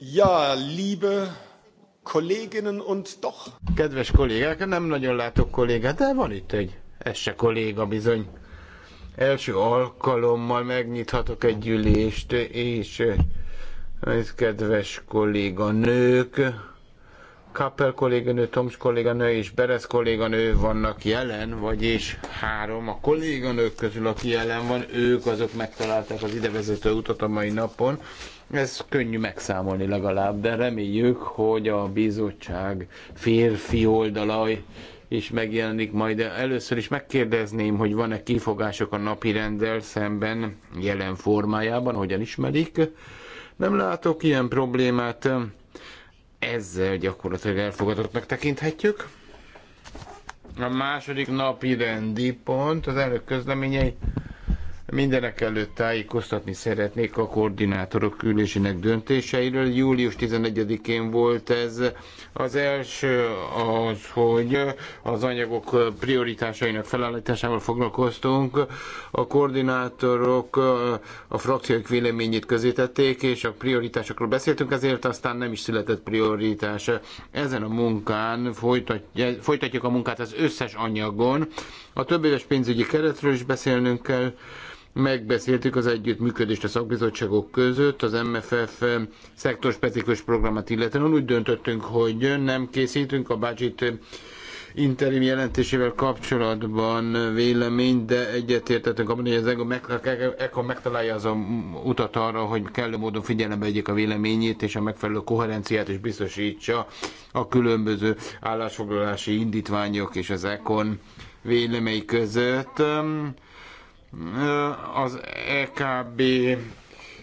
Ja, liebe und doch. Kedves kollégák, nem nagyon látok kollégát, de van itt egy. Ez se kolléga bizony. Első alkalommal megnyithatok egy ülést, és ez eh, kedves kolléga nők, Kappel kolléganő, Toms kolléganő és Berez kolléganő vannak jelen, vagyis három a kolléganők közül, aki jelen van, ők azok megtalálták az idevezető utat a mai napon. Ez könnyű megszámolni legalább, de reméljük, hogy a bizottság férfi oldalai is megjelenik majd, de először is megkérdezném, hogy van-e kifogások a napi rendel szemben jelen formájában, hogyan ismerik. Nem látok ilyen problémát. Ezzel gyakorlatilag elfogadottnak tekinthetjük. A második napi rendi pont, az előbb közleményei. Mindenek előtt tájékoztatni szeretnék a koordinátorok ülésének döntéseiről. Július 11-én volt ez. Az első az, hogy az anyagok prioritásainak felállításával foglalkoztunk. A koordinátorok a frakciók véleményét közítették, és a prioritásokról beszéltünk, ezért aztán nem is született prioritás. Ezen a munkán folytatjuk a munkát az összes anyagon. A többéves pénzügyi keretről is beszélnünk kell Megbeszéltük az együttműködést a szakbizottságok között, az MFF szektorspecifikus programot illetően úgy döntöttünk, hogy nem készítünk a budget interim jelentésével kapcsolatban vélemény, de egyetértettünk abban, hogy az EGO meg, megtalálja az a utat arra, hogy kellő módon figyelembe vegyék a véleményét, és a megfelelő koherenciát is biztosítsa a különböző állásfoglalási indítványok és az ECON vélemény között az EKB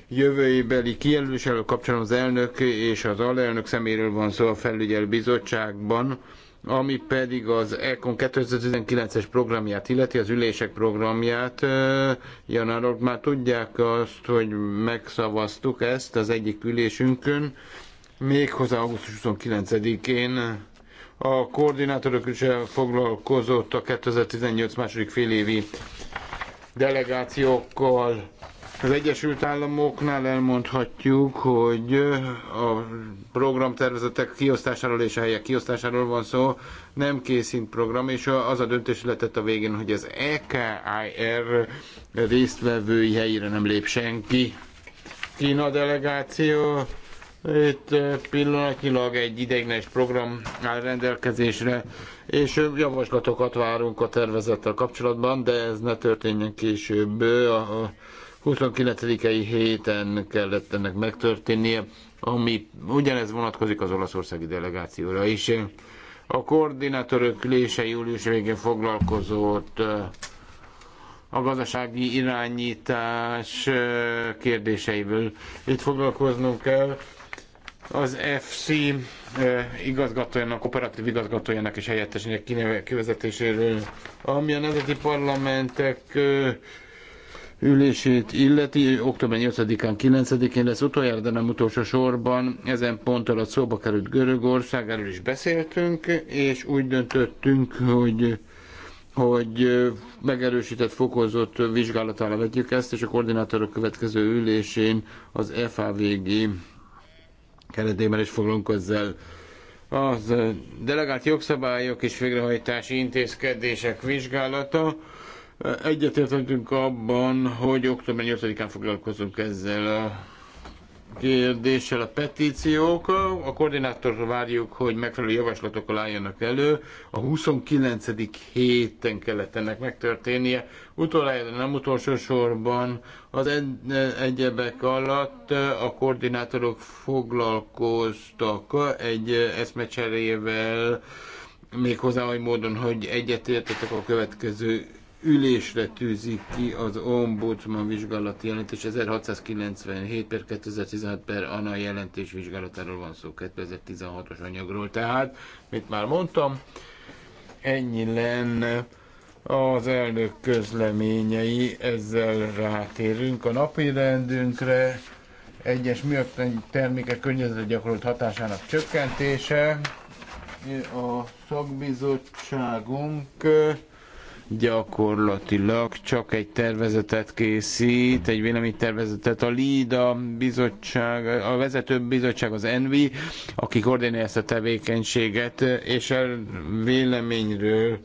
jövőjébeli kijelölésével kapcsolatban az elnök és az alelnök szeméről van szó a felügyelő bizottságban, ami pedig az ECON 2019-es programját illeti, az ülések programját. Janárok már tudják azt, hogy megszavaztuk ezt az egyik ülésünkön, méghozzá augusztus 29-én a koordinátorok is foglalkozott a 2018 második félévi delegációkkal. Az Egyesült Államoknál elmondhatjuk, hogy a programtervezetek kiosztásáról és a helyek kiosztásáról van szó, nem készít program, és az a döntés született a végén, hogy az EKIR résztvevői helyére nem lép senki. Kína delegáció itt eh, pillanatilag egy ideiglenes program áll rendelkezésre, és eh, javaslatokat várunk a tervezettel kapcsolatban, de ez ne történjen később. A 29-i héten kellett ennek megtörténnie, ami ugyanez vonatkozik az olaszországi delegációra is. A koordinátorok lése július végén foglalkozott eh, a gazdasági irányítás kérdéseiből. Itt foglalkoznunk kell az FC igazgatójának, operatív igazgatójának és helyettesének kivezetéséről, ami a nemzeti parlamentek ülését illeti, október 8-án, 9-én lesz utoljára, de nem utolsó sorban. Ezen pont alatt szóba került Görögország, erről is beszéltünk, és úgy döntöttünk, hogy hogy megerősített, fokozott vizsgálatára vetjük ezt, és a koordinátorok következő ülésén az FAVG keretében is ezzel. Az delegált jogszabályok és végrehajtási intézkedések vizsgálata. Egyetértünk abban, hogy október 8-án foglalkozunk ezzel a kérdéssel a petíciók. A koordinátorra várjuk, hogy megfelelő javaslatokkal álljanak elő. A 29. héten kellett ennek megtörténnie. Utoljára, nem utolsó sorban, az egyebek alatt a koordinátorok foglalkoztak egy eszmecserével, méghozzá oly módon, hogy egyetértettek a következő ülésre tűzik ki az ombudsman vizsgálati jelentés 1697 per 2016 per ANA jelentés vizsgálatáról van szó 2016-os anyagról. Tehát, mint már mondtam, ennyi lenne az elnök közleményei, ezzel rátérünk a napi rendünkre. Egyes miatt termékek környezetre gyakorolt hatásának csökkentése. A szakbizottságunk gyakorlatilag csak egy tervezetet készít, egy véleménytervezetet a LID, a bizottság, a vezető bizottság az ENVI, aki koordinálja ezt a tevékenységet, és a véleményről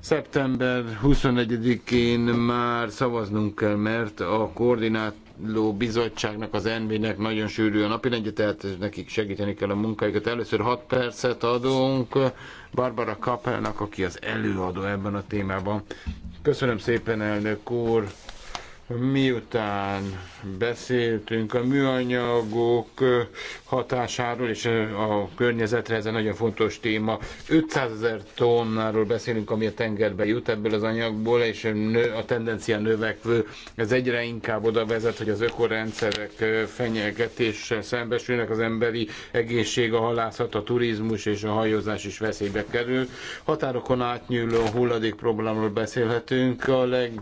szeptember 21-én már szavaznunk kell, mert a koordinát bizottságnak, az NB-nek nagyon sűrű a napirendje, tehát nekik segíteni kell a munkájukat. Először 6 percet adunk Barbara Kappelnak, aki az előadó ebben a témában. Köszönöm szépen, elnök úr! miután beszéltünk a műanyagok hatásáról és a környezetre, ez egy nagyon fontos téma. 500 ezer tonnáról beszélünk, ami a tengerbe jut ebből az anyagból, és a tendencia növekvő. Ez egyre inkább oda vezet, hogy az ökorendszerek fenyegetéssel szembesülnek, az emberi egészség, a halászat, a turizmus és a hajózás is veszélybe kerül. Határokon átnyúló hulladék problémáról beszélhetünk, a, leg,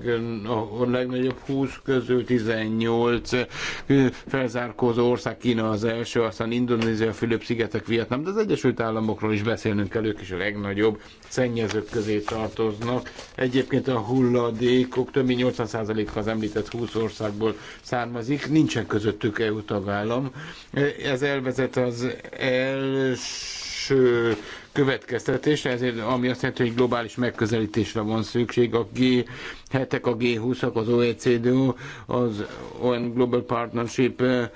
a legnagyobb 20 közül 18 felzárkózó ország, Kína az első, aztán Indonézia, Fülöp-szigetek, Vietnám, de az Egyesült Államokról is beszélnünk kell, ők is a legnagyobb szennyezők közé tartoznak. Egyébként a hulladékok több mint 80%-a az említett 20 országból származik, nincsen közöttük EU tagállam. Ez elvezet az első következtetésre, ezért ami azt jelenti, hogy globális megközelítésre van szükség. A G7-ek, a G20-ak, az OECD, az ON Global Partnership eh,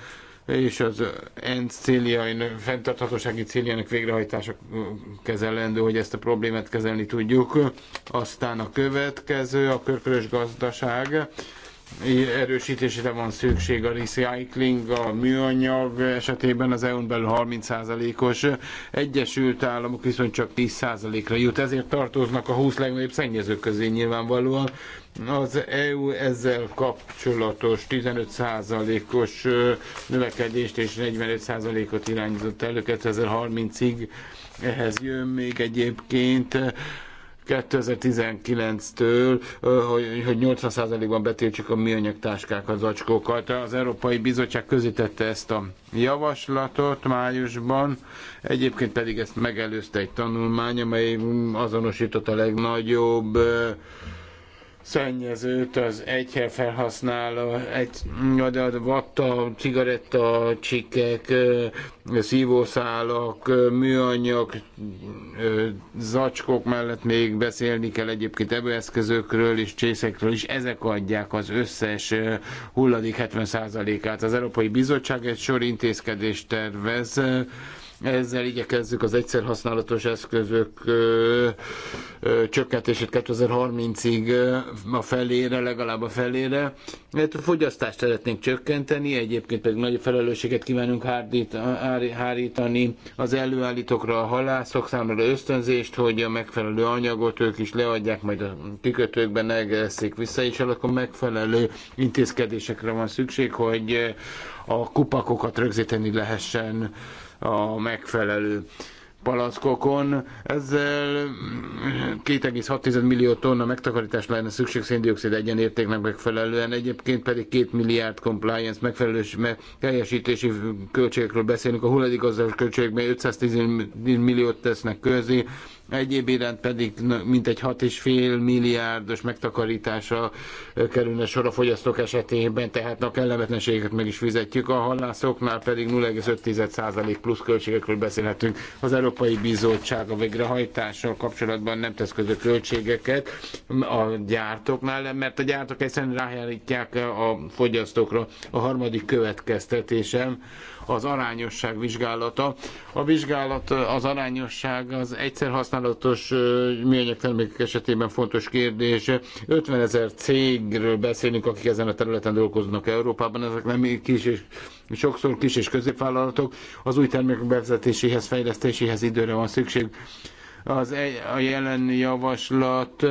és az ENSZ céljain, fenntarthatósági céljának végrehajtása eh, kezelendő, hogy ezt a problémát kezelni tudjuk. Aztán a következő, a körkörös gazdaság erősítésére van szükség a recycling, a műanyag esetében az EU-n belül 30%-os, Egyesült Államok viszont csak 10%-ra jut, ezért tartoznak a 20 legnagyobb szennyezők közé nyilvánvalóan. Az EU ezzel kapcsolatos 15%-os növekedést és 45%-ot irányított elő 2030-ig, ehhez jön még egyébként 2019-től, hogy 80%-ban betiltsük a műanyag táskákat, zacskókat. Az Európai Bizottság közítette ezt a javaslatot májusban, egyébként pedig ezt megelőzte egy tanulmány, amely azonosított a legnagyobb szennyezőt az egyhely felhasználó, egy vatta, cigaretta, csikek, szívószálak, műanyag, zacskok mellett még beszélni kell egyébként evőeszközökről és csészekről is, ezek adják az összes hulladék 70%-át. Az Európai Bizottság egy sor intézkedést tervez, ezzel igyekezzük az egyszer használatos eszközök ö, ö, csökkentését 2030-ig a felére, legalább a felére. Mert a fogyasztást szeretnénk csökkenteni, egyébként pedig nagy felelősséget kívánunk hárdít, hárítani az előállítókra, a halászok számára ösztönzést, hogy a megfelelő anyagot ők is leadják, majd a kikötőkben elgeszik vissza, és akkor megfelelő intézkedésekre van szükség, hogy a kupakokat rögzíteni lehessen a megfelelő palackokon. Ezzel 2,6 millió tonna megtakarítás lenne szükség széndiokszid egyenértéknek megfelelően, egyébként pedig 2 milliárd compliance megfelelős teljesítési költségekről beszélünk. A hulladékgazdás költségben 510 milliót tesznek közé, egyéb iránt pedig mintegy 6,5 milliárdos megtakarítása kerülne sor a fogyasztók esetében, tehát a kellemetlenségeket meg is fizetjük, a hallászoknál pedig 0,5% plusz költségekről beszélhetünk. Az Európai Bizottság a végrehajtással kapcsolatban nem tesz közö költségeket a gyártóknál, mert a gyártók egyszerűen rájárítják a fogyasztókra. A harmadik következtetésem, az arányosság vizsgálata. A vizsgálat, az arányosság az egyszer használatos műanyag termékek esetében fontos kérdés. 50 ezer cégről beszélünk, akik ezen a területen dolgoznak Európában, ezek nem kis és sokszor kis és középvállalatok. Az új termékek bevezetéséhez, fejlesztéséhez időre van szükség. Az, e- a jelen javaslat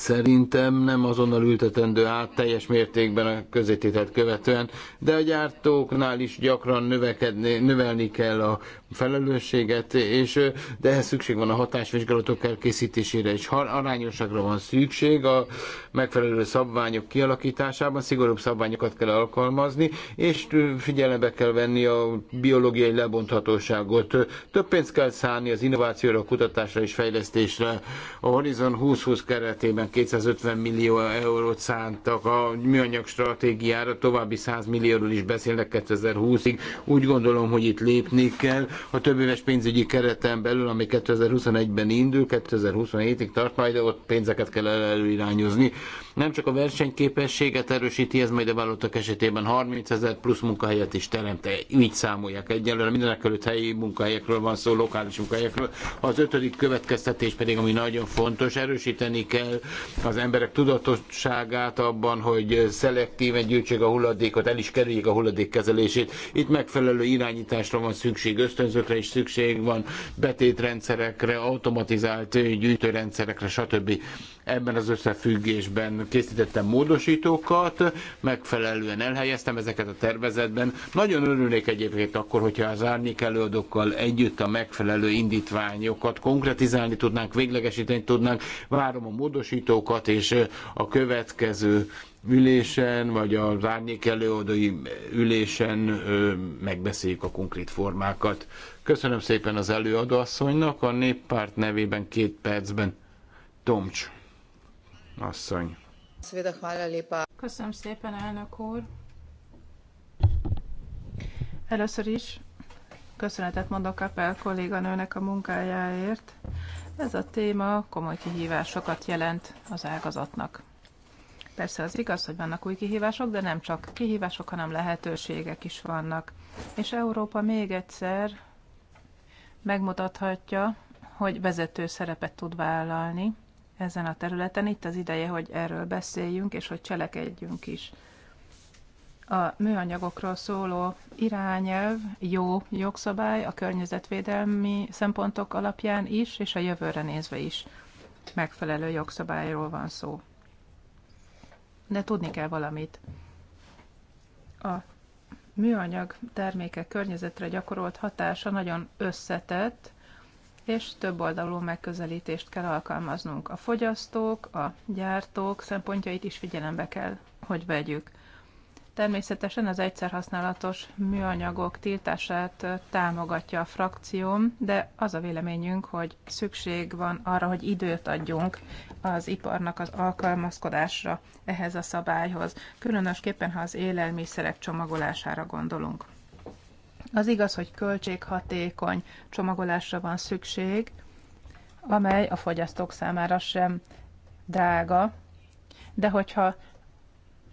szerintem nem azonnal ültetendő át teljes mértékben a közétételt követően, de a gyártóknál is gyakran növekedni, növelni kell a felelősséget, és, de ehhez szükség van a hatásvizsgálatok elkészítésére, és arányosakra van szükség a megfelelő szabványok kialakításában, szigorúbb szabványokat kell alkalmazni, és figyelembe kell venni a biológiai lebonthatóságot. Több pénzt kell szállni az innovációra, kutatásra és fejlesztésre a Horizon 2020 keretében 250 millió eurót szántak a műanyag stratégiára, további 100 millióról is beszélnek 2020-ig. Úgy gondolom, hogy itt lépni kell. A többéves pénzügyi kereten belül, ami 2021-ben indul, 2027-ig tart, majd ott pénzeket kell előirányozni. Nem csak a versenyképességet erősíti, ez majd a vállalatok esetében 30 ezer plusz munkahelyet is teremt. Így számolják egyelőre. Mindenek előtt helyi munkahelyekről van szó, lokális munkahelyekről. Az ötödik következtetés pedig, ami nagyon fontos, erősíteni kell az emberek tudatosságát abban, hogy szelektíven gyűjtsék a hulladékot, el is kerüljék a hulladékkezelését. Itt megfelelő irányításra van szükség, ösztönzőkre is szükség van, betétrendszerekre, automatizált gyűjtőrendszerekre, stb. Ebben az összefüggésben készítettem módosítókat, megfelelően elhelyeztem ezeket a tervezetben. Nagyon örülnék egyébként akkor, hogyha az árnyék előadókkal együtt a megfelelő indítványokat konkretizálni tudnánk, véglegesíteni tudnánk. Várom a módosítókat, módosítókat, és a következő ülésen, vagy az árnyék előadói ülésen megbeszéljük a konkrét formákat. Köszönöm szépen az előadóasszonynak, a néppárt nevében két percben Tomcs asszony. Köszönöm szépen, elnök úr. Először is köszönetet mondok Kapel kolléganőnek a munkájáért. Ez a téma komoly kihívásokat jelent az ágazatnak. Persze az igaz, hogy vannak új kihívások, de nem csak kihívások, hanem lehetőségek is vannak. És Európa még egyszer megmutathatja, hogy vezető szerepet tud vállalni ezen a területen. Itt az ideje, hogy erről beszéljünk, és hogy cselekedjünk is. A műanyagokról szóló irányelv jó jogszabály a környezetvédelmi szempontok alapján is, és a jövőre nézve is megfelelő jogszabályról van szó. De tudni kell valamit. A műanyag termékek környezetre gyakorolt hatása nagyon összetett, és több oldalú megközelítést kell alkalmaznunk. A fogyasztók, a gyártók szempontjait is figyelembe kell, hogy vegyük. Természetesen az egyszerhasználatos műanyagok tiltását támogatja a frakcióm, de az a véleményünk, hogy szükség van arra, hogy időt adjunk az iparnak az alkalmazkodásra ehhez a szabályhoz, különösképpen ha az élelmiszerek csomagolására gondolunk. Az igaz, hogy költséghatékony csomagolásra van szükség, amely a fogyasztók számára sem drága, de hogyha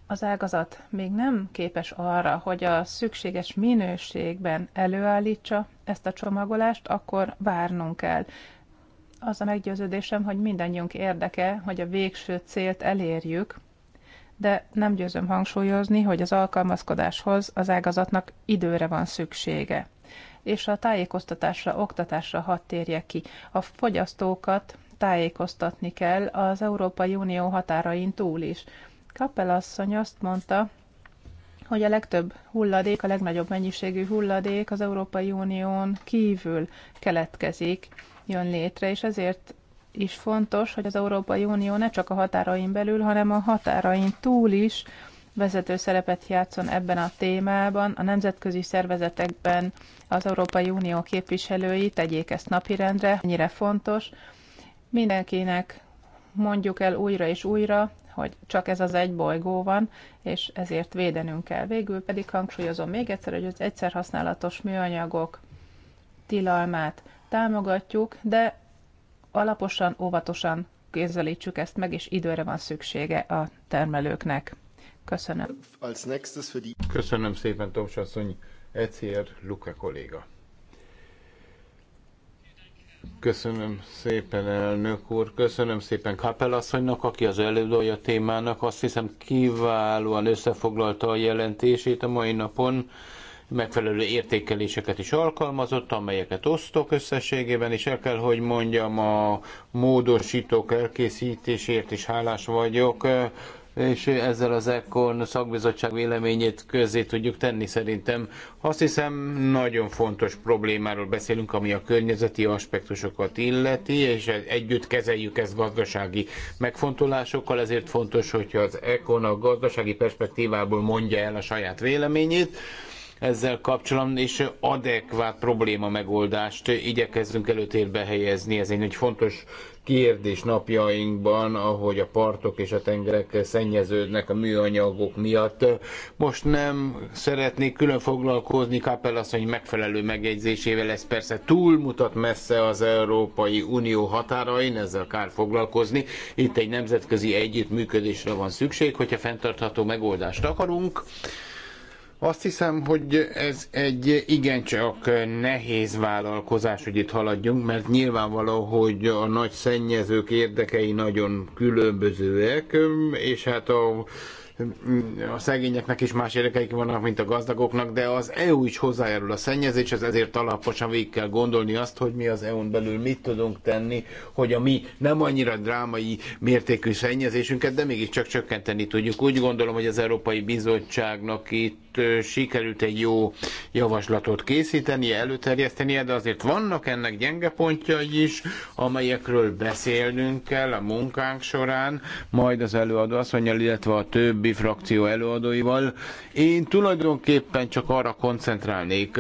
az ágazat még nem képes arra, hogy a szükséges minőségben előállítsa ezt a csomagolást, akkor várnunk kell. Az a meggyőződésem, hogy mindannyiunk érdeke, hogy a végső célt elérjük, de nem győzöm hangsúlyozni, hogy az alkalmazkodáshoz az ágazatnak időre van szüksége. És a tájékoztatásra, oktatásra hadd térje ki. A fogyasztókat tájékoztatni kell az Európai Unió határain túl is Kapel asszony azt mondta, hogy a legtöbb hulladék, a legnagyobb mennyiségű hulladék az Európai Unión kívül keletkezik, jön létre, és ezért is fontos, hogy az Európai Unió ne csak a határain belül, hanem a határain túl is vezető szerepet játszon ebben a témában. A nemzetközi szervezetekben az Európai Unió képviselői tegyék ezt napirendre, ennyire fontos. Mindenkinek mondjuk el újra és újra, hogy csak ez az egy bolygó van, és ezért védenünk kell. Végül pedig hangsúlyozom még egyszer, hogy az egyszer használatos műanyagok tilalmát támogatjuk, de alaposan, óvatosan kézzelítsük ezt meg, és időre van szüksége a termelőknek. Köszönöm. Köszönöm szépen, Tomsasszony, Ecér Luka kolléga. Köszönöm szépen, elnök úr. Köszönöm szépen Kapel asszonynak, aki az előadója témának. Azt hiszem kiválóan összefoglalta a jelentését a mai napon. Megfelelő értékeléseket is alkalmazott, amelyeket osztok összességében, és el kell, hogy mondjam, a módosítók elkészítésért is hálás vagyok és ezzel az ECON szakbizottság véleményét közzé tudjuk tenni szerintem. Azt hiszem nagyon fontos problémáról beszélünk, ami a környezeti aspektusokat illeti, és együtt kezeljük ezt gazdasági megfontolásokkal, ezért fontos, hogyha az ECON a gazdasági perspektívából mondja el a saját véleményét, ezzel kapcsolatban, és adekvát probléma megoldást igyekezzünk előtérbe helyezni. Ez egy nagy fontos kérdés napjainkban, ahogy a partok és a tengerek szennyeződnek a műanyagok miatt. Most nem szeretnék külön foglalkozni Kapel megfelelő megjegyzésével, ez persze túlmutat messze az Európai Unió határain, ezzel kár foglalkozni. Itt egy nemzetközi együttműködésre van szükség, hogyha fenntartható megoldást akarunk azt hiszem, hogy ez egy igencsak nehéz vállalkozás, hogy itt haladjunk, mert nyilvánvaló, hogy a nagy szennyezők érdekei nagyon különbözőek, és hát a a szegényeknek is más érdekeik vannak, mint a gazdagoknak, de az EU is hozzájárul a szennyezéshez, ezért alaposan végig kell gondolni azt, hogy mi az EU-n belül mit tudunk tenni, hogy a mi nem annyira drámai mértékű szennyezésünket, de mégiscsak csökkenteni tudjuk. Úgy gondolom, hogy az Európai Bizottságnak itt sikerült egy jó javaslatot készítenie, előterjesztenie, de azért vannak ennek gyenge pontjai is, amelyekről beszélnünk kell a munkánk során, majd az előadó asszonyjal, illetve a többi frakció előadóival. Én tulajdonképpen csak arra koncentrálnék,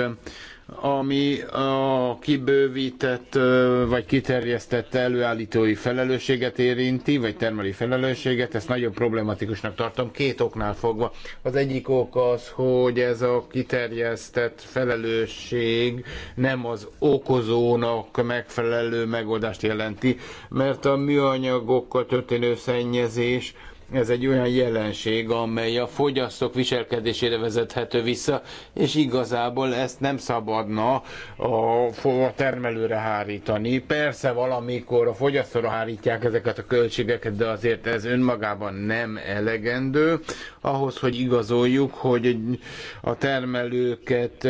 ami a kibővített vagy kiterjesztett előállítói felelősséget érinti, vagy termelői felelősséget, ezt nagyon problematikusnak tartom két oknál fogva. Az egyik ok az, hogy ez a kiterjesztett felelősség nem az okozónak megfelelő megoldást jelenti, mert a műanyagokkal történő szennyezés ez egy olyan jelenség, amely a fogyasztók viselkedésére vezethető vissza, és igazából ezt nem szabadna a termelőre hárítani. Persze valamikor a fogyasztóra hárítják ezeket a költségeket, de azért ez önmagában nem elegendő ahhoz, hogy igazoljuk, hogy a termelőket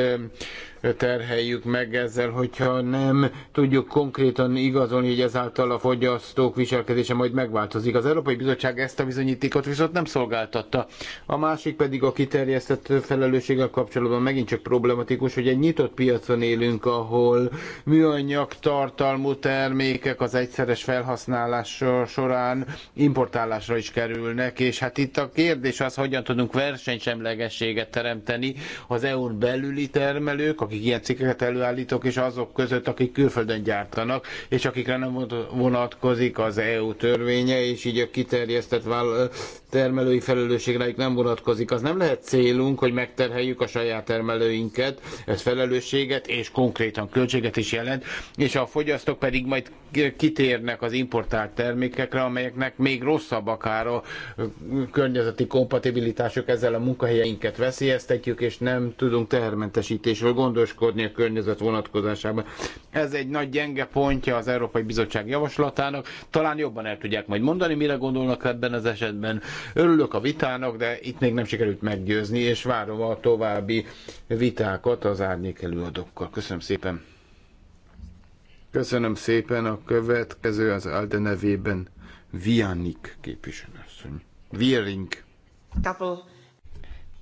terheljük meg ezzel, hogyha nem tudjuk konkrétan igazolni, hogy ezáltal a fogyasztók viselkedése majd megváltozik. Az Európai Bizottság ezt a bizonyítékot viszont nem szolgáltatta. A másik pedig a kiterjesztett felelősséggel kapcsolatban megint csak problematikus, hogy egy nyitott piacon élünk, ahol műanyag tartalmú termékek az egyszeres felhasználás során importálásra is kerülnek, és hát itt a kérdés az, hogyan tudunk versenysemlegességet teremteni az EU-n belüli termelők, a akik ilyen cikkeket előállítok, és azok között, akik külföldön gyártanak, és akikre nem vonatkozik az EU törvénye, és így a kiterjesztett termelői felelősségre nem vonatkozik. Az nem lehet célunk, hogy megterheljük a saját termelőinket, ez felelősséget és konkrétan költséget is jelent, és a fogyasztók pedig majd kitérnek az importált termékekre, amelyeknek még rosszabb akár a környezeti kompatibilitások ezzel a munkahelyeinket veszélyeztetjük, és nem tudunk tehermentesítésről gondolni gondoskodni a környezet vonatkozásában. Ez egy nagy gyenge pontja az Európai Bizottság javaslatának. Talán jobban el tudják majd mondani, mire gondolnak ebben az esetben. Örülök a vitának, de itt még nem sikerült meggyőzni, és várom a további vitákat az árnyék előadókkal. Köszönöm szépen! Köszönöm szépen. A következő az Alde nevében Vianik képviselőasszony. Viering. Double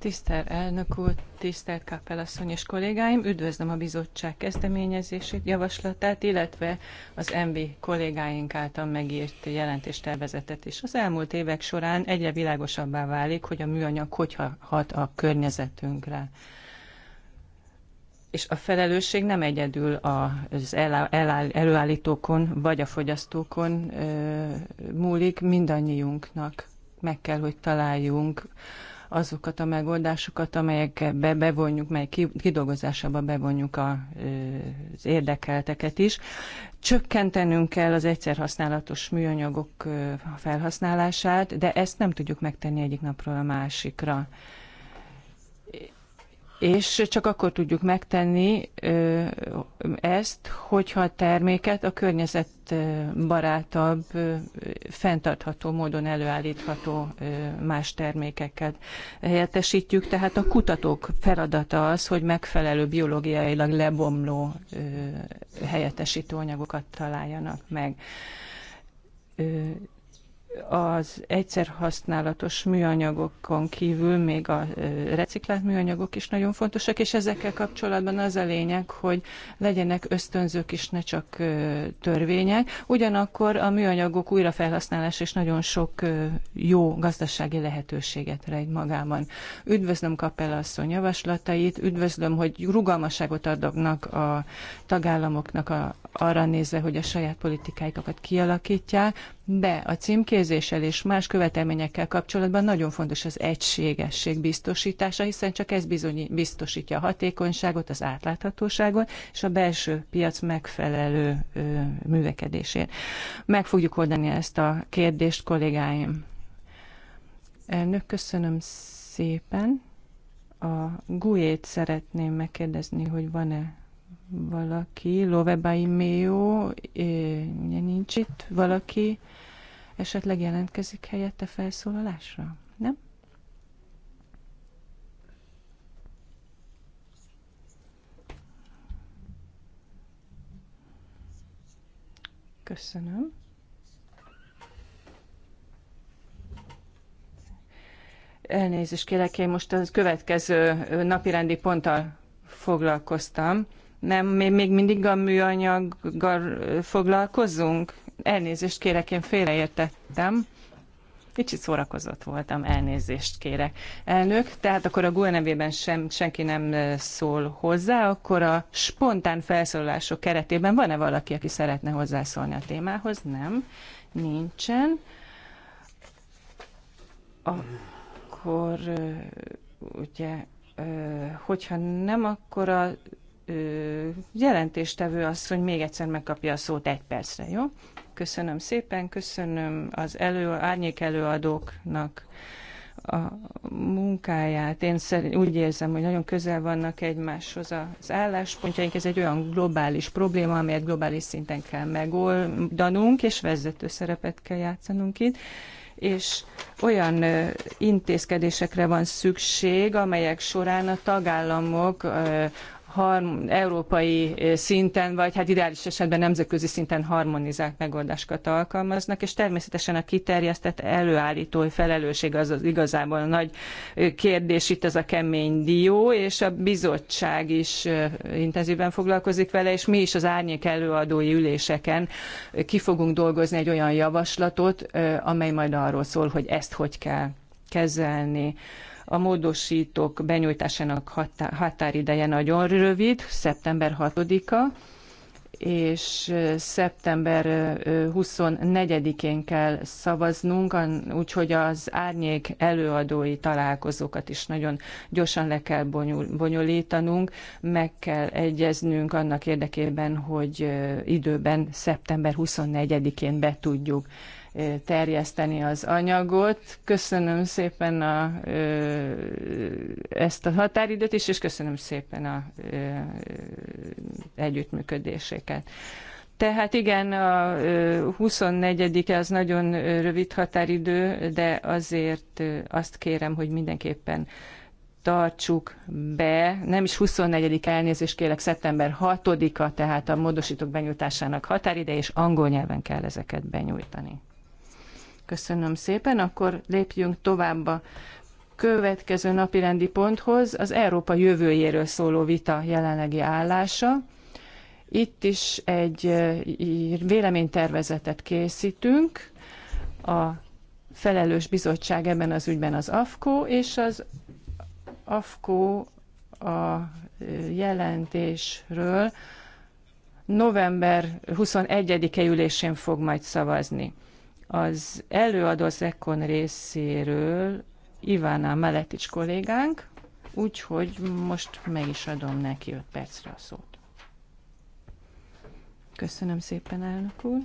Tisztelt elnök úr, tisztelt kapelasszony és kollégáim, üdvözlöm a bizottság kezdeményezését, javaslatát, illetve az MB kollégáink által megírt jelentéstervezetet is. Az elmúlt évek során egyre világosabbá válik, hogy a műanyag hogyha hat a környezetünkre. És a felelősség nem egyedül az előállítókon vagy a fogyasztókon múlik, mindannyiunknak meg kell, hogy találjunk azokat a megoldásokat, amelyekbe bevonjuk, mely kidolgozásába bevonjuk az érdekelteket is. Csökkentenünk kell az egyszerhasználatos műanyagok felhasználását, de ezt nem tudjuk megtenni egyik napról a másikra és csak akkor tudjuk megtenni ezt, hogyha a terméket a környezetbarátabb, fenntartható módon előállítható más termékeket helyettesítjük. Tehát a kutatók feladata az, hogy megfelelő biológiailag lebomló helyettesítő anyagokat találjanak meg az egyszer használatos műanyagokon kívül még a reciklált műanyagok is nagyon fontosak, és ezekkel kapcsolatban az a lényeg, hogy legyenek ösztönzők is, ne csak törvények. Ugyanakkor a műanyagok újrafelhasználása is nagyon sok jó gazdasági lehetőséget rejt magában. Üdvözlöm Kapella asszony javaslatait, üdvözlöm, hogy rugalmasságot adnak a tagállamoknak a arra nézve, hogy a saját politikáikat kialakítják, de a címkézéssel és más követelményekkel kapcsolatban nagyon fontos az egységesség biztosítása, hiszen csak ez bizony, biztosítja a hatékonyságot, az átláthatóságot és a belső piac megfelelő ö, művekedését. Meg fogjuk oldani ezt a kérdést kollégáim. Elnök, köszönöm szépen. A GUE-t szeretném megkérdezni, hogy van-e valaki, Lovebai Méo, eh, nincs itt, valaki esetleg jelentkezik helyette felszólalásra? Nem? Köszönöm. Elnézést kérek, én most a következő napirendi ponttal foglalkoztam. Nem, még mindig a műanyaggal foglalkozunk? Elnézést kérek, én félreértettem. Kicsit szórakozott voltam, elnézést kérek. Elnök, tehát akkor a GUE nevében sem, senki nem szól hozzá, akkor a spontán felszólalások keretében van-e valaki, aki szeretne hozzászólni a témához? Nem, nincsen. Akkor ugye, hogyha nem, akkor a jelentéstevő asszony még egyszer megkapja a szót egy percre, jó? Köszönöm szépen, köszönöm az elő, árnyék előadóknak a munkáját. Én szerint, úgy érzem, hogy nagyon közel vannak egymáshoz az álláspontjaink. Ez egy olyan globális probléma, amelyet globális szinten kell megoldanunk, és vezető szerepet kell játszanunk itt és olyan intézkedésekre van szükség, amelyek során a tagállamok harm, európai eh, szinten, vagy hát ideális esetben nemzetközi szinten harmonizált megoldásokat alkalmaznak, és természetesen a kiterjesztett előállítói felelősség az, az igazából a nagy eh, kérdés, itt az a kemény dió, és a bizottság is eh, intenzíven foglalkozik vele, és mi is az árnyék előadói üléseken ki fogunk dolgozni egy olyan javaslatot, amely majd arról szól, hogy ezt hogy kell kezelni. A módosítók benyújtásának hatá határideje nagyon rövid, szeptember 6-a, és szeptember 24-én kell szavaznunk, úgyhogy az árnyék előadói találkozókat is nagyon gyorsan le kell bonyolítanunk, meg kell egyeznünk annak érdekében, hogy időben szeptember 24-én be tudjuk terjeszteni az anyagot. Köszönöm szépen a, ezt a határidőt is, és köszönöm szépen a együttműködéseket. Tehát igen, a 24-e az nagyon rövid határidő, de azért azt kérem, hogy mindenképpen tartsuk be, nem is 24 elnézést kérek, szeptember 6-a, tehát a módosítók benyújtásának határideje, és angol nyelven kell ezeket benyújtani. Köszönöm szépen, akkor lépjünk tovább a következő napirendi ponthoz, az Európa jövőjéről szóló vita jelenlegi állása. Itt is egy véleménytervezetet készítünk. A felelős bizottság ebben az ügyben az AFKO, és az AFKO a jelentésről november 21-e ülésén fog majd szavazni. Az előadó Zekon részéről Ivána Meletics kollégánk, úgyhogy most meg is adom neki öt percre a szót. Köszönöm szépen, elnök úr.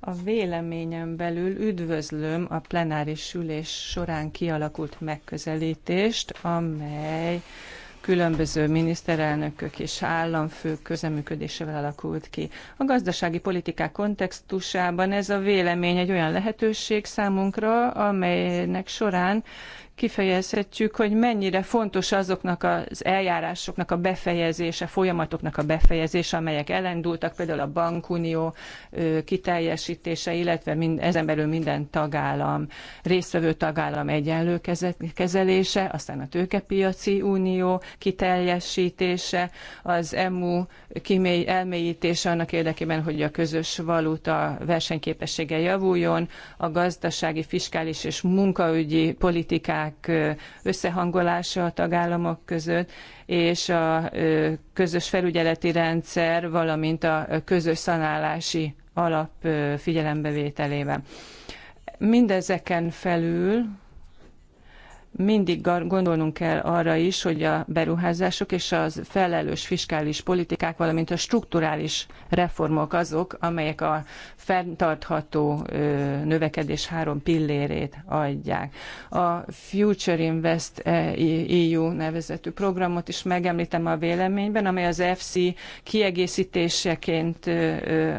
A véleményem belül üdvözlöm a plenáris ülés során kialakult megközelítést, amely különböző miniszterelnökök és államfők közeműködésével alakult ki. A gazdasági politikák kontextusában ez a vélemény egy olyan lehetőség számunkra, amelynek során kifejezhetjük, hogy mennyire fontos azoknak az eljárásoknak a befejezése, folyamatoknak a befejezése, amelyek elindultak, például a bankunió kiteljesítése, illetve mind, ezen belül minden tagállam, résztvevő tagállam egyenlő kezelése, aztán a tőkepiaci unió kiteljesítése, az EMU kimély, elmélyítése annak érdekében, hogy a közös valuta versenyképessége javuljon, a gazdasági, fiskális és munkaügyi politikák politikák összehangolása a tagállamok között, és a közös felügyeleti rendszer, valamint a közös szanálási alap figyelembevételével. Mindezeken felül mindig gondolnunk kell arra is, hogy a beruházások és az felelős fiskális politikák, valamint a strukturális reformok azok, amelyek a fenntartható növekedés három pillérét adják. A Future Invest EU nevezetű programot is megemlítem a véleményben, amely az FC kiegészítéseként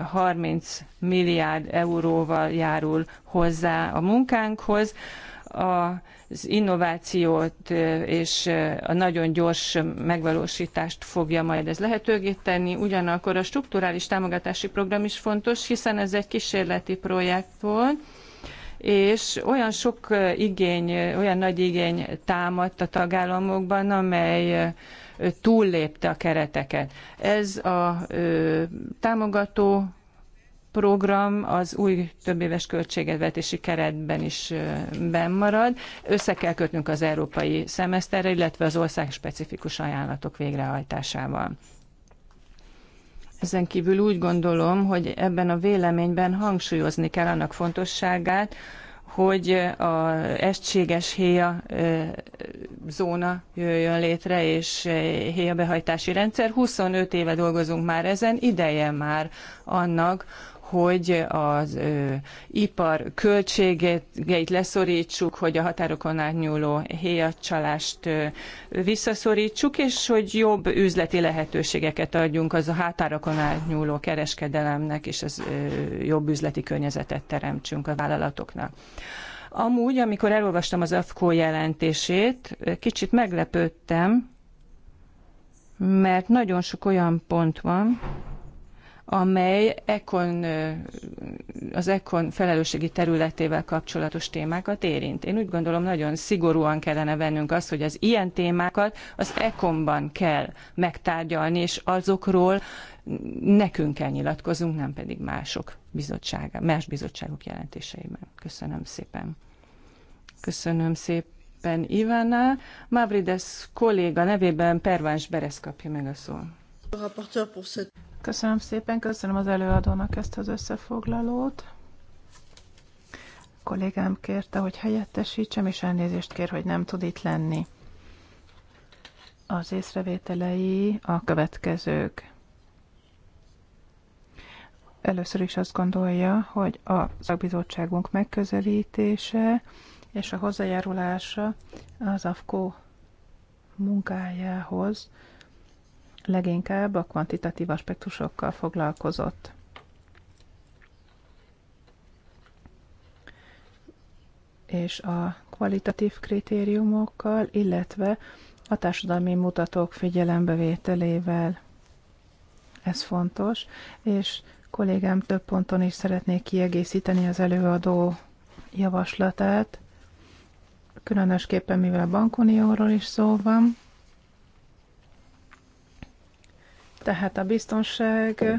30 milliárd euróval járul hozzá a munkánkhoz. A az innovációt és a nagyon gyors megvalósítást fogja majd ez lehetővé tenni. Ugyanakkor a strukturális támogatási program is fontos, hiszen ez egy kísérleti projekt volt, és olyan sok igény, olyan nagy igény támadt a tagállamokban, amely túllépte a kereteket. Ez a ö, támogató program az új többéves költségvetési keretben is bennmarad. Össze kell kötnünk az európai szemeszterre, illetve az ország specifikus ajánlatok végrehajtásával. Ezen kívül úgy gondolom, hogy ebben a véleményben hangsúlyozni kell annak fontosságát, hogy a estséges héja zóna jöjjön létre, és héja behajtási rendszer. 25 éve dolgozunk már ezen, ideje már annak, hogy az ö, ipar költségeit leszorítsuk, hogy a határokon átnyúló héjacsalást ö, visszaszorítsuk, és hogy jobb üzleti lehetőségeket adjunk az a határokon átnyúló kereskedelemnek, és az ö, jobb üzleti környezetet teremtsünk a vállalatoknak. Amúgy, amikor elolvastam az AFKO jelentését, kicsit meglepődtem, mert nagyon sok olyan pont van, amely ekon az ekon felelősségi területével kapcsolatos témákat érint. Én úgy gondolom, nagyon szigorúan kellene vennünk azt, hogy az ilyen témákat az ekonban kell megtárgyalni, és azokról nekünk kell nyilatkozunk, nem pedig mások bizottsága, más bizottságok jelentéseiben. Köszönöm szépen. Köszönöm szépen Ivana. Mavrides kolléga nevében Pervans Beresz kapja meg a szót. Köszönöm szépen, köszönöm az előadónak ezt az összefoglalót. A kollégám kérte, hogy helyettesítsem, és elnézést kér, hogy nem tud itt lenni. Az észrevételei a következők. Először is azt gondolja, hogy a szakbizottságunk megközelítése és a hozzájárulása az AFKO munkájához leginkább a kvantitatív aspektusokkal foglalkozott. és a kvalitatív kritériumokkal, illetve a társadalmi mutatók figyelembevételével. Ez fontos, és kollégám több ponton is szeretnék kiegészíteni az előadó javaslatát, különösképpen mivel a bankunióról is szó van, Tehát a biztonság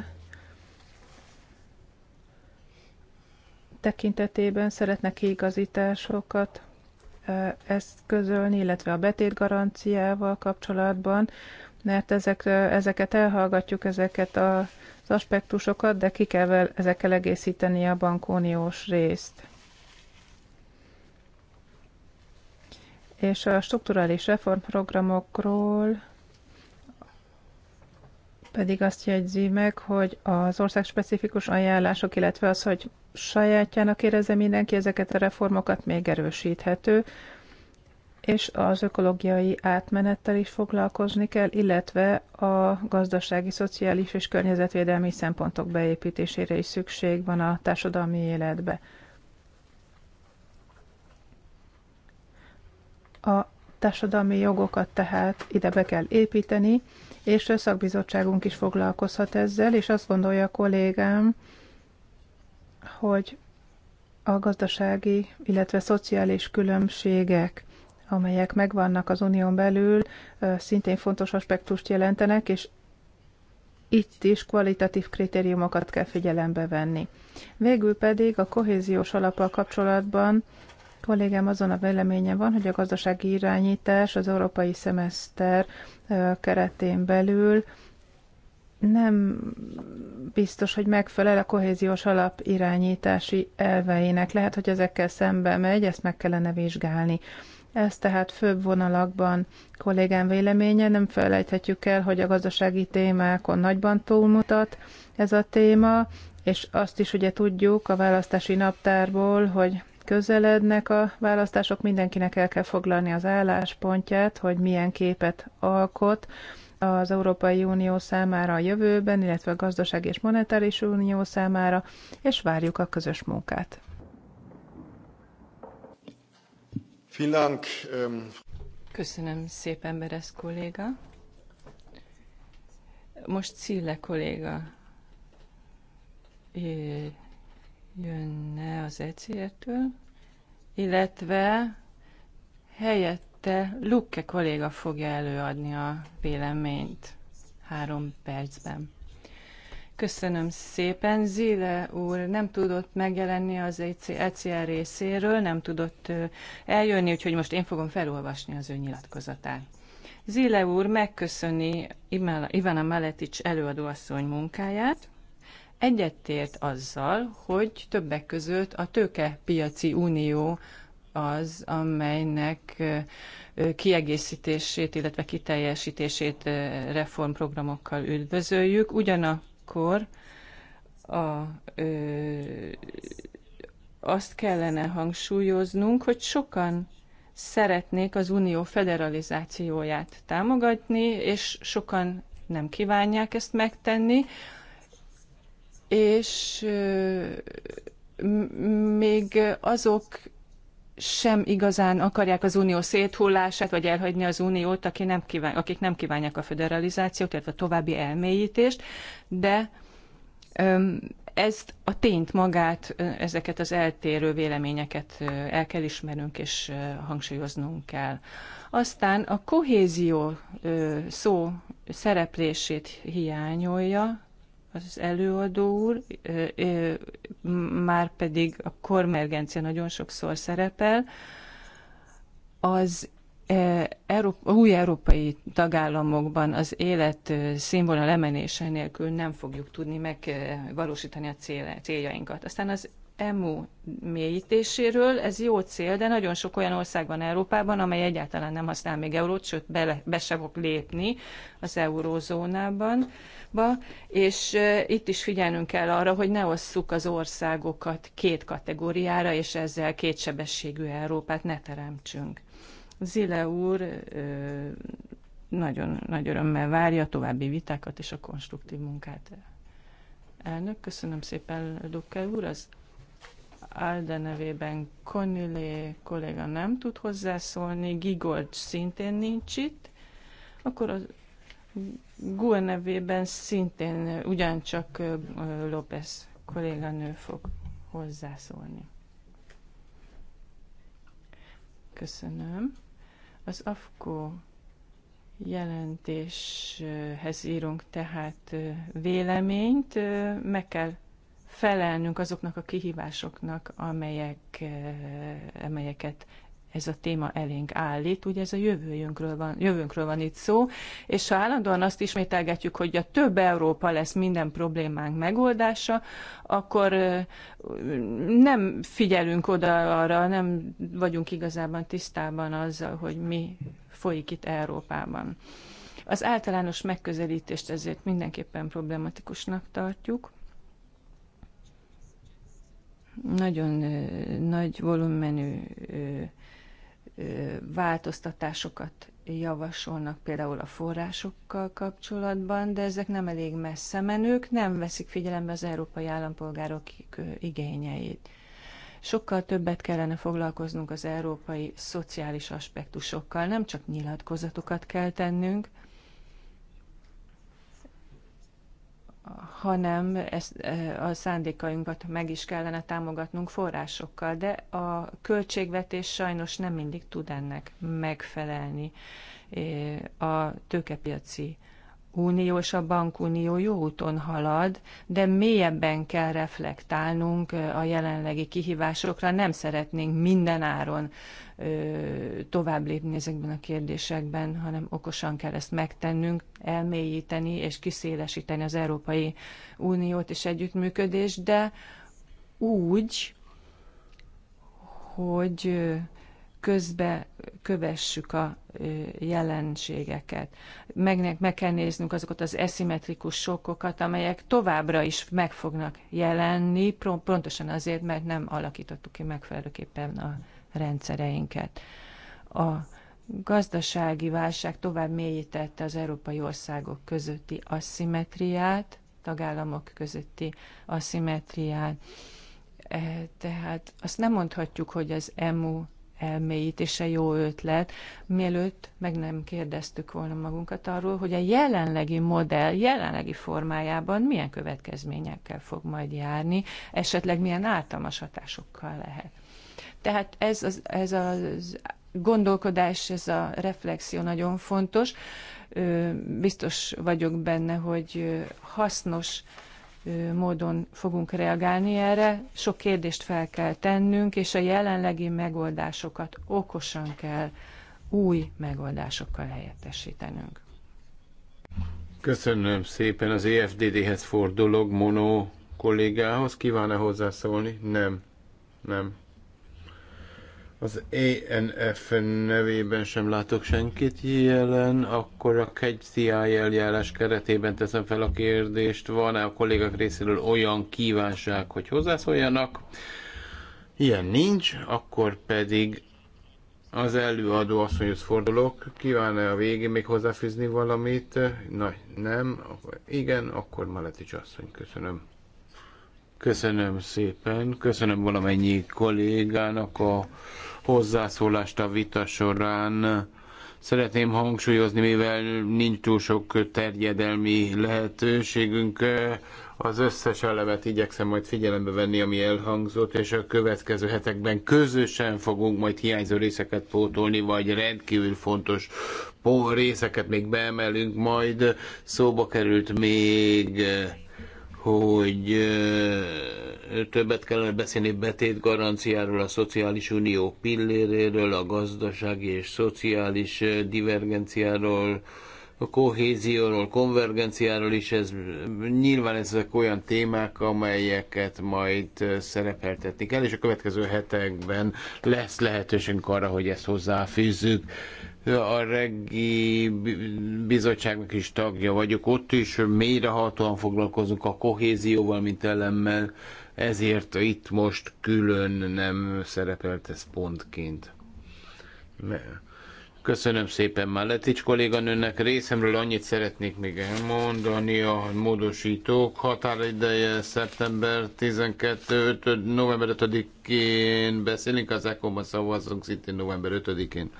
tekintetében szeretne kiigazításokat ezt közölni, illetve a betétgaranciával kapcsolatban, mert ezek, ezeket elhallgatjuk, ezeket az aspektusokat, de ki kell ezekkel egészíteni a bankóniós részt. És a strukturális reformprogramokról pedig azt jegyzi meg, hogy az ország specifikus ajánlások, illetve az, hogy sajátjának érezze mindenki ezeket a reformokat még erősíthető, és az ökológiai átmenettel is foglalkozni kell, illetve a gazdasági, szociális és környezetvédelmi szempontok beépítésére is szükség van a társadalmi életbe. A társadalmi jogokat tehát ide be kell építeni, és a szakbizottságunk is foglalkozhat ezzel, és azt gondolja a kollégám, hogy a gazdasági, illetve szociális különbségek, amelyek megvannak az unión belül, szintén fontos aspektust jelentenek, és itt is kvalitatív kritériumokat kell figyelembe venni. Végül pedig a kohéziós alappal kapcsolatban kollégám azon a véleménye van, hogy a gazdasági irányítás az európai szemeszter keretén belül nem biztos, hogy megfelel a kohéziós alap irányítási elveinek. Lehet, hogy ezekkel szembe megy, ezt meg kellene vizsgálni. Ez tehát főbb vonalakban kollégám véleménye, nem felejthetjük el, hogy a gazdasági témákon nagyban túlmutat ez a téma, és azt is ugye tudjuk a választási naptárból, hogy közelednek a választások, mindenkinek el kell foglalni az álláspontját, hogy milyen képet alkot az Európai Unió számára a jövőben, illetve a Gazdaság és Monetáris Unió számára, és várjuk a közös munkát. Ähm, Köszönöm szépen, Beresz kolléga. Most Cille kolléga jönne az ECR-től, illetve helyette Lukke kolléga fogja előadni a véleményt három percben. Köszönöm szépen. Zile úr nem tudott megjelenni az ECR részéről, nem tudott eljönni, úgyhogy most én fogom felolvasni az ő nyilatkozatát. Zile úr megköszöni Ivana Maletics előadóasszony munkáját, egyetért azzal, hogy többek között a tőkepiaci unió az, amelynek kiegészítését, illetve kiteljesítését reformprogramokkal üdvözöljük. Ugyanakkor a, ö, azt kellene hangsúlyoznunk, hogy sokan szeretnék az unió federalizációját támogatni, és sokan nem kívánják ezt megtenni és még azok sem igazán akarják az unió széthullását, vagy elhagyni az uniót, akik nem, kíván, akik nem kívánják a federalizációt, illetve a további elmélyítést, de ezt a tényt magát, ezeket az eltérő véleményeket el kell ismernünk és hangsúlyoznunk kell. Aztán a kohézió szó szereplését hiányolja az előadó úr, már pedig a kormergencia nagyon sokszor szerepel, az Európa, új európai tagállamokban az élet színvonal emenése nélkül nem fogjuk tudni megvalósítani a céljainkat. Aztán az EMU mélyítéséről. Ez jó cél, de nagyon sok olyan ország van Európában, amely egyáltalán nem használ még eurót, sőt bele, be se fog lépni az eurózónában. Ba, és itt is figyelnünk kell arra, hogy ne osszuk az országokat két kategóriára, és ezzel kétsebességű Európát ne teremtsünk. Zile úr nagyon nagy örömmel várja a további vitákat és a konstruktív munkát. Elnök, köszönöm szépen, Dukkel úr. Az Alde nevében Konilé kolléga nem tud hozzászólni, Gigolt szintén nincs itt, akkor a Gua nevében szintén ugyancsak López kolléganő fog hozzászólni. Köszönöm. Az AFKO jelentéshez írunk tehát véleményt, meg kell felelnünk azoknak a kihívásoknak, amelyek, eh, amelyeket ez a téma elénk állít. Ugye ez a jövőjünkről van, jövőnkről van itt szó, és ha állandóan azt ismételgetjük, hogy a több Európa lesz minden problémánk megoldása, akkor eh, nem figyelünk oda arra, nem vagyunk igazában tisztában azzal, hogy mi folyik itt Európában. Az általános megközelítést ezért mindenképpen problematikusnak tartjuk nagyon nagy volumenű változtatásokat javasolnak például a forrásokkal kapcsolatban, de ezek nem elég messze menők, nem veszik figyelembe az európai állampolgárok igényeit. Sokkal többet kellene foglalkoznunk az európai szociális aspektusokkal, nem csak nyilatkozatokat kell tennünk, hanem ezt, e, a szándékainkat meg is kellene támogatnunk forrásokkal, de a költségvetés sajnos nem mindig tud ennek megfelelni. E, a tőkepiaci unió és a bankunió jó úton halad, de mélyebben kell reflektálnunk e, a jelenlegi kihívásokra. Nem szeretnénk minden áron tovább lépni ezekben a kérdésekben, hanem okosan kell ezt megtennünk, elmélyíteni és kiszélesíteni az Európai Uniót és együttműködést, de úgy, hogy közbe kövessük a jelenségeket. Meg, meg kell néznünk azokat az eszimetrikus sokkokat, amelyek továbbra is meg fognak jelenni, pontosan azért, mert nem alakítottuk ki megfelelőképpen a rendszereinket. A gazdasági válság tovább mélyítette az európai országok közötti asszimetriát, tagállamok közötti asszimetriát. E, tehát azt nem mondhatjuk, hogy az EMU elmélyítése jó ötlet, mielőtt meg nem kérdeztük volna magunkat arról, hogy a jelenlegi modell jelenlegi formájában milyen következményekkel fog majd járni, esetleg milyen általmas hatásokkal lehet. Tehát ez az, ez az gondolkodás, ez a reflexió nagyon fontos. Biztos vagyok benne, hogy hasznos módon fogunk reagálni erre. Sok kérdést fel kell tennünk, és a jelenlegi megoldásokat okosan kell új megoldásokkal helyettesítenünk. Köszönöm szépen az EFDD-hez fordulok, Mono kollégához. Kíván-e hozzászólni? Nem. Nem az ENF nevében sem látok senkit jelen, akkor a KCI eljárás keretében teszem fel a kérdést, van-e a kollégák részéről olyan kívánság, hogy hozzászóljanak? Ilyen nincs, akkor pedig az előadó asszonyhoz fordulok. Kíván-e a végén még hozzáfűzni valamit? Na, nem. Igen, akkor Maletics asszony, köszönöm. Köszönöm szépen, köszönöm valamennyi kollégának a hozzászólást a vita során. Szeretném hangsúlyozni, mivel nincs túl sok terjedelmi lehetőségünk, az összes elemet igyekszem majd figyelembe venni, ami elhangzott, és a következő hetekben közösen fogunk majd hiányzó részeket pótolni, vagy rendkívül fontos részeket még beemelünk, majd szóba került még hogy többet kellene beszélni betét garanciáról, a szociális unió pilléréről, a gazdasági és szociális divergenciáról, a kohézióról, konvergenciáról is, ez, nyilván ezek olyan témák, amelyeket majd szerepeltetni kell, és a következő hetekben lesz lehetőségünk arra, hogy ezt hozzáfűzzük a reggi bizottságnak is tagja vagyok, ott is mélyrehatóan foglalkozunk a kohézióval, mint elemmel, ezért itt most külön nem szerepelt ez pontként. Köszönöm szépen Máletics kolléganőnek. Részemről annyit szeretnék még elmondani a módosítók. Határideje szeptember 12 5, november 5-én beszélünk, az ECO-ban szavazunk szintén november 5-én.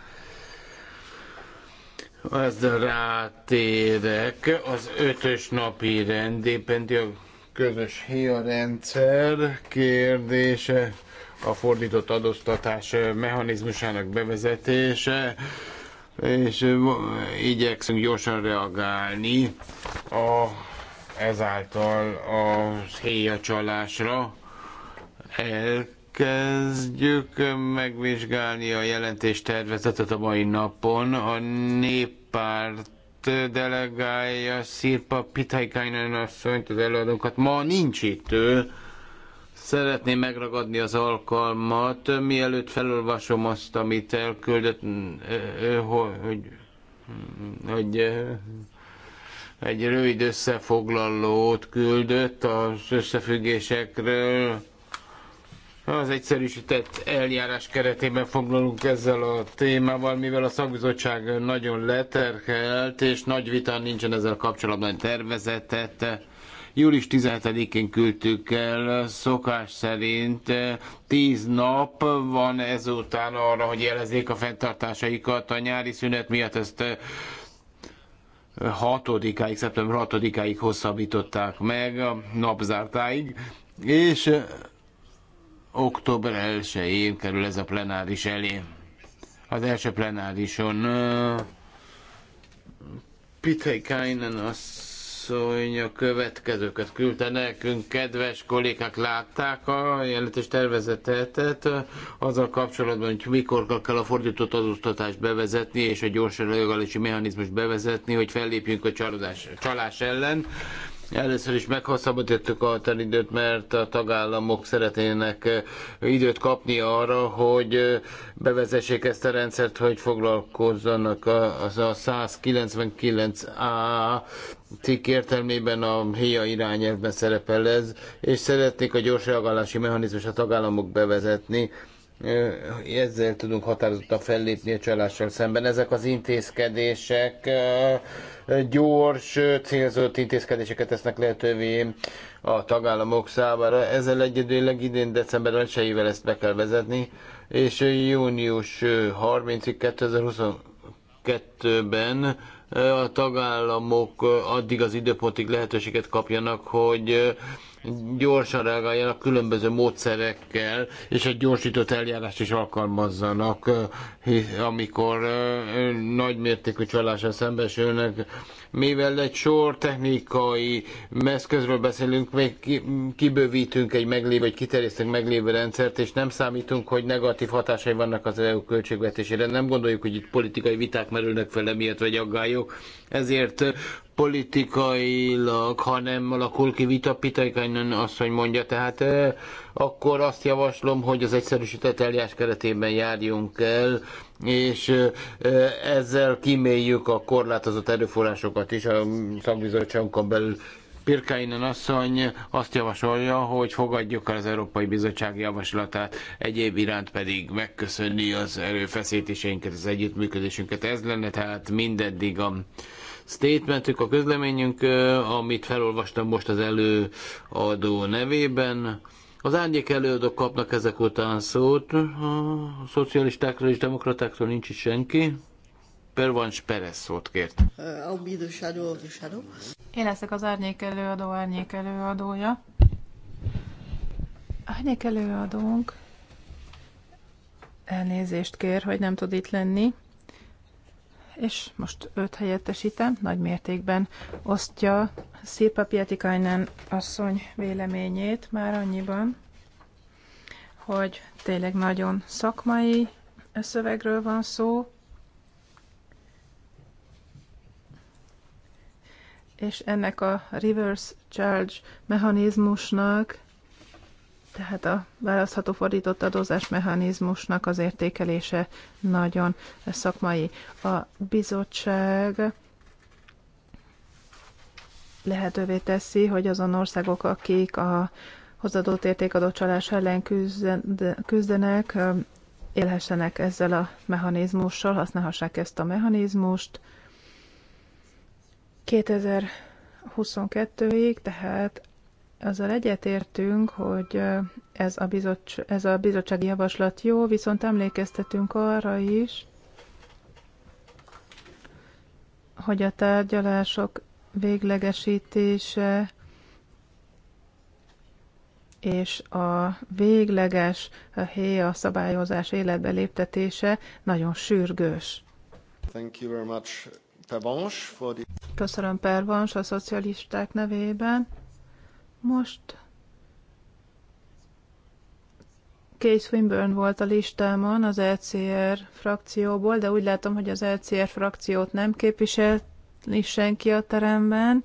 Ezzel rátérek az ötös napi rendépen a közös HIA rendszer kérdése, a fordított adóztatás mechanizmusának bevezetése és igyekszünk gyorsan reagálni a, ezáltal a csalásra El kezdjük megvizsgálni a jelentés tervezetet a mai napon. A néppárt delegálja Szirpa Pitaikainen asszonyt, az előadónkat. Ma nincs itt ő. Szeretném megragadni az alkalmat, mielőtt felolvasom azt, amit elküldött, hogy, hogy egy rövid összefoglalót küldött az összefüggésekről az egyszerűsített eljárás keretében foglalunk ezzel a témával, mivel a szakbizottság nagyon leterkelt, és nagy vita nincsen ezzel kapcsolatban tervezetet. Július 17-én küldtük el, szokás szerint 10 nap van ezután arra, hogy jelezzék a fenntartásaikat. A nyári szünet miatt ezt 6-áig, szeptember 6-áig hosszabbították meg, a napzártáig, és október 1-én kerül ez a plenáris elé. Az első plenárison Pitekainen asszony a következőket küldte nekünk. Kedves kollégák, látták a jelentős tervezetetet azzal kapcsolatban, hogy mikor kell a fordított adóztatást bevezetni, és a gyorsan legalási mechanizmus bevezetni, hogy fellépjünk a csalás ellen Először is meghosszabbítottuk a határidőt, mert a tagállamok szeretnének eh, időt kapni arra, hogy eh, bevezessék ezt a rendszert, hogy foglalkozzanak az a 199A cikk értelmében a HIA irányelvben szerepel ez, és szeretnék a gyors reagálási mechanizmus a tagállamok bevezetni ezzel tudunk határozottan fellépni a csalással szemben. Ezek az intézkedések gyors, célzott intézkedéseket tesznek lehetővé a tagállamok számára. Ezzel egyedüleg idén december 1 ezt be kell vezetni, és június 30-ig 2022-ben a tagállamok addig az időpontig lehetőséget kapjanak, hogy gyorsan reagáljanak különböző módszerekkel, és egy gyorsított eljárást is alkalmazzanak, amikor nagymértékű csalással szembesülnek. Mivel egy sor technikai meszközről beszélünk, még kibővítünk egy meglévő, egy kiterjesztünk meglévő rendszert, és nem számítunk, hogy negatív hatásai vannak az EU költségvetésére. Nem gondoljuk, hogy itt politikai viták merülnek fel emiatt, vagy aggályok ezért politikailag, hanem alakul ki vita, Pitaikanyon azt, hogy mondja, tehát akkor azt javaslom, hogy az egyszerűsített eljárás keretében járjunk el, és ezzel kiméljük a korlátozott erőforrásokat is a szakbizottságunkon belül. Pirkainen asszony azt javasolja, hogy fogadjuk el az Európai Bizottság javaslatát, egyéb iránt pedig megköszönni az erőfeszítéseinket, az együttműködésünket. Ez lenne tehát mindeddig a statementük, a közleményünk, amit felolvastam most az előadó nevében. Az árnyék előadók kapnak ezek után szót. A szocialistákról és demokratákról nincs itt senki. Pervans Perez szót kért. Én leszek az árnyék előadó, árnyék előadója. Árnyék előadónk elnézést kér, hogy nem tud itt lenni és most öt helyettesítem, nagy mértékben osztja Szirpa Pietikainen asszony véleményét már annyiban, hogy tényleg nagyon szakmai szövegről van szó, és ennek a reverse charge mechanizmusnak tehát a választható fordított adózás mechanizmusnak az értékelése nagyon szakmai. A bizottság lehetővé teszi, hogy azon országok, akik a hozadott értékadó csalás ellen küzdenek, élhessenek ezzel a mechanizmussal, használhassák ezt a mechanizmust. 2022-ig, tehát azzal egyetértünk, hogy ez a, bizottság, ez a bizottsági javaslat jó, viszont emlékeztetünk arra is, hogy a tárgyalások véglegesítése és a végleges héja szabályozás életbe léptetése nagyon sürgős. Thank you very much, Pervans, for the... Köszönöm Pervans a szocialisták nevében. Most Case Swinburne volt a listámon az LCR e frakcióból, de úgy látom, hogy az LCR e frakciót nem képviseli senki a teremben.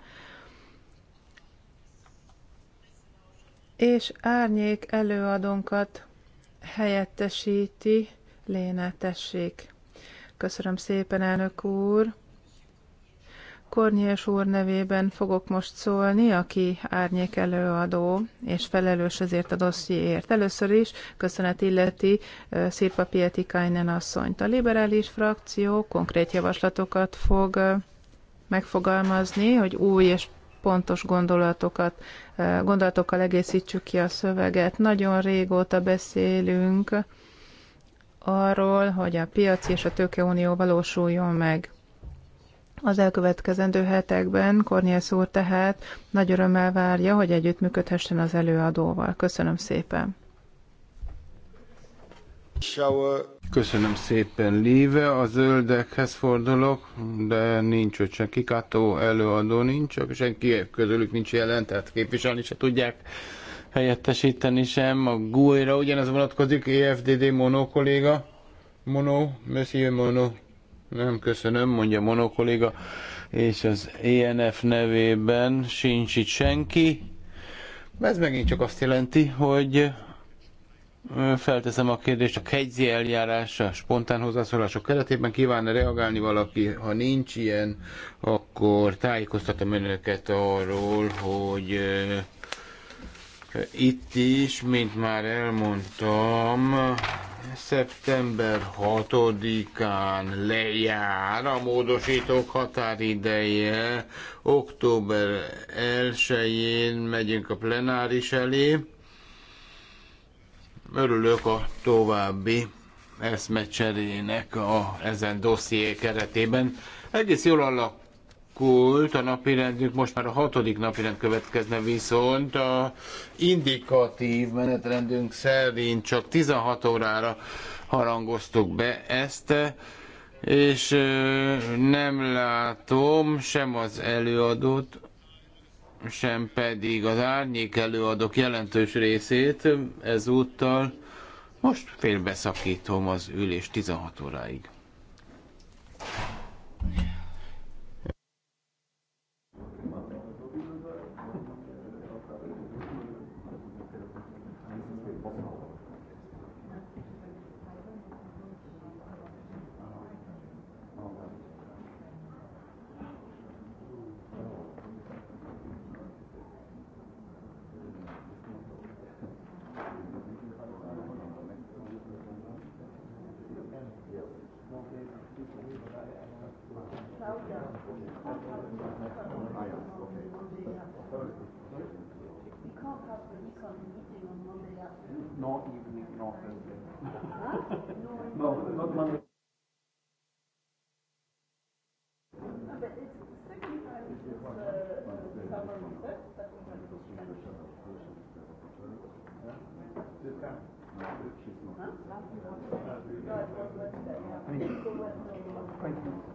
És árnyék előadónkat helyettesíti Léna Tessék. Köszönöm szépen, elnök úr! Kornyés úr nevében fogok most szólni, aki árnyék előadó és felelős ezért a dossziért. Először is köszönet illeti Szirpa Kajnen asszonyt. A liberális frakció konkrét javaslatokat fog megfogalmazni, hogy új és pontos gondolatokat, gondolatokkal egészítsük ki a szöveget. Nagyon régóta beszélünk arról, hogy a piaci és a tőkeunió valósuljon meg az elkövetkezendő hetekben Kornész úr tehát nagy örömmel várja, hogy együttműködhessen az előadóval. Köszönöm szépen! Köszönöm szépen, Líve. A zöldekhez fordulok, de nincs ott senki. Kato előadó nincs, csak senki közülük nincs jelen, tehát képviselni se tudják helyettesíteni sem. A GUI-ra ugyanez vonatkozik, EFDD Mono kolléga. Mono, Monsieur Mono. Nem köszönöm, mondja Mono kolléga, és az ENF nevében sincs itt senki. Ez megint csak azt jelenti, hogy felteszem a kérdést, a kegyzi eljárás, a spontán hozzászólások keretében kívánna reagálni valaki, ha nincs ilyen, akkor tájékoztatom önöket arról, hogy itt is, mint már elmondtam, szeptember 6-án lejár a módosítók határideje, október 1-én megyünk a plenáris elé. Örülök a további eszmecserének a, ezen dosszié keretében. Egész jól alak alakult a napirendünk, most már a hatodik napirend következne viszont a indikatív menetrendünk szerint csak 16 órára harangoztuk be ezt, és nem látom sem az előadót, sem pedig az árnyék előadók jelentős részét ezúttal. Most félbeszakítom az ülés 16 óráig. not evening, not Thursday. no, not Monday.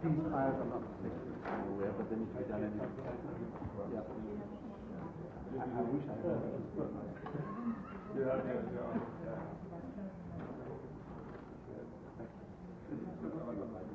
these files are not connected. Oh, yeah, but then if you done any... Yeah. I, I wish I had. yeah, yeah, yeah. yeah.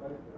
Thank you.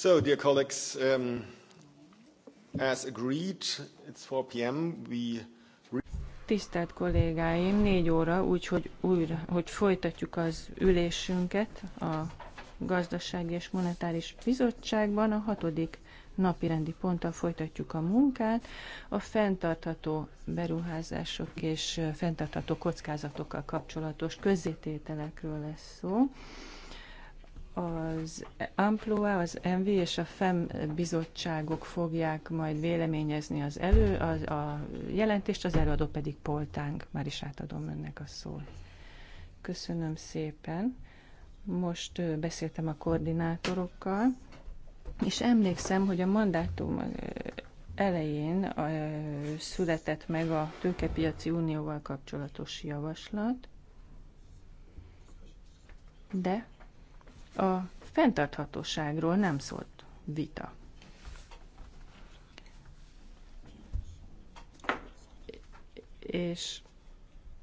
So, dear colleagues, um, as agreed, it's 4 p.m. We Tisztelt kollégáim, négy óra, úgyhogy újra, hogy folytatjuk az ülésünket a Gazdasági és Monetáris Bizottságban. A hatodik napi rendi ponttal folytatjuk a munkát. A fenntartható beruházások és fenntartható kockázatokkal kapcsolatos közzétételekről lesz szó az Amploa, az MV és a FEM bizottságok fogják majd véleményezni az elő, a, a jelentést, az előadó pedig Poltánk. Már is átadom önnek a szót. Köszönöm szépen. Most beszéltem a koordinátorokkal, és emlékszem, hogy a mandátum elején született meg a tőkepiaci unióval kapcsolatos javaslat, de a fenntarthatóságról nem szólt vita. És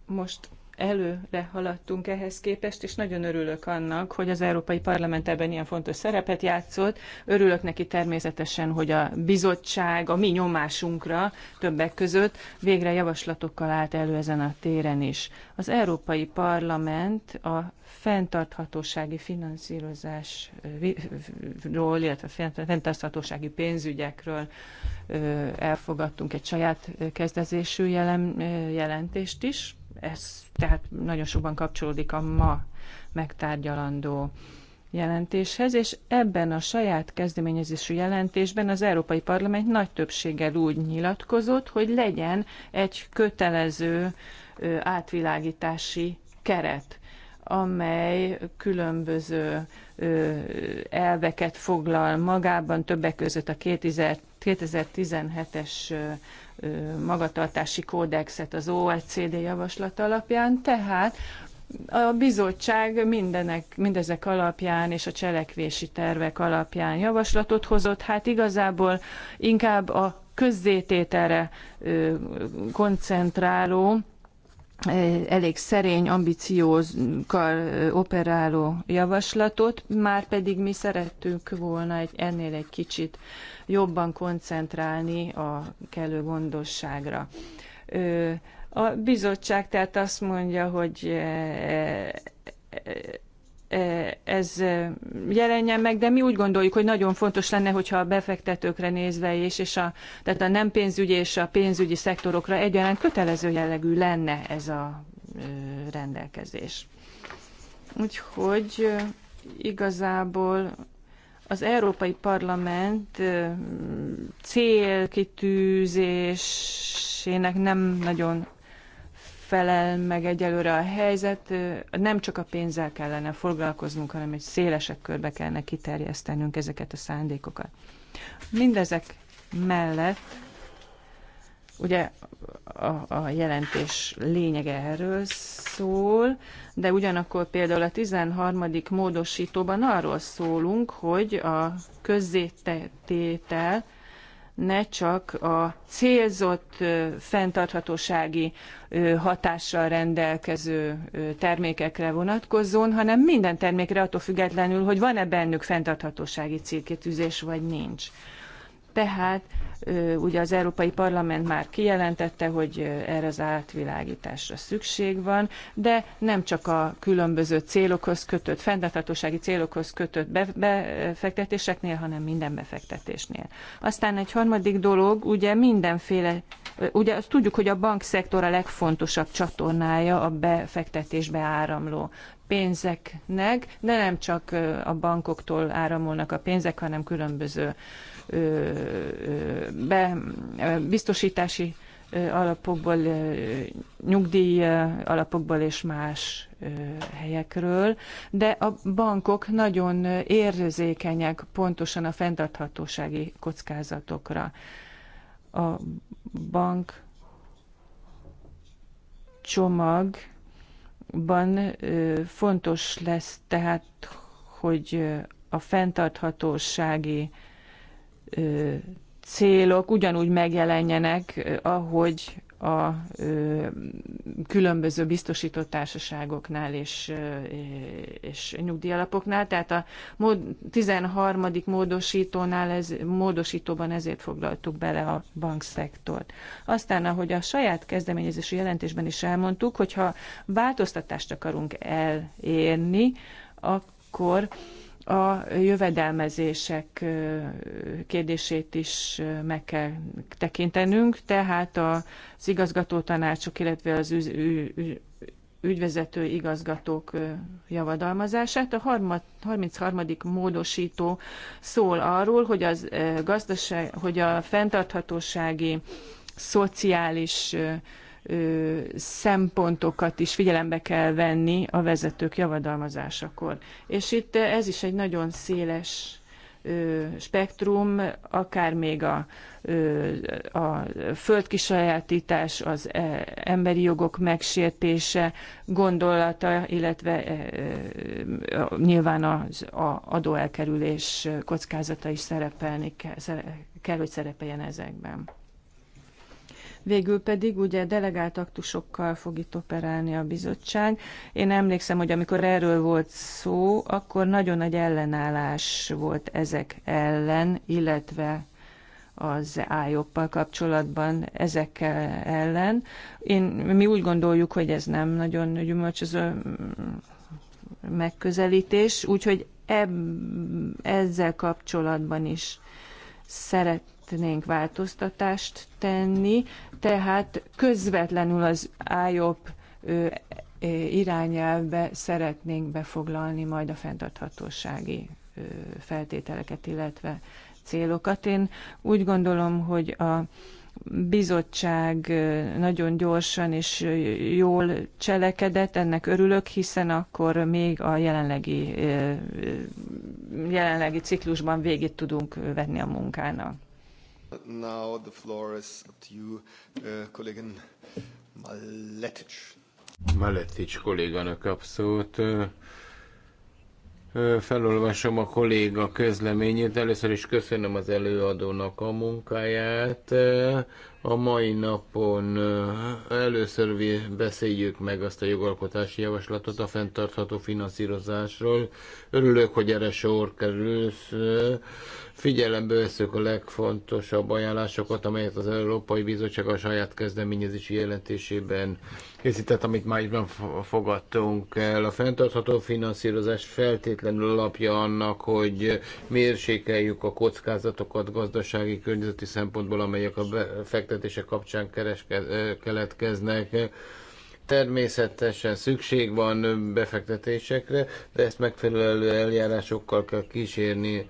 most előre haladtunk ehhez képest, és nagyon örülök annak, hogy az Európai Parlament ebben ilyen fontos szerepet játszott. Örülök neki természetesen, hogy a bizottság a mi nyomásunkra többek között végre javaslatokkal állt elő ezen a téren is. Az Európai Parlament a fenntarthatósági finanszírozásról, illetve fenntarthatósági pénzügyekről elfogadtunk egy saját kezdezésű jelentést is, ez tehát nagyon sokban kapcsolódik a ma megtárgyalandó jelentéshez, és ebben a saját kezdeményezésű jelentésben az Európai Parlament nagy többséggel úgy nyilatkozott, hogy legyen egy kötelező átvilágítási keret, amely különböző elveket foglal magában, többek között a 2017-es magatartási kódexet az OECD javaslat alapján, tehát a bizottság mindenek, mindezek alapján és a cselekvési tervek alapján javaslatot hozott, hát igazából inkább a közzétételre koncentráló, elég szerény ambíciókkal operáló javaslatot, már pedig mi szerettünk volna egy, ennél egy kicsit jobban koncentrálni a kellő gondosságra. A bizottság tehát azt mondja, hogy ez jelenjen meg, de mi úgy gondoljuk, hogy nagyon fontos lenne, hogyha a befektetőkre nézve is, és a, tehát a nem pénzügyi és a pénzügyi szektorokra egyaránt kötelező jellegű lenne ez a rendelkezés. Úgyhogy igazából az Európai Parlament célkitűzésének nem nagyon felel meg egyelőre a helyzet. Nem csak a pénzzel kellene foglalkoznunk, hanem egy szélesebb körbe kellene kiterjesztenünk ezeket a szándékokat. Mindezek mellett ugye a, a jelentés lényege erről szól, de ugyanakkor például a 13. módosítóban arról szólunk, hogy a közzététel ne csak a célzott fenntarthatósági hatással rendelkező termékekre vonatkozzon, hanem minden termékre attól függetlenül, hogy van-e bennük fenntarthatósági célkitűzés vagy nincs. Tehát ugye az Európai Parlament már kijelentette, hogy erre az átvilágításra szükség van, de nem csak a különböző célokhoz kötött, fenntarthatósági célokhoz kötött befektetéseknél, hanem minden befektetésnél. Aztán egy harmadik dolog, ugye mindenféle Ugye azt tudjuk, hogy a bankszektor a legfontosabb csatornája a befektetésbe áramló pénzeknek, de nem csak a bankoktól áramolnak a pénzek, hanem különböző be, biztosítási alapokból, nyugdíj alapokból és más helyekről, de a bankok nagyon érzékenyek pontosan a fenntarthatósági kockázatokra. A bank csomagban fontos lesz tehát, hogy a fenntarthatósági célok ugyanúgy megjelenjenek, ahogy a különböző biztosított társaságoknál és, és nyugdíjalapoknál. Tehát a 13. módosítónál ez, módosítóban ezért foglaltuk bele a bankszektort. Aztán, ahogy a saját kezdeményezési jelentésben is elmondtuk, hogyha változtatást akarunk elérni, akkor a jövedelmezések kérdését is meg kell tekintenünk, tehát az igazgatótanácsok, illetve az ügyvezető igazgatók javadalmazását. A harmad, 33. módosító szól arról, hogy, az gazdaság, hogy a fenntarthatósági, szociális szempontokat is figyelembe kell venni a vezetők javadalmazásakor. És itt ez is egy nagyon széles spektrum, akár még a, a földkisajátítás, az e, emberi jogok megsértése, gondolata, illetve e, nyilván az a adóelkerülés kockázata is szerepelni kell, kell, hogy szerepeljen ezekben. Végül pedig ugye delegált aktusokkal fog itt operálni a bizottság. Én emlékszem, hogy amikor erről volt szó, akkor nagyon nagy ellenállás volt ezek ellen, illetve az ájoppal kapcsolatban ezek ellen. Én, mi úgy gondoljuk, hogy ez nem nagyon gyümölcsöző mm, megközelítés, úgyhogy ezzel kapcsolatban is szeret, szeretnénk változtatást tenni, tehát közvetlenül az ájobb irányelvbe szeretnénk befoglalni majd a fenntarthatósági feltételeket, illetve célokat. Én úgy gondolom, hogy a bizottság nagyon gyorsan és jól cselekedett, ennek örülök, hiszen akkor még a jelenlegi, jelenlegi ciklusban végét tudunk venni a munkának. Now the floor is up to you, uh, kollégin Maletic. Maletic kolléganak kap szót. Felolvasom a kolléga közleményét. Először is köszönöm az előadónak a munkáját. A mai napon először beszéljük meg azt a jogalkotási javaslatot a fenntartható finanszírozásról. Örülök, hogy erre sor kerülsz figyelembe veszük a legfontosabb ajánlásokat, amelyet az Európai Bizottság a saját kezdeményezési jelentésében készített, amit májusban fogadtunk el. A fenntartható finanszírozás feltétlenül alapja annak, hogy mérsékeljük a kockázatokat gazdasági környezeti szempontból, amelyek a fektetések kapcsán keletkeznek. Természetesen szükség van befektetésekre, de ezt megfelelő eljárásokkal kell kísérni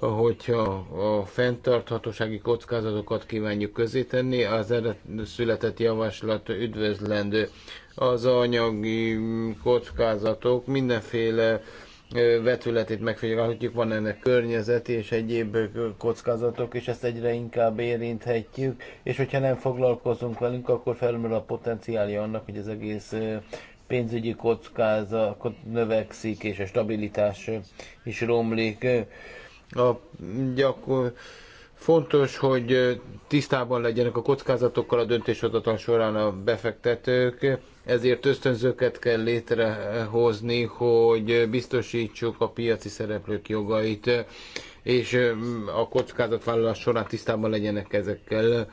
hogyha a fenntarthatósági kockázatokat kívánjuk közé tenni, az eredet született javaslat üdvözlendő. Az anyagi kockázatok mindenféle vetületét megfigyelhetjük, van ennek környezeti és egyéb kockázatok, és ezt egyre inkább érinthetjük, és hogyha nem foglalkozunk velünk, akkor felmerül a potenciálja annak, hogy az egész pénzügyi kockázat növekszik, és a stabilitás is romlik a gyakor... Fontos, hogy tisztában legyenek a kockázatokkal a döntéshozatal során a befektetők, ezért ösztönzőket kell létrehozni, hogy biztosítsuk a piaci szereplők jogait, és a kockázatvállalás során tisztában legyenek ezekkel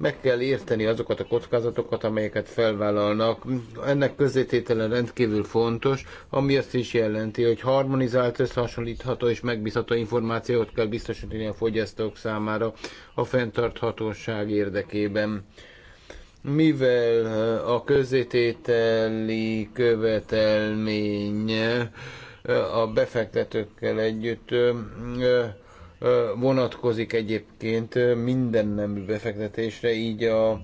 meg kell érteni azokat a kockázatokat, amelyeket felvállalnak. Ennek közététele rendkívül fontos, ami azt is jelenti, hogy harmonizált, összehasonlítható és megbízható információt kell biztosítani a fogyasztók számára a fenntarthatóság érdekében mivel a közétételi követelmény a befektetőkkel együtt vonatkozik egyébként minden nemű befektetésre, így a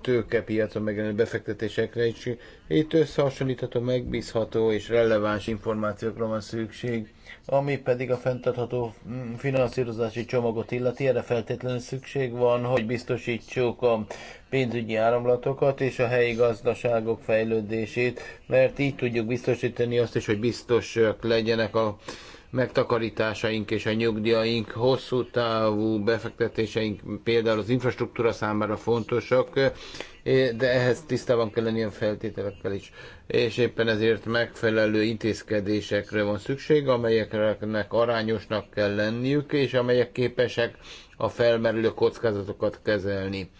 tőkepiacon megjelenő befektetésekre is. Itt összehasonlítható, megbízható és releváns információkra van szükség, ami pedig a fenntartható mm, finanszírozási csomagot illeti, erre feltétlenül szükség van, hogy biztosítsuk a pénzügyi áramlatokat és a helyi gazdaságok fejlődését, mert így tudjuk biztosítani azt is, hogy biztosak legyenek a megtakarításaink és a nyugdíjaink, hosszú távú befektetéseink például az infrastruktúra számára fontosak, eh, de ehhez tisztában kell lenni a feltételekkel is. És éppen ezért megfelelő intézkedésekre van szükség, amelyeknek arányosnak kell lenniük, és amelyek képesek a felmerülő kockázatokat kezelni.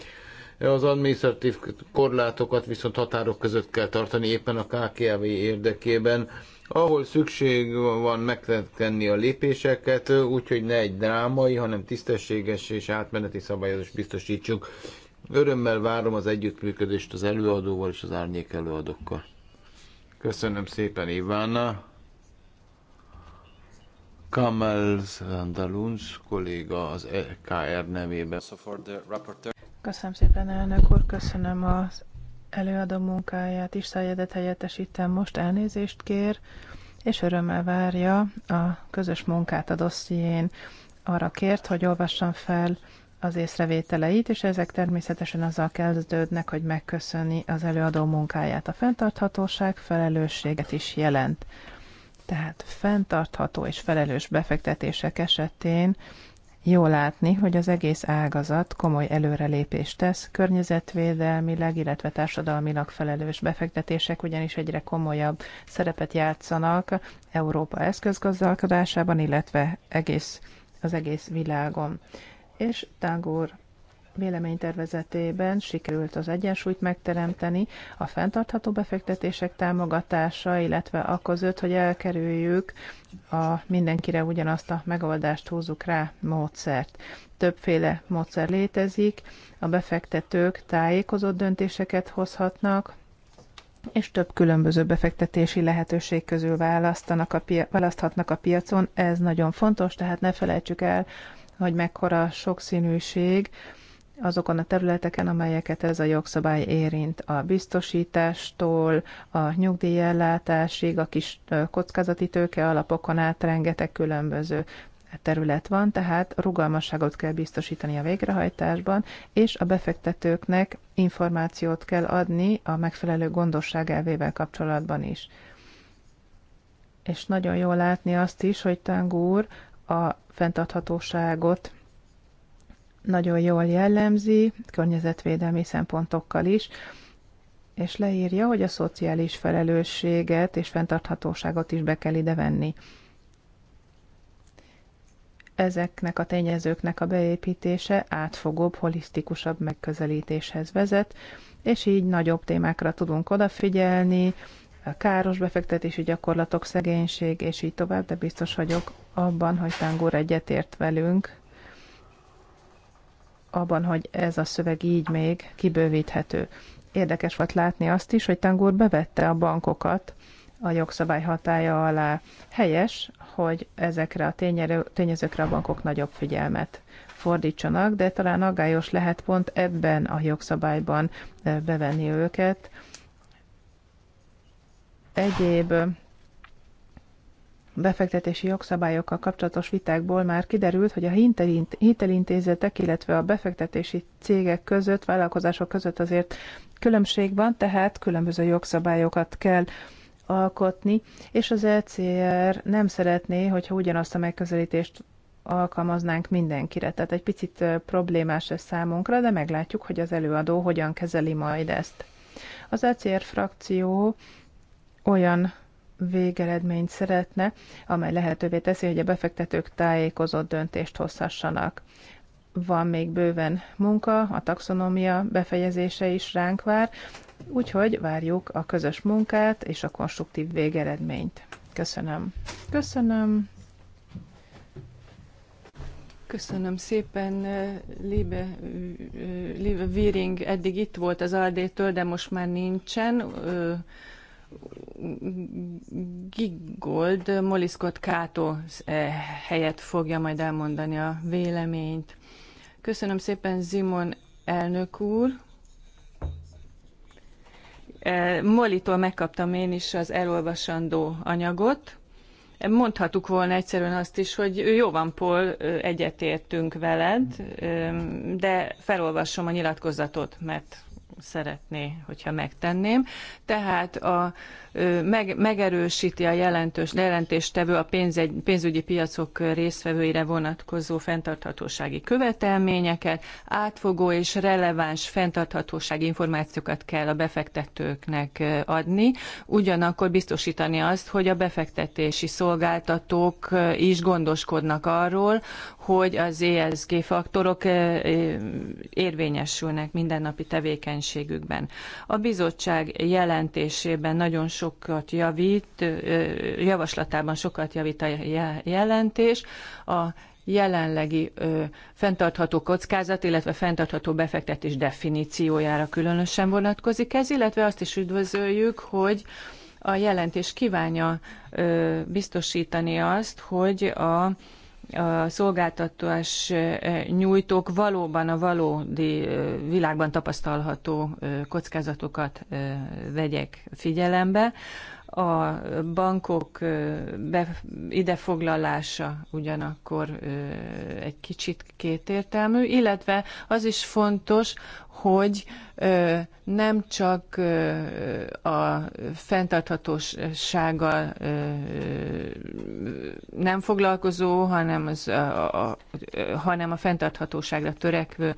Az administratív korlátokat viszont határok között kell tartani éppen a KKV érdekében, ahol szükség van megtenni a lépéseket, úgyhogy ne egy drámai, hanem tisztességes és átmeneti szabályozás biztosítsuk. Örömmel várom az együttműködést az előadóval és az árnyék előadókkal. Köszönöm szépen Ivána. Kamel Zandalunz kolléga az EKR nevében. Köszönöm szépen elnök úr, köszönöm az előadó munkáját is szájedet helyettesítem most, elnézést kér, és örömmel várja a közös munkát a dosszién. Arra kért, hogy olvassam fel az észrevételeit, és ezek természetesen azzal kezdődnek, hogy megköszöni az előadó munkáját. A fenntarthatóság felelősséget is jelent. Tehát fenntartható és felelős befektetések esetén jó látni, hogy az egész ágazat komoly előrelépést tesz, környezetvédelmileg, illetve társadalmilag felelős befektetések ugyanis egyre komolyabb szerepet játszanak Európa eszközgazdálkodásában, illetve egész, az egész világon. És Tágór véleménytervezetében sikerült az egyensúlyt megteremteni a fenntartható befektetések támogatása, illetve a között, hogy elkerüljük a mindenkire ugyanazt a megoldást húzzuk rá módszert. Többféle módszer létezik, a befektetők tájékozott döntéseket hozhatnak, és több különböző befektetési lehetőség közül választanak a pia- választhatnak a piacon. Ez nagyon fontos, tehát ne felejtsük el, hogy mekkora sokszínűség, azokon a területeken, amelyeket ez a jogszabály érint, a biztosítástól, a nyugdíjellátásig, a kis kockázati tőke alapokon át rengeteg különböző terület van, tehát rugalmasságot kell biztosítani a végrehajtásban, és a befektetőknek információt kell adni a megfelelő gondosság elvével kapcsolatban is. És nagyon jól látni azt is, hogy Tang úr a fenntarthatóságot nagyon jól jellemzi, környezetvédelmi szempontokkal is, és leírja, hogy a szociális felelősséget és fenntarthatóságot is be kell ide venni. Ezeknek a tényezőknek a beépítése átfogóbb, holisztikusabb megközelítéshez vezet, és így nagyobb témákra tudunk odafigyelni, a káros befektetési gyakorlatok, szegénység, és így tovább, de biztos vagyok abban, hogy Tangur egyetért velünk, abban, hogy ez a szöveg így még kibővíthető. Érdekes volt látni azt is, hogy Tangur bevette a bankokat a jogszabály hatája alá. Helyes, hogy ezekre a tényezőkre a bankok nagyobb figyelmet fordítsanak, de talán aggályos lehet pont ebben a jogszabályban eh, bevenni őket. Egyéb befektetési jogszabályokkal kapcsolatos vitákból már kiderült, hogy a hitelintézetek, illetve a befektetési cégek között, vállalkozások között azért különbség van, tehát különböző jogszabályokat kell alkotni, és az ECR nem szeretné, hogyha ugyanazt a megközelítést alkalmaznánk mindenkire. Tehát egy picit problémás ez számunkra, de meglátjuk, hogy az előadó hogyan kezeli majd ezt. Az ECR frakció olyan végeredményt szeretne, amely lehetővé teszi, hogy a befektetők tájékozott döntést hozhassanak. Van még bőven munka, a taxonómia befejezése is ránk vár, úgyhogy várjuk a közös munkát és a konstruktív végeredményt. Köszönöm. Köszönöm. Köszönöm szépen, eh, Liebe, eh, Liebe Viring eddig itt volt az Aldétől, de most már nincsen. Gigold Moliszkot Kátó eh, helyett fogja majd elmondani a véleményt. Köszönöm szépen Zimon elnök úr. Eh, Molitól megkaptam én is az elolvasandó anyagot. Mondhatuk volna egyszerűen azt is, hogy jó van, Paul, egyetértünk veled, de felolvasom a nyilatkozatot, mert szeretné, hogyha megtenném. Tehát a, meg, megerősíti a jelentős, jelentéstevő a pénz, pénzügyi piacok részvevőire vonatkozó fenntarthatósági követelményeket, átfogó és releváns fenntarthatósági információkat kell a befektetőknek adni, ugyanakkor biztosítani azt, hogy a befektetési szolgáltatók is gondoskodnak arról, hogy az ESG faktorok érvényesülnek mindennapi tevékenységükben. A bizottság jelentésében nagyon sokat javít, javaslatában sokat javít a jelentés. A jelenlegi ö, fenntartható kockázat, illetve fenntartható befektetés definíciójára különösen vonatkozik ez, illetve azt is üdvözöljük, hogy a jelentés kívánja ö, biztosítani azt, hogy a a szolgáltatás nyújtók valóban a valódi világban tapasztalható kockázatokat vegyek figyelembe a bankok be idefoglalása ugyanakkor egy kicsit kétértelmű, illetve az is fontos, hogy nem csak a fenntarthatósággal nem foglalkozó, hanem, az, a, a, hanem a fenntarthatóságra törekvő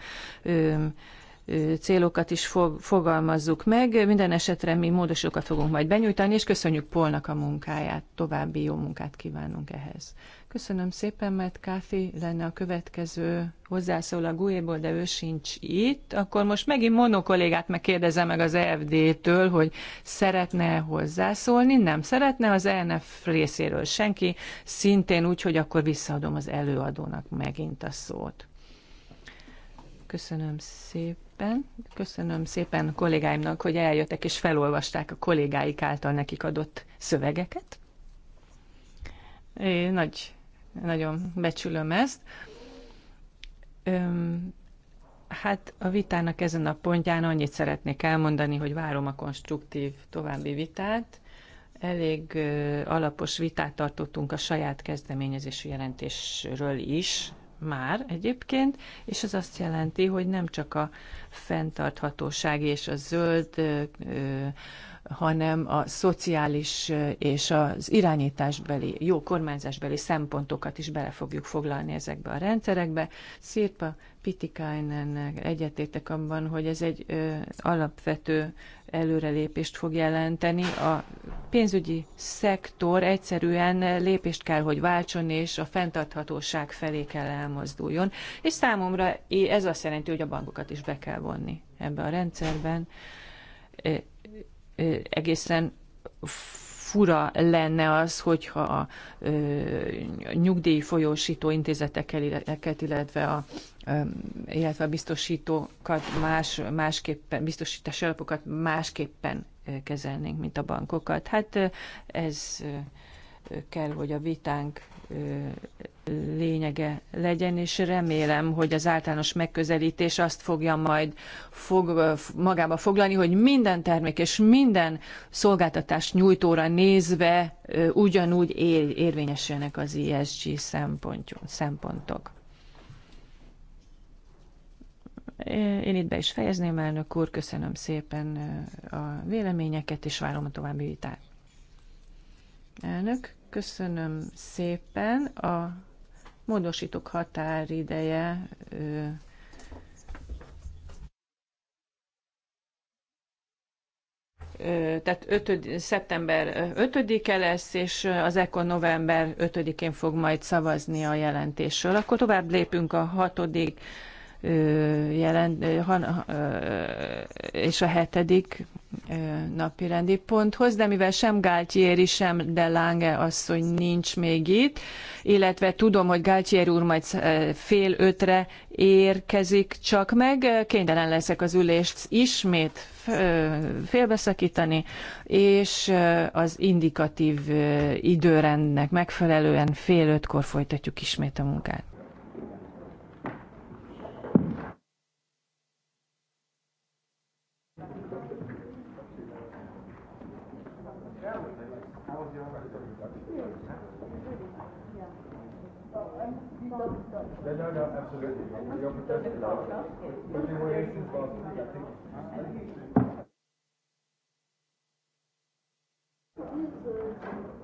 célokat is fog, fogalmazzuk meg. Minden esetre mi módosokat fogunk majd benyújtani, és köszönjük Polnak a munkáját. További jó munkát kívánunk ehhez. Köszönöm szépen, mert Káfi lenne a következő hozzászól a Guéból, de ő sincs itt. Akkor most megint Monó kollégát megkérdezem meg az EFD-től, hogy szeretne hozzászólni. Nem szeretne az ENF részéről senki. Szintén úgy, hogy akkor visszaadom az előadónak megint a szót. Köszönöm szépen szépen. Köszönöm szépen kollégáimnak, hogy eljöttek és felolvasták a kollégáik által nekik adott szövegeket. Én nagy, nagyon becsülöm ezt. Öm, hát a vitának ezen a pontján annyit szeretnék elmondani, hogy várom a konstruktív további vitát. Elég ö, alapos vitát tartottunk a saját kezdeményezésű jelentésről is, már egyébként, és ez azt jelenti, hogy nem csak a fenntarthatóság és a zöld hanem a szociális és az irányításbeli, jó kormányzásbeli szempontokat is bele fogjuk foglalni ezekbe a rendszerekbe. Szirpa Pitikainen egyetértek abban, hogy ez egy ö, alapvető előrelépést fog jelenteni. A pénzügyi szektor egyszerűen lépést kell, hogy váltson, és a fenntarthatóság felé kell elmozduljon. És számomra ez azt jelenti, hogy a bankokat is be kell vonni ebbe a rendszerben egészen fura lenne az, hogyha a nyugdíj folyósító intézeteket, illetve a, illetve a biztosítókat más, másképpen, biztosítási alapokat másképpen kezelnénk, mint a bankokat. Hát ez kell, hogy a vitánk lényege legyen, és remélem, hogy az általános megközelítés azt fogja majd fog, magába foglalni, hogy minden termék és minden szolgáltatás nyújtóra nézve ugyanúgy ér, érvényesülnek az ESG szempontok. Én itt be is fejezném, elnök úr, köszönöm szépen a véleményeket, és várom a további vitát. Elnök, Köszönöm szépen. A módosítók határideje tehát 5, szeptember 5-e lesz, és az ECO november 5-én fog majd szavazni a jelentésről. Akkor tovább lépünk a hatodik jelent, és a hetedik napi rendi ponthoz, de mivel sem is sem de Lange asszony nincs még itt, illetve tudom, hogy Gáltieri úr majd fél ötre érkezik csak meg, kénytelen leszek az ülést ismét félbeszakítani, és az indikatív időrendnek megfelelően fél ötkor folytatjuk ismét a munkát. No, no, no, absolutely. You're protesting. But you were responsible, I think. Thank you.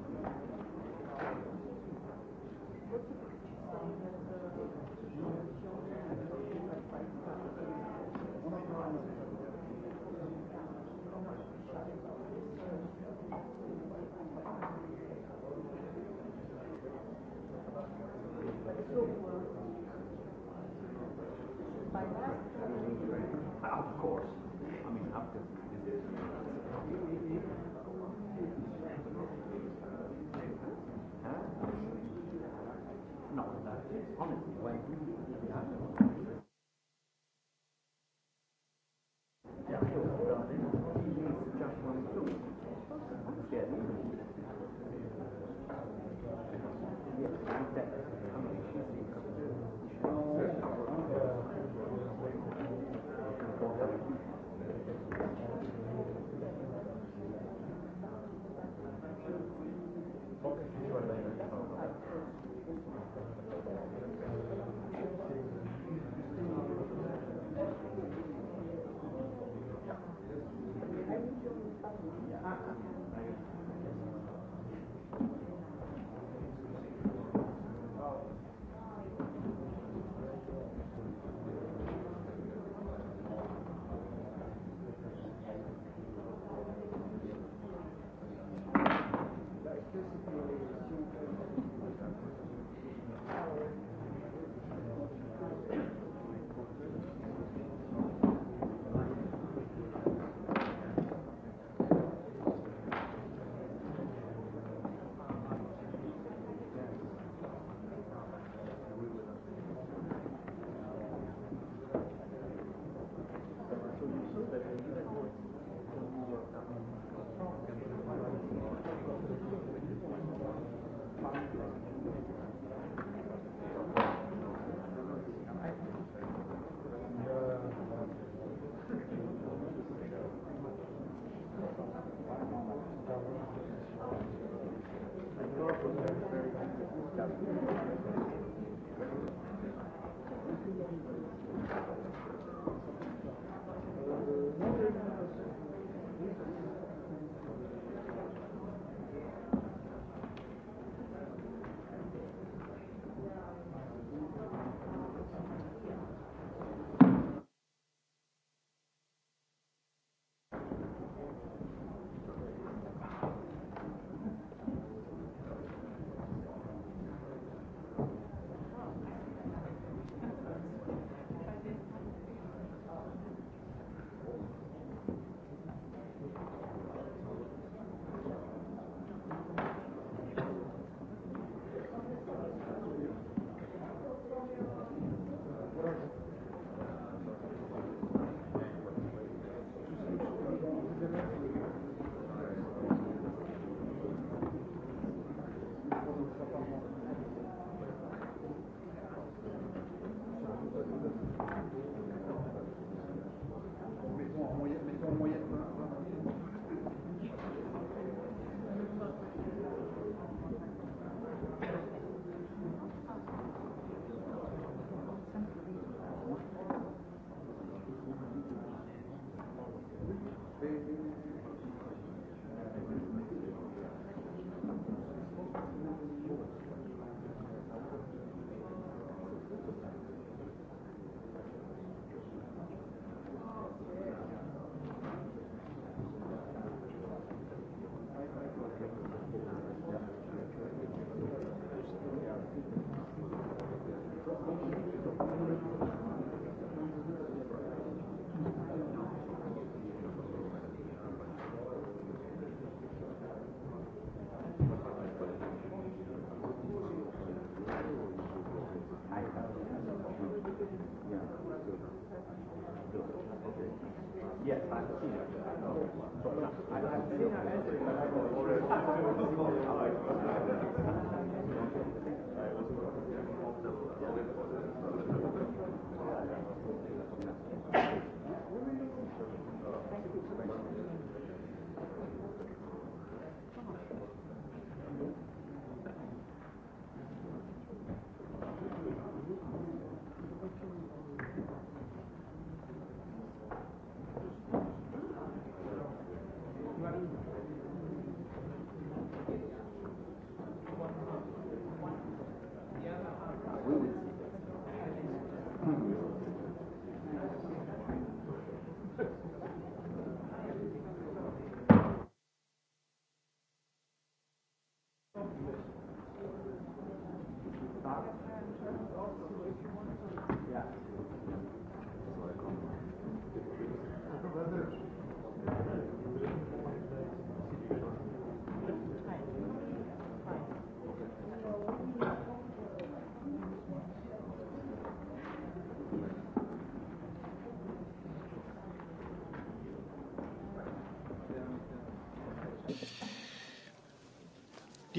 of course. I mean, after No, that, honestly, when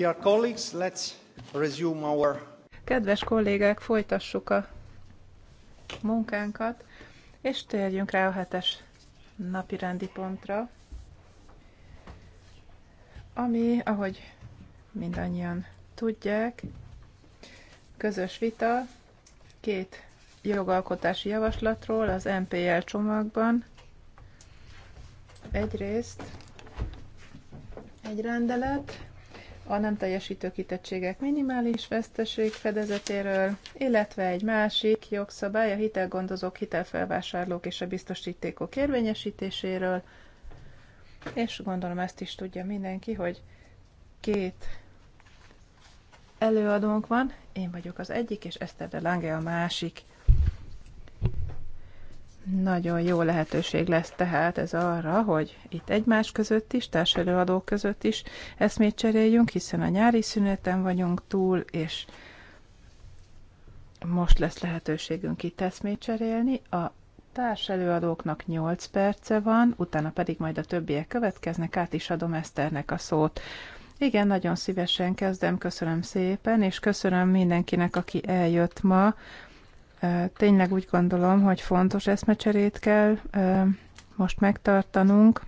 Dear colleagues, let's resume our... Kedves kollégák, folytassuk a munkánkat, és térjünk rá a hetes napi rendi pontra, ami, ahogy mindannyian tudják, közös vita két jogalkotási javaslatról az MPL csomagban. Egyrészt egy rendelet, a nem teljesítő kitettségek minimális veszteség fedezetéről, illetve egy másik jogszabály a hitelgondozók, hitelfelvásárlók és a biztosítékok érvényesítéséről, és gondolom ezt is tudja mindenki, hogy két előadónk van, én vagyok az egyik, és Eszter de Lange a másik. Nagyon jó lehetőség lesz tehát ez arra, hogy itt egymás között is, társelőadók között is eszmét cseréljünk, hiszen a nyári szüneten vagyunk túl, és most lesz lehetőségünk itt eszmét cserélni. A társelőadóknak 8 perce van, utána pedig majd a többiek következnek, át is adom Eszternek a szót. Igen, nagyon szívesen kezdem, köszönöm szépen, és köszönöm mindenkinek, aki eljött ma Tényleg úgy gondolom, hogy fontos eszmecserét kell most megtartanunk.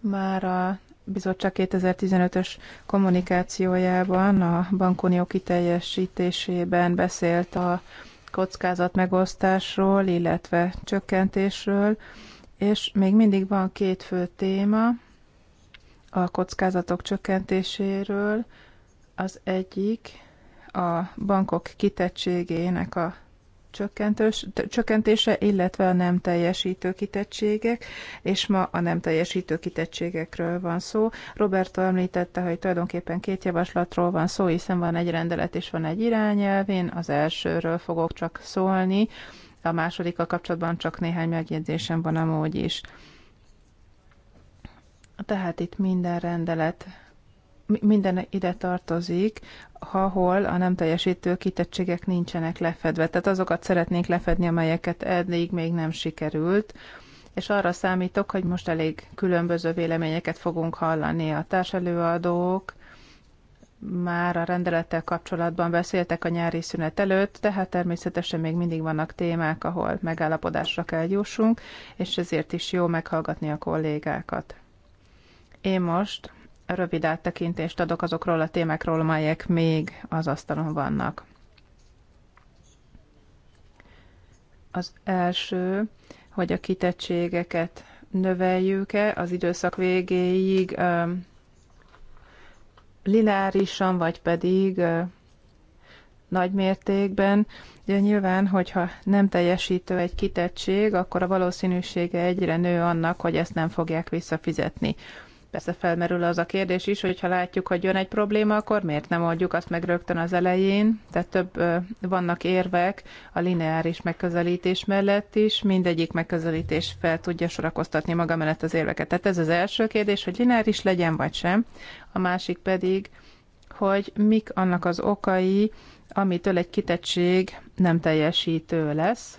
Már a bizottság 2015-ös kommunikációjában a bankunió kiteljesítésében beszélt a kockázat megosztásról, illetve csökkentésről, és még mindig van két fő téma a kockázatok csökkentéséről. Az egyik a bankok kitettségének a csökkentős, csökkentése, illetve a nem teljesítő kitettségek, és ma a nem teljesítő kitettségekről van szó. Roberto említette, hogy tulajdonképpen két javaslatról van szó, hiszen van egy rendelet és van egy irányelv, én az elsőről fogok csak szólni, a másodikkal kapcsolatban csak néhány megjegyzésem van amúgy is. Tehát itt minden rendelet minden ide tartozik, ahol a nem teljesítő kitettségek nincsenek lefedve. Tehát azokat szeretnénk lefedni, amelyeket eddig még nem sikerült és arra számítok, hogy most elég különböző véleményeket fogunk hallani. A társelőadók már a rendelettel kapcsolatban beszéltek a nyári szünet előtt, tehát természetesen még mindig vannak témák, ahol megállapodásra kell jussunk, és ezért is jó meghallgatni a kollégákat. Én most rövid áttekintést adok azokról a témákról, amelyek még az asztalon vannak. Az első, hogy a kitettségeket növeljük-e az időszak végéig lineárisan, vagy pedig nagy mértékben. Ugye nyilván, hogyha nem teljesítő egy kitettség, akkor a valószínűsége egyre nő annak, hogy ezt nem fogják visszafizetni. Persze felmerül az a kérdés is, hogy ha látjuk, hogy jön egy probléma, akkor miért nem oldjuk azt meg rögtön az elején? Tehát több vannak érvek a lineáris megközelítés mellett is, mindegyik megközelítés fel tudja sorakoztatni maga mellett az érveket. Tehát ez az első kérdés, hogy lineáris legyen vagy sem. A másik pedig, hogy mik annak az okai, amitől egy kitettség nem teljesítő lesz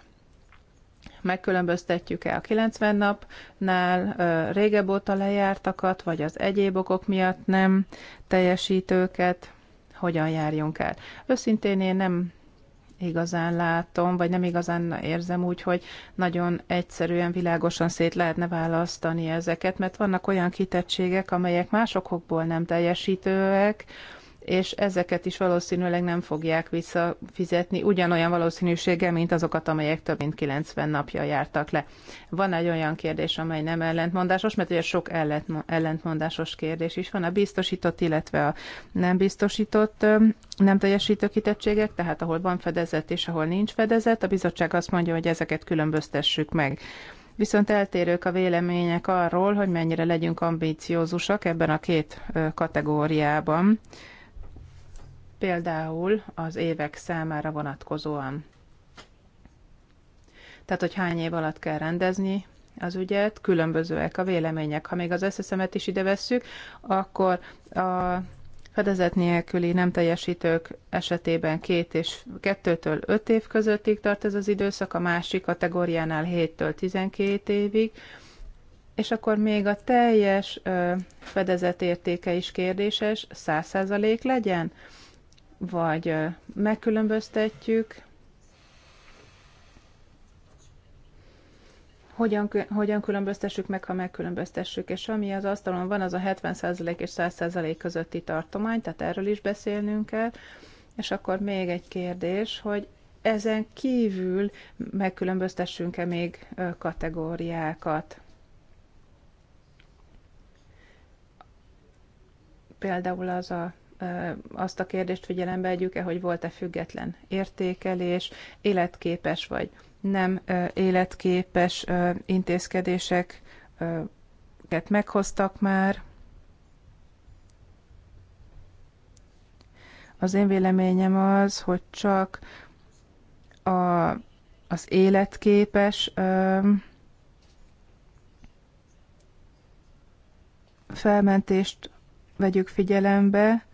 megkülönböztetjük-e a 90 napnál régebb óta lejártakat, vagy az egyéb okok miatt nem teljesítőket, hogyan járjunk el. Összintén én nem igazán látom, vagy nem igazán érzem úgy, hogy nagyon egyszerűen, világosan szét lehetne választani ezeket, mert vannak olyan kitettségek, amelyek másokból nem teljesítőek, és ezeket is valószínűleg nem fogják visszafizetni ugyanolyan valószínűséggel, mint azokat, amelyek több mint 90 napja jártak le. Van egy olyan kérdés, amely nem ellentmondásos, mert ugye sok ellentmondásos kérdés is van, a biztosított, illetve a nem biztosított nem teljesítő kitettségek, tehát ahol van fedezet és ahol nincs fedezet, a bizottság azt mondja, hogy ezeket különböztessük meg viszont eltérők a vélemények arról, hogy mennyire legyünk ambíciózusak ebben a két kategóriában például az évek számára vonatkozóan. Tehát, hogy hány év alatt kell rendezni az ügyet, különbözőek a vélemények. Ha még az összeszemet is ide vesszük, akkor a fedezet nélküli nem teljesítők esetében két és kettőtől öt év közöttig tart ez az időszak, a másik kategóriánál 7-től 12 évig, és akkor még a teljes fedezet értéke is kérdéses, százalék legyen? vagy megkülönböztetjük, hogyan, hogyan különböztessük meg, ha megkülönböztessük, és ami az asztalon van, az a 70% és 100% közötti tartomány, tehát erről is beszélnünk kell. És akkor még egy kérdés, hogy ezen kívül megkülönböztessünk-e még kategóriákat? Például az a azt a kérdést figyelembe vegyük-e, hogy volt-e független értékelés, életképes vagy nem életképes intézkedéseket meghoztak már. Az én véleményem az, hogy csak a, az életképes felmentést vegyük figyelembe,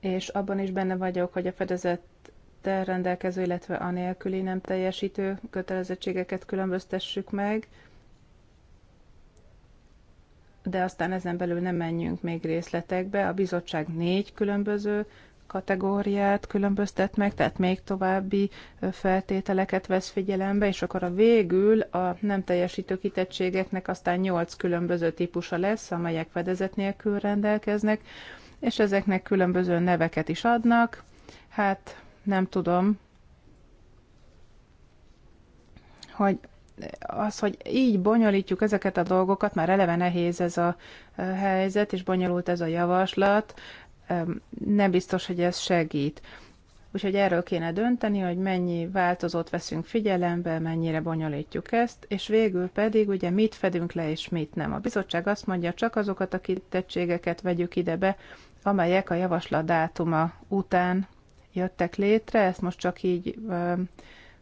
és abban is benne vagyok, hogy a fedezettel rendelkező, illetve a nélküli nem teljesítő kötelezettségeket különböztessük meg, de aztán ezen belül nem menjünk még részletekbe. A bizottság négy különböző kategóriát különböztet meg, tehát még további feltételeket vesz figyelembe, és akkor a végül a nem teljesítő kitettségeknek aztán nyolc különböző típusa lesz, amelyek fedezet nélkül rendelkeznek és ezeknek különböző neveket is adnak. Hát nem tudom, hogy az, hogy így bonyolítjuk ezeket a dolgokat, már eleve nehéz ez a e, helyzet, és bonyolult ez a javaslat, e, nem biztos, hogy ez segít. Úgyhogy erről kéne dönteni, hogy mennyi változót veszünk figyelembe, mennyire bonyolítjuk ezt, és végül pedig ugye mit fedünk le és mit nem. A bizottság azt mondja, csak azokat a kitettségeket vegyük ide be, amelyek a javaslat dátuma után jöttek létre. Ezt most csak így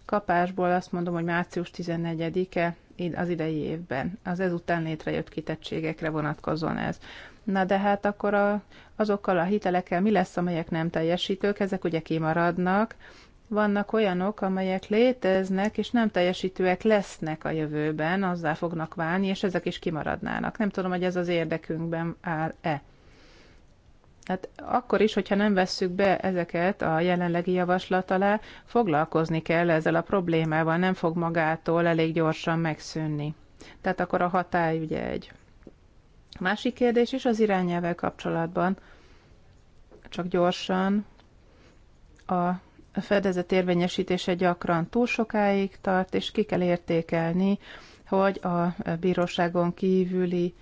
kapásból azt mondom, hogy március 14-e az idei évben. Az ezután létrejött kitettségekre vonatkozóan ez. Na de hát akkor a, azokkal a hitelekkel mi lesz, amelyek nem teljesítők? Ezek ugye kimaradnak. Vannak olyanok, amelyek léteznek, és nem teljesítőek lesznek a jövőben, azzá fognak válni, és ezek is kimaradnának. Nem tudom, hogy ez az érdekünkben áll-e. Hát akkor is, hogyha nem vesszük be ezeket a jelenlegi javaslat alá, foglalkozni kell ezzel a problémával, nem fog magától elég gyorsan megszűnni. Tehát akkor a hatály ugye egy. A másik kérdés is az irányelvel kapcsolatban, csak gyorsan, a fedezet érvényesítése gyakran túl sokáig tart, és ki kell értékelni, hogy a bíróságon kívüli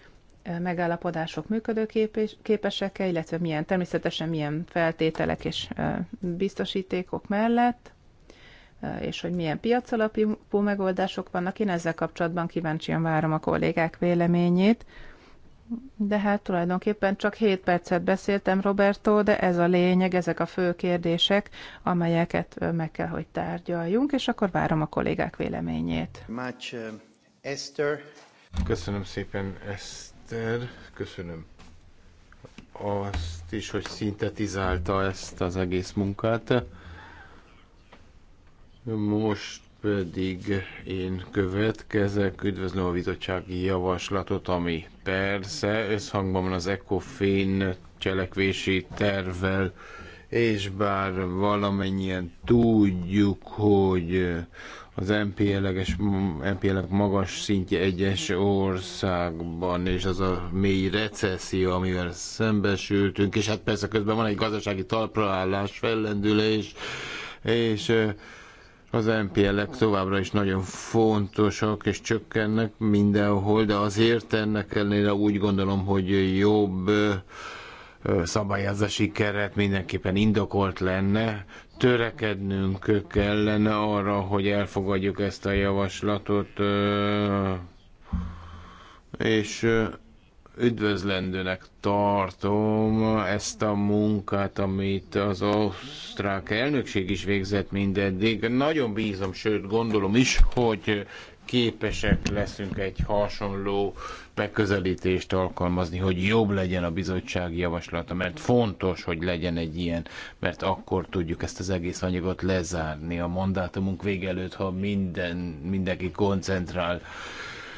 megállapodások működőképesek-e, illetve milyen, természetesen milyen feltételek és biztosítékok mellett, és hogy milyen piacalapú megoldások vannak. Én ezzel kapcsolatban kíváncsian várom a kollégák véleményét. De hát tulajdonképpen csak 7 percet beszéltem, Roberto, de ez a lényeg, ezek a fő kérdések, amelyeket meg kell, hogy tárgyaljunk, és akkor várom a kollégák véleményét. Esther. Köszönöm szépen, Eszter. Péter, köszönöm azt is, hogy szintetizálta ezt az egész munkát. Most pedig én következek, üdvözlöm a bizottsági javaslatot, ami persze összhangban van az ECOFIN cselekvési tervvel, és bár valamennyien tudjuk, hogy az MPL-es MPL magas szintje egyes országban, és az a mély recesszió, amivel szembesültünk, és hát persze közben van egy gazdasági talpraállás, fellendülés, és az MPL-ek továbbra is nagyon fontosak, és csökkennek mindenhol, de azért ennek ellenére úgy gondolom, hogy jobb szabályozási keret mindenképpen indokolt lenne, törekednünk kellene arra, hogy elfogadjuk ezt a javaslatot, és üdvözlendőnek tartom ezt a munkát, amit az osztrák elnökség is végzett mindeddig. Nagyon bízom, sőt gondolom is, hogy képesek leszünk egy hasonló megközelítést alkalmazni, hogy jobb legyen a bizottsági javaslata, mert fontos, hogy legyen egy ilyen, mert akkor tudjuk ezt az egész anyagot lezárni a mandátumunk vége előtt, ha minden, mindenki koncentrál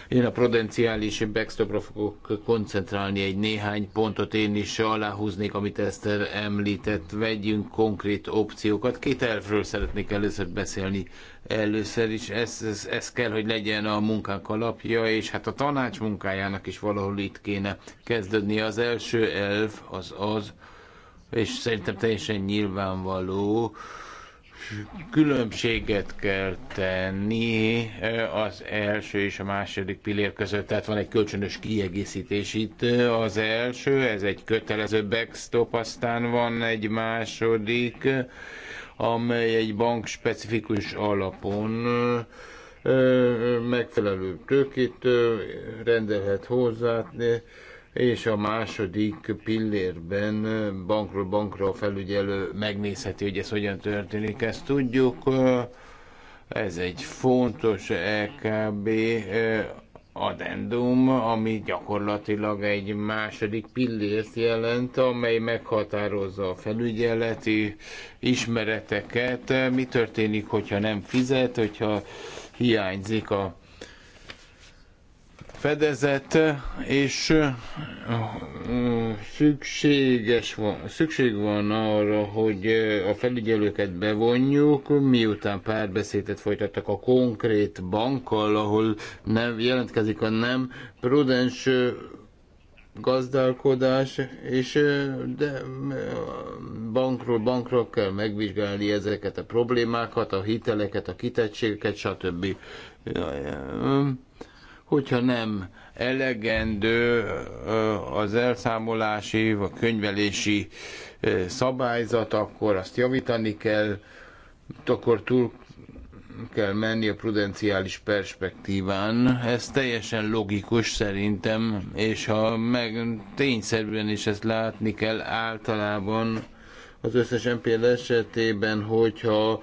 én a prudenciális backstopra fogok koncentrálni egy néhány pontot, én is aláhúznék, amit Eszter említett. Vegyünk konkrét opciókat. Két elvről szeretnék először beszélni. Először is ez, ez, ez kell, hogy legyen a munkánk alapja, és hát a tanács munkájának is valahol itt kéne kezdődni. Az első elv az az, és szerintem teljesen nyilvánvaló, különbséget kell tenni az első és a második pillér között, tehát van egy kölcsönös kiegészítés itt. Az első, ez egy kötelező backstop, aztán van egy második, amely egy bank specifikus alapon megfelelő tőkét rendelhet hozzá, és a második pillérben bankról bankra a felügyelő megnézheti, hogy ez hogyan történik. Ezt tudjuk, ez egy fontos EKB eh, adendum, ami gyakorlatilag egy második pillért jelent, amely meghatározza a felügyeleti ismereteket, mi történik, hogyha nem fizet, hogyha hiányzik a fedezet, és mm, szükséges van, szükség van arra, hogy eh, a felügyelőket bevonjuk, miután párbeszédet folytattak a konkrét bankkal, ahol nem jelentkezik a nem prudens eh, gazdálkodás, és eh, de bankról bankra kell megvizsgálni ezeket a problémákat, a hiteleket, a kitettségeket, stb. Jaj, jaj. Mm hogyha nem elegendő az elszámolási vagy könyvelési szabályzat, akkor azt javítani kell, akkor túl kell menni a prudenciális perspektíván. Ez teljesen logikus szerintem, és ha meg tényszerűen is ezt látni kell általában az összes MPL esetében, hogyha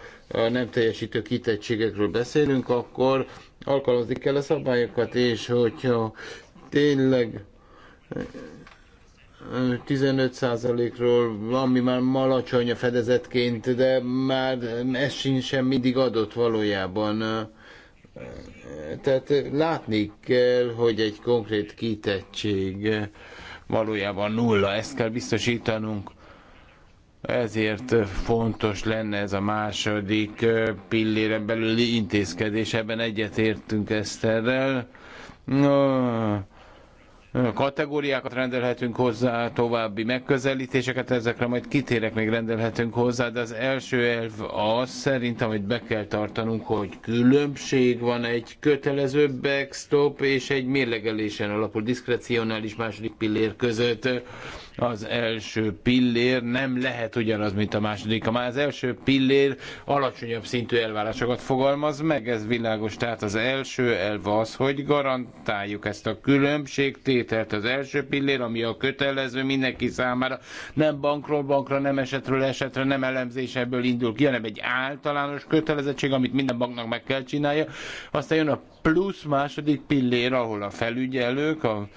nem teljesítő kitettségekről beszélünk, akkor alkalmazni kell a szabályokat, és hogyha tényleg 15%-ról, ami már malacsony a fedezetként, de már ez sincs sem mindig adott valójában. Tehát látni kell, hogy egy konkrét kitettség valójában nulla, ezt kell biztosítanunk. Ezért fontos lenne ez a második pillére belüli intézkedés, ebben egyetértünk Eszterrel. Kategóriákat rendelhetünk hozzá, további megközelítéseket, ezekre majd kitérek, még rendelhetünk hozzá, de az első elv az szerint, amit be kell tartanunk, hogy különbség van egy kötelező backstop és egy mérlegelésen alapul diszkrecionális második pillér között az első pillér nem lehet ugyanaz, mint a második. Már az első pillér alacsonyabb szintű elvárásokat fogalmaz meg, ez világos. Tehát az első elv az, hogy garantáljuk ezt a különbségtételt. Az első pillér, ami a kötelező mindenki számára, nem bankról bankra, nem esetről esetre, nem ebből indul ki, hanem egy általános kötelezettség, amit minden banknak meg kell csinálja. Aztán jön a plusz második pillér, ahol a felügyelők, a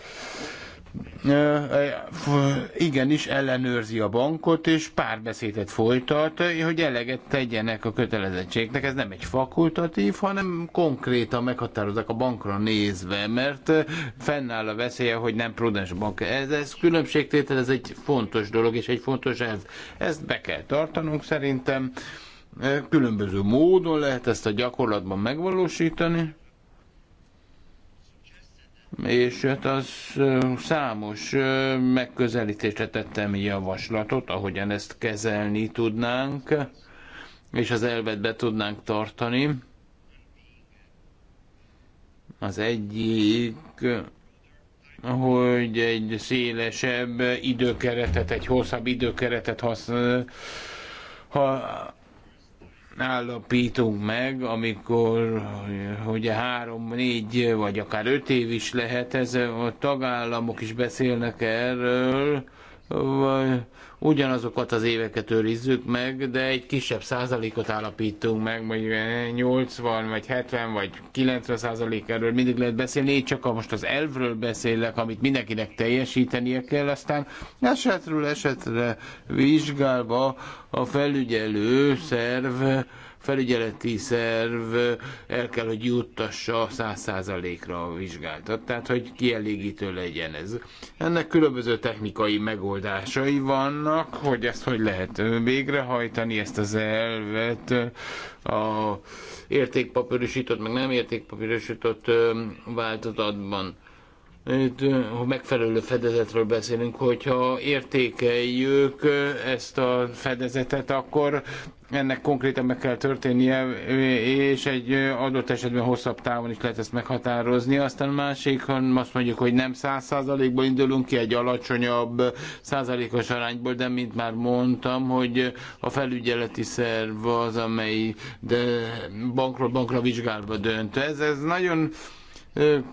igenis ellenőrzi a bankot, és párbeszédet folytat, hogy eleget tegyenek a kötelezettségnek. Ez nem egy fakultatív, hanem konkrétan meghatározzák a bankra nézve, mert fennáll a veszélye, hogy nem prudens bank. Ez, ez különbségtétel, ez egy fontos dolog, és egy fontos elv. Ezt be kell tartanunk szerintem. Különböző módon lehet ezt a gyakorlatban megvalósítani és hát az számos megközelítésre tettem javaslatot, ahogyan ezt kezelni tudnánk, és az elvet be tudnánk tartani. Az egyik, hogy egy szélesebb időkeretet, egy hosszabb időkeretet használ, ha állapítunk meg, amikor ugye három, négy vagy akár öt év is lehet ez, a tagállamok is beszélnek erről, vagy ugyanazokat az éveket őrizzük meg, de egy kisebb százalékot állapítunk meg, mondjuk 80 vagy 70 vagy 90 százalék erről mindig lehet beszélni, én csak most az elvről beszélek, amit mindenkinek teljesítenie kell, aztán esetről esetre vizsgálva a felügyelő szerv felügyeleti szerv el kell, hogy juttassa 100%-ra a vizsgáltat, tehát hogy kielégítő legyen ez. Ennek különböző technikai megoldásai vannak, hogy ezt hogy lehet végrehajtani, ezt az elvet a értékpapírosított, meg nem értékpapírosított változatban ha megfelelő fedezetről beszélünk, hogyha értékeljük ezt a fedezetet, akkor ennek konkrétan meg kell történnie, és egy adott esetben hosszabb távon is lehet ezt meghatározni. Aztán másik, ha azt mondjuk, hogy nem 100%-ból indulunk ki, egy alacsonyabb százalékos arányból, de mint már mondtam, hogy a felügyeleti szerv az, amely de bankról bankra vizsgálva dönt. Ez, ez nagyon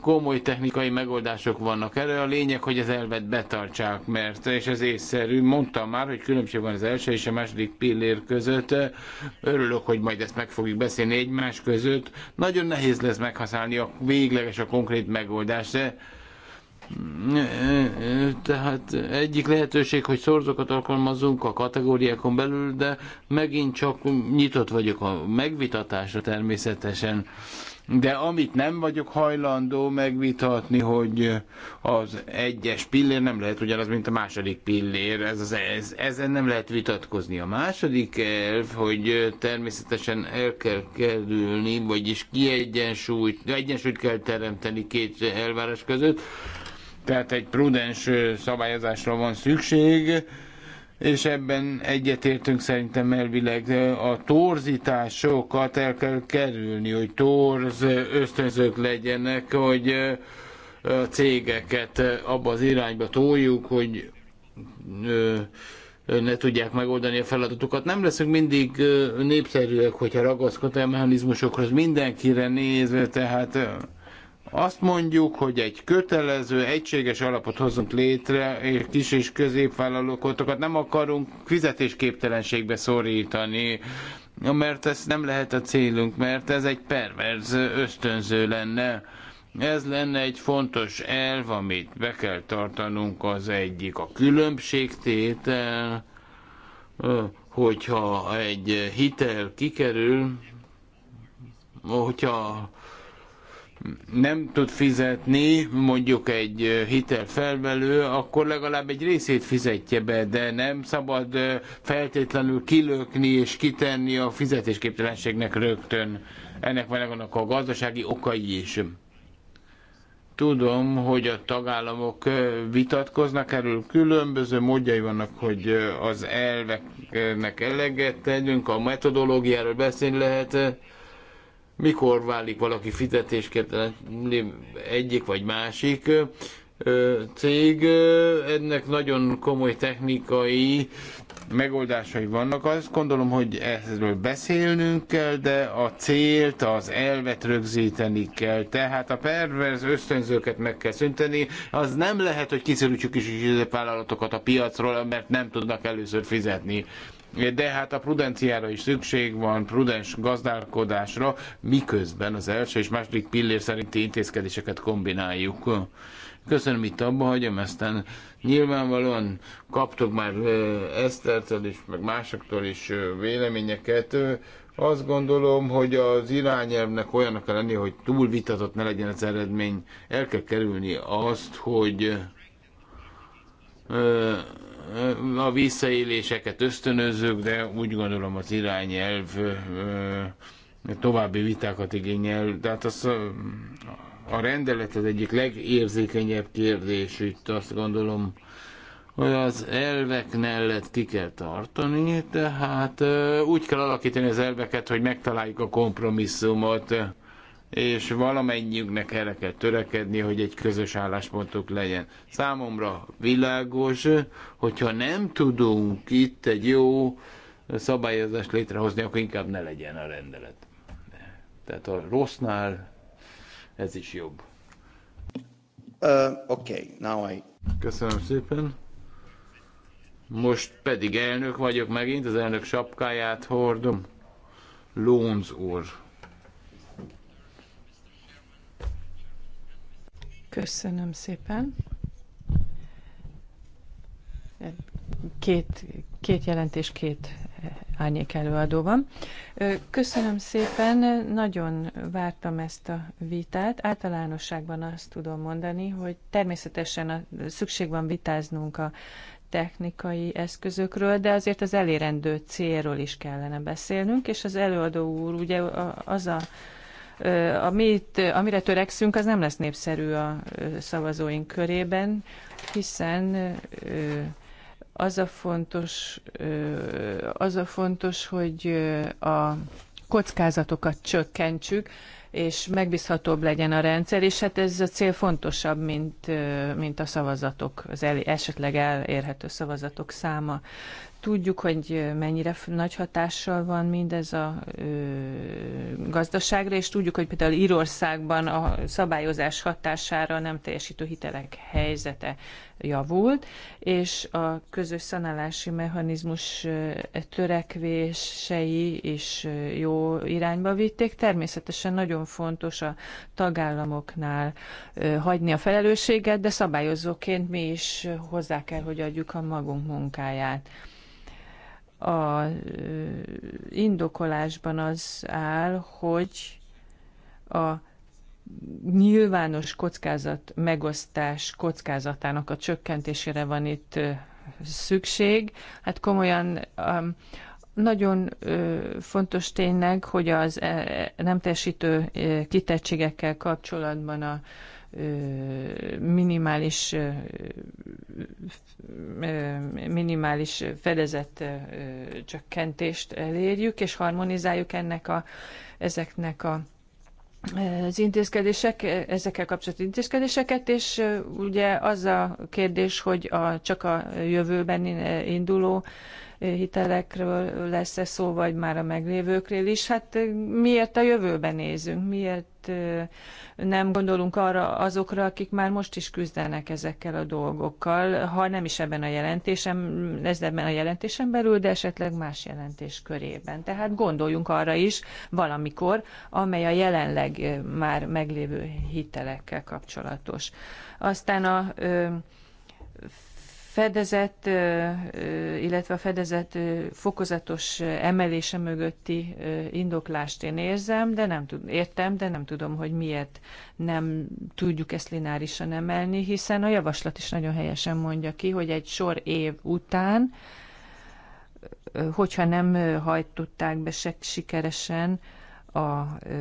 komoly technikai megoldások vannak erre. A lényeg, hogy az elvet betartsák, mert, és ez észszerű, mondtam már, hogy különbség van az első és a második pillér között. Örülök, hogy majd ezt meg fogjuk beszélni egymás között. Nagyon nehéz lesz meghasználni a végleges, a konkrét megoldást. Tehát egyik lehetőség, hogy szorzókat alkalmazunk a kategóriákon belül, de megint csak nyitott vagyok a megvitatásra természetesen. De amit nem vagyok hajlandó megvitatni, hogy az egyes pillér nem lehet ugyanaz, mint a második pillér. Ez az, ez, ezen nem lehet vitatkozni. A második elv, hogy természetesen el kell kerülni, vagyis kiegyensúlyt, egyensúlyt kell teremteni két elvárás között. Tehát egy prudens szabályozásra van szükség, és ebben egyetértünk szerintem elvileg a torzításokat el kell kerülni, hogy torz ösztönzők legyenek, hogy a cégeket abba az irányba toljuk, hogy ne tudják megoldani a feladatukat. Nem leszünk mindig népszerűek, hogyha ragaszkodunk a mechanizmusokhoz mindenkire nézve, tehát azt mondjuk, hogy egy kötelező, egységes alapot hozunk létre, és kis és középvállalókotokat nem akarunk fizetésképtelenségbe szorítani, mert ez nem lehet a célunk, mert ez egy perverz ösztönző lenne. Ez lenne egy fontos elv, amit be kell tartanunk, az egyik a különbségtétel, hogyha egy hitel kikerül, hogyha nem tud fizetni mondjuk egy hitelfelvelő, akkor legalább egy részét fizetje be, de nem szabad feltétlenül kilökni és kitenni a fizetésképtelenségnek rögtön. Ennek vannak a gazdasági okai is. Tudom, hogy a tagállamok vitatkoznak erről, különböző módjai vannak, hogy az elveknek eleget tegyünk, a metodológiáról beszélni lehet, mikor válik valaki fizetésképtelen egyik vagy másik cég, ennek nagyon komoly technikai megoldásai vannak. Azt gondolom, hogy erről beszélnünk kell, de a célt, az elvet rögzíteni kell. Tehát a perverz ösztönzőket meg kell szünteni. Az nem lehet, hogy kiszorítsuk is vállalatokat a piacról, mert nem tudnak először fizetni de hát a prudenciára is szükség van, prudens gazdálkodásra, miközben az első és második pillér szerinti intézkedéseket kombináljuk. Köszönöm, itt abba hagyom, aztán nyilvánvalóan kaptok már Esztertől is, meg másoktól is véleményeket. Azt gondolom, hogy az irányelvnek olyanak kell lenni, hogy túl vitatott ne legyen az eredmény. El kell kerülni azt, hogy a visszaéléseket ösztönözzük, de úgy gondolom az irányelv további vitákat igényel. Tehát az, a rendelet az egyik legérzékenyebb kérdés itt, azt gondolom, hogy az elvek mellett ki kell tartani, tehát úgy kell alakítani az elveket, hogy megtaláljuk a kompromisszumot és valamennyiünknek erre kell törekedni, hogy egy közös álláspontok legyen. Számomra világos, hogyha nem tudunk itt egy jó szabályozást létrehozni, akkor inkább ne legyen a rendelet. Tehát a rossznál ez is jobb. Uh, okay, now I... Köszönöm szépen. Most pedig elnök vagyok megint, az elnök sapkáját hordom. Lónz úr. Köszönöm szépen. Két, két jelentés, két árnyék előadó van. Köszönöm szépen, nagyon vártam ezt a vitát. Általánosságban azt tudom mondani, hogy természetesen a, szükség van vitáznunk a technikai eszközökről, de azért az elérendő célról is kellene beszélnünk, és az előadó úr ugye az a amit, amire törekszünk, az nem lesz népszerű a szavazóink körében, hiszen az a fontos, az a fontos hogy a kockázatokat csökkentsük, és megbízhatóbb legyen a rendszer, és hát ez a cél fontosabb, mint, mint a szavazatok, az el, esetleg elérhető szavazatok száma. Tudjuk, hogy mennyire nagy hatással van mindez a ö, gazdaságra, és tudjuk, hogy például Írországban a szabályozás hatására nem teljesítő hitelek helyzete javult, és a közös szanálási mechanizmus törekvései is jó irányba vitték. Természetesen nagyon fontos a tagállamoknál hagyni a felelősséget, de szabályozóként mi is hozzá kell, hogy adjuk a magunk munkáját a indokolásban az áll, hogy a nyilvános kockázat megosztás kockázatának a csökkentésére van itt szükség. Hát komolyan nagyon fontos tényleg, hogy az e, e, nem teljesítő kitettségekkel kapcsolatban a minimális, minimális fedezett csökkentést elérjük, és harmonizáljuk ennek a, ezeknek a az intézkedések, ezekkel kapcsolatos intézkedéseket, és ugye az a kérdés, hogy a, csak a jövőben induló hitelekről lesz -e szó, vagy már a meglévőkről is. Hát eh, miért a jövőbe nézünk? Miért eh, nem gondolunk arra azokra, akik már most is küzdenek ezekkel a dolgokkal, ha nem is ebben a jelentésem, ez ebben a jelentésem belül, de esetleg más jelentés körében. Tehát gondoljunk arra is valamikor, amely a jelenleg eh, már meglévő hitelekkel kapcsolatos. Aztán a fedezett, illetve a fedezett fokozatos emelése mögötti indoklást én érzem, de nem tud, értem, de nem tudom, hogy miért nem tudjuk ezt lineárisan emelni, hiszen a javaslat is nagyon helyesen mondja ki, hogy egy sor év után, hogyha nem hajtották be se sikeresen a ö,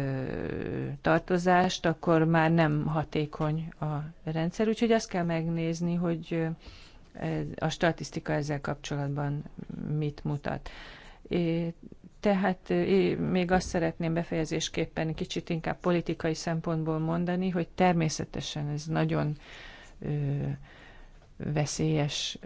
tartozást, akkor már nem hatékony a rendszer. Úgyhogy azt kell megnézni, hogy a statisztika ezzel kapcsolatban mit mutat. Tehát még azt szeretném befejezésképpen kicsit inkább politikai szempontból mondani, hogy természetesen ez nagyon veszélyes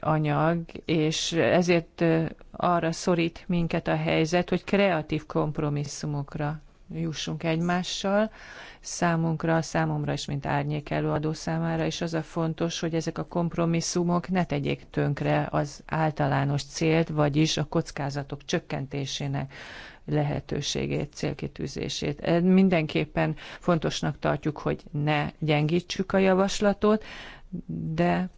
anyag, és ezért arra szorít minket a helyzet, hogy kreatív kompromisszumokra jussunk egymással. Számunkra, számomra is, mint árnyék előadó számára és az a fontos, hogy ezek a kompromisszumok ne tegyék tönkre az általános célt, vagyis a kockázatok csökkentésének lehetőségét, célkitűzését. E, mindenképpen fontosnak tartjuk, hogy ne gyengítsük a javaslatot, de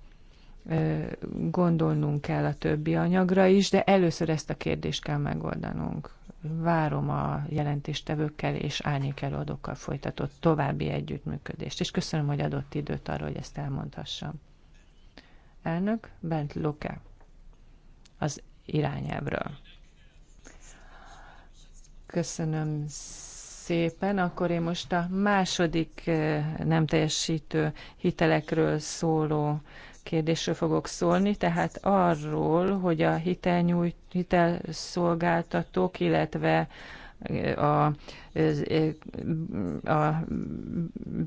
gondolnunk kell a többi anyagra is, de először ezt a kérdést kell megoldanunk. Várom a jelentéstevőkkel és árnyékelőadókkal folytatott további együttműködést, és köszönöm, hogy adott időt arra, hogy ezt elmondhassam. Elnök Bent Luke az irányelvről. Köszönöm szépen. Akkor én most a második nem teljesítő hitelekről szóló kérdésről fogok szólni, tehát arról, hogy a hitelnyújt, hitelszolgáltatók, illetve a, a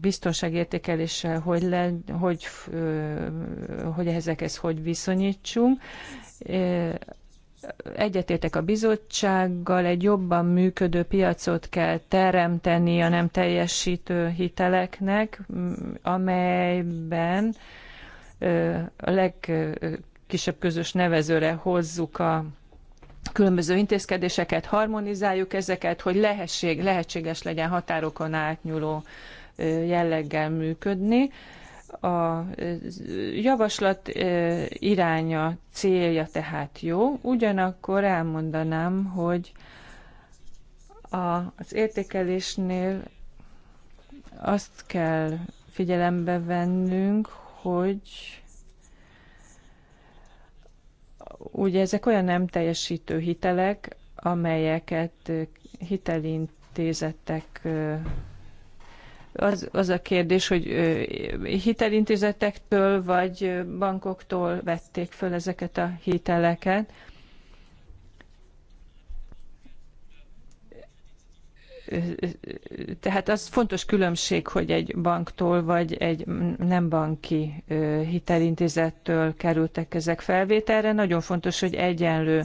biztonságértékeléssel, hogy, le, hogy, hogy ezekhez hogy viszonyítsunk. Egyetértek a bizottsággal, egy jobban működő piacot kell teremteni a nem teljesítő hiteleknek, amelyben a legkisebb közös nevezőre hozzuk a különböző intézkedéseket, harmonizáljuk ezeket, hogy lehesség, lehetséges legyen határokon átnyúló jelleggel működni. A javaslat iránya, célja tehát jó, ugyanakkor elmondanám, hogy az értékelésnél azt kell figyelembe vennünk, hogy ugye ezek olyan nem teljesítő hitelek, amelyeket hitelintézetek az, az a kérdés, hogy hitelintézetektől vagy bankoktól vették föl ezeket a hiteleket, tehát az fontos különbség, hogy egy banktól vagy egy nem banki hitelintézettől kerültek ezek felvételre. Nagyon fontos, hogy egyenlő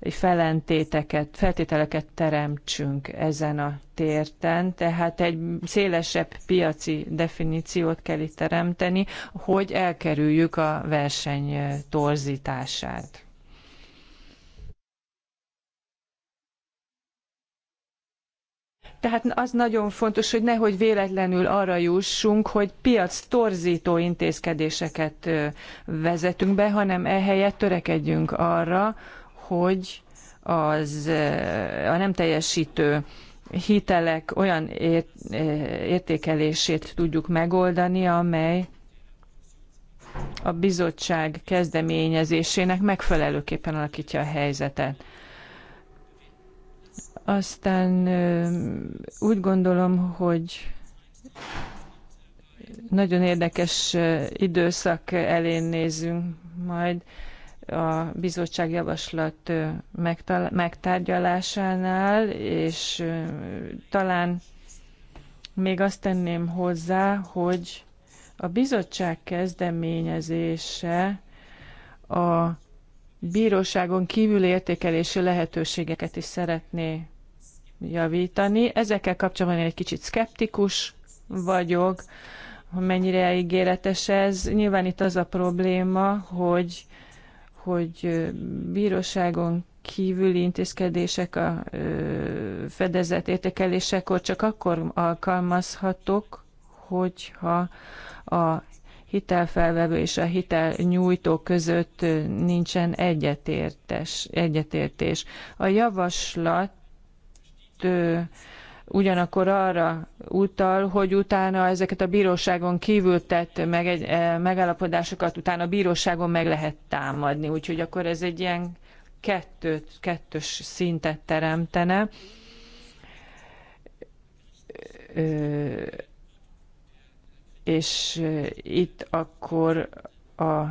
felentéteket, feltételeket teremtsünk ezen a térten, tehát egy szélesebb piaci definíciót kell itt teremteni, hogy elkerüljük a verseny torzítását. Tehát az nagyon fontos, hogy nehogy véletlenül arra jussunk, hogy piac torzító intézkedéseket vezetünk be, hanem ehelyett törekedjünk arra, hogy az a nem teljesítő hitelek olyan ért, értékelését tudjuk megoldani, amely a bizottság kezdeményezésének megfelelőképpen alakítja a helyzetet. Aztán úgy gondolom, hogy nagyon érdekes időszak elé nézünk majd a bizottság javaslat megtárgyalásánál, és talán még azt tenném hozzá, hogy a bizottság kezdeményezése a bíróságon kívül értékelési lehetőségeket is szeretné javítani. Ezekkel kapcsolatban egy kicsit szkeptikus vagyok, mennyire ígéretes ez. Nyilván itt az a probléma, hogy, hogy bíróságon kívüli intézkedések a fedezett értékelésekor csak akkor alkalmazhatok, hogyha a hitelfelvevő és a hitelnyújtó között nincsen egyetértés. A javaslat ugyanakkor arra utal, hogy utána ezeket a bíróságon kívül tett meg egy, e, megállapodásokat utána a bíróságon meg lehet támadni. Úgyhogy akkor ez egy ilyen kettőt, kettős szintet teremtene. Ö, és itt akkor a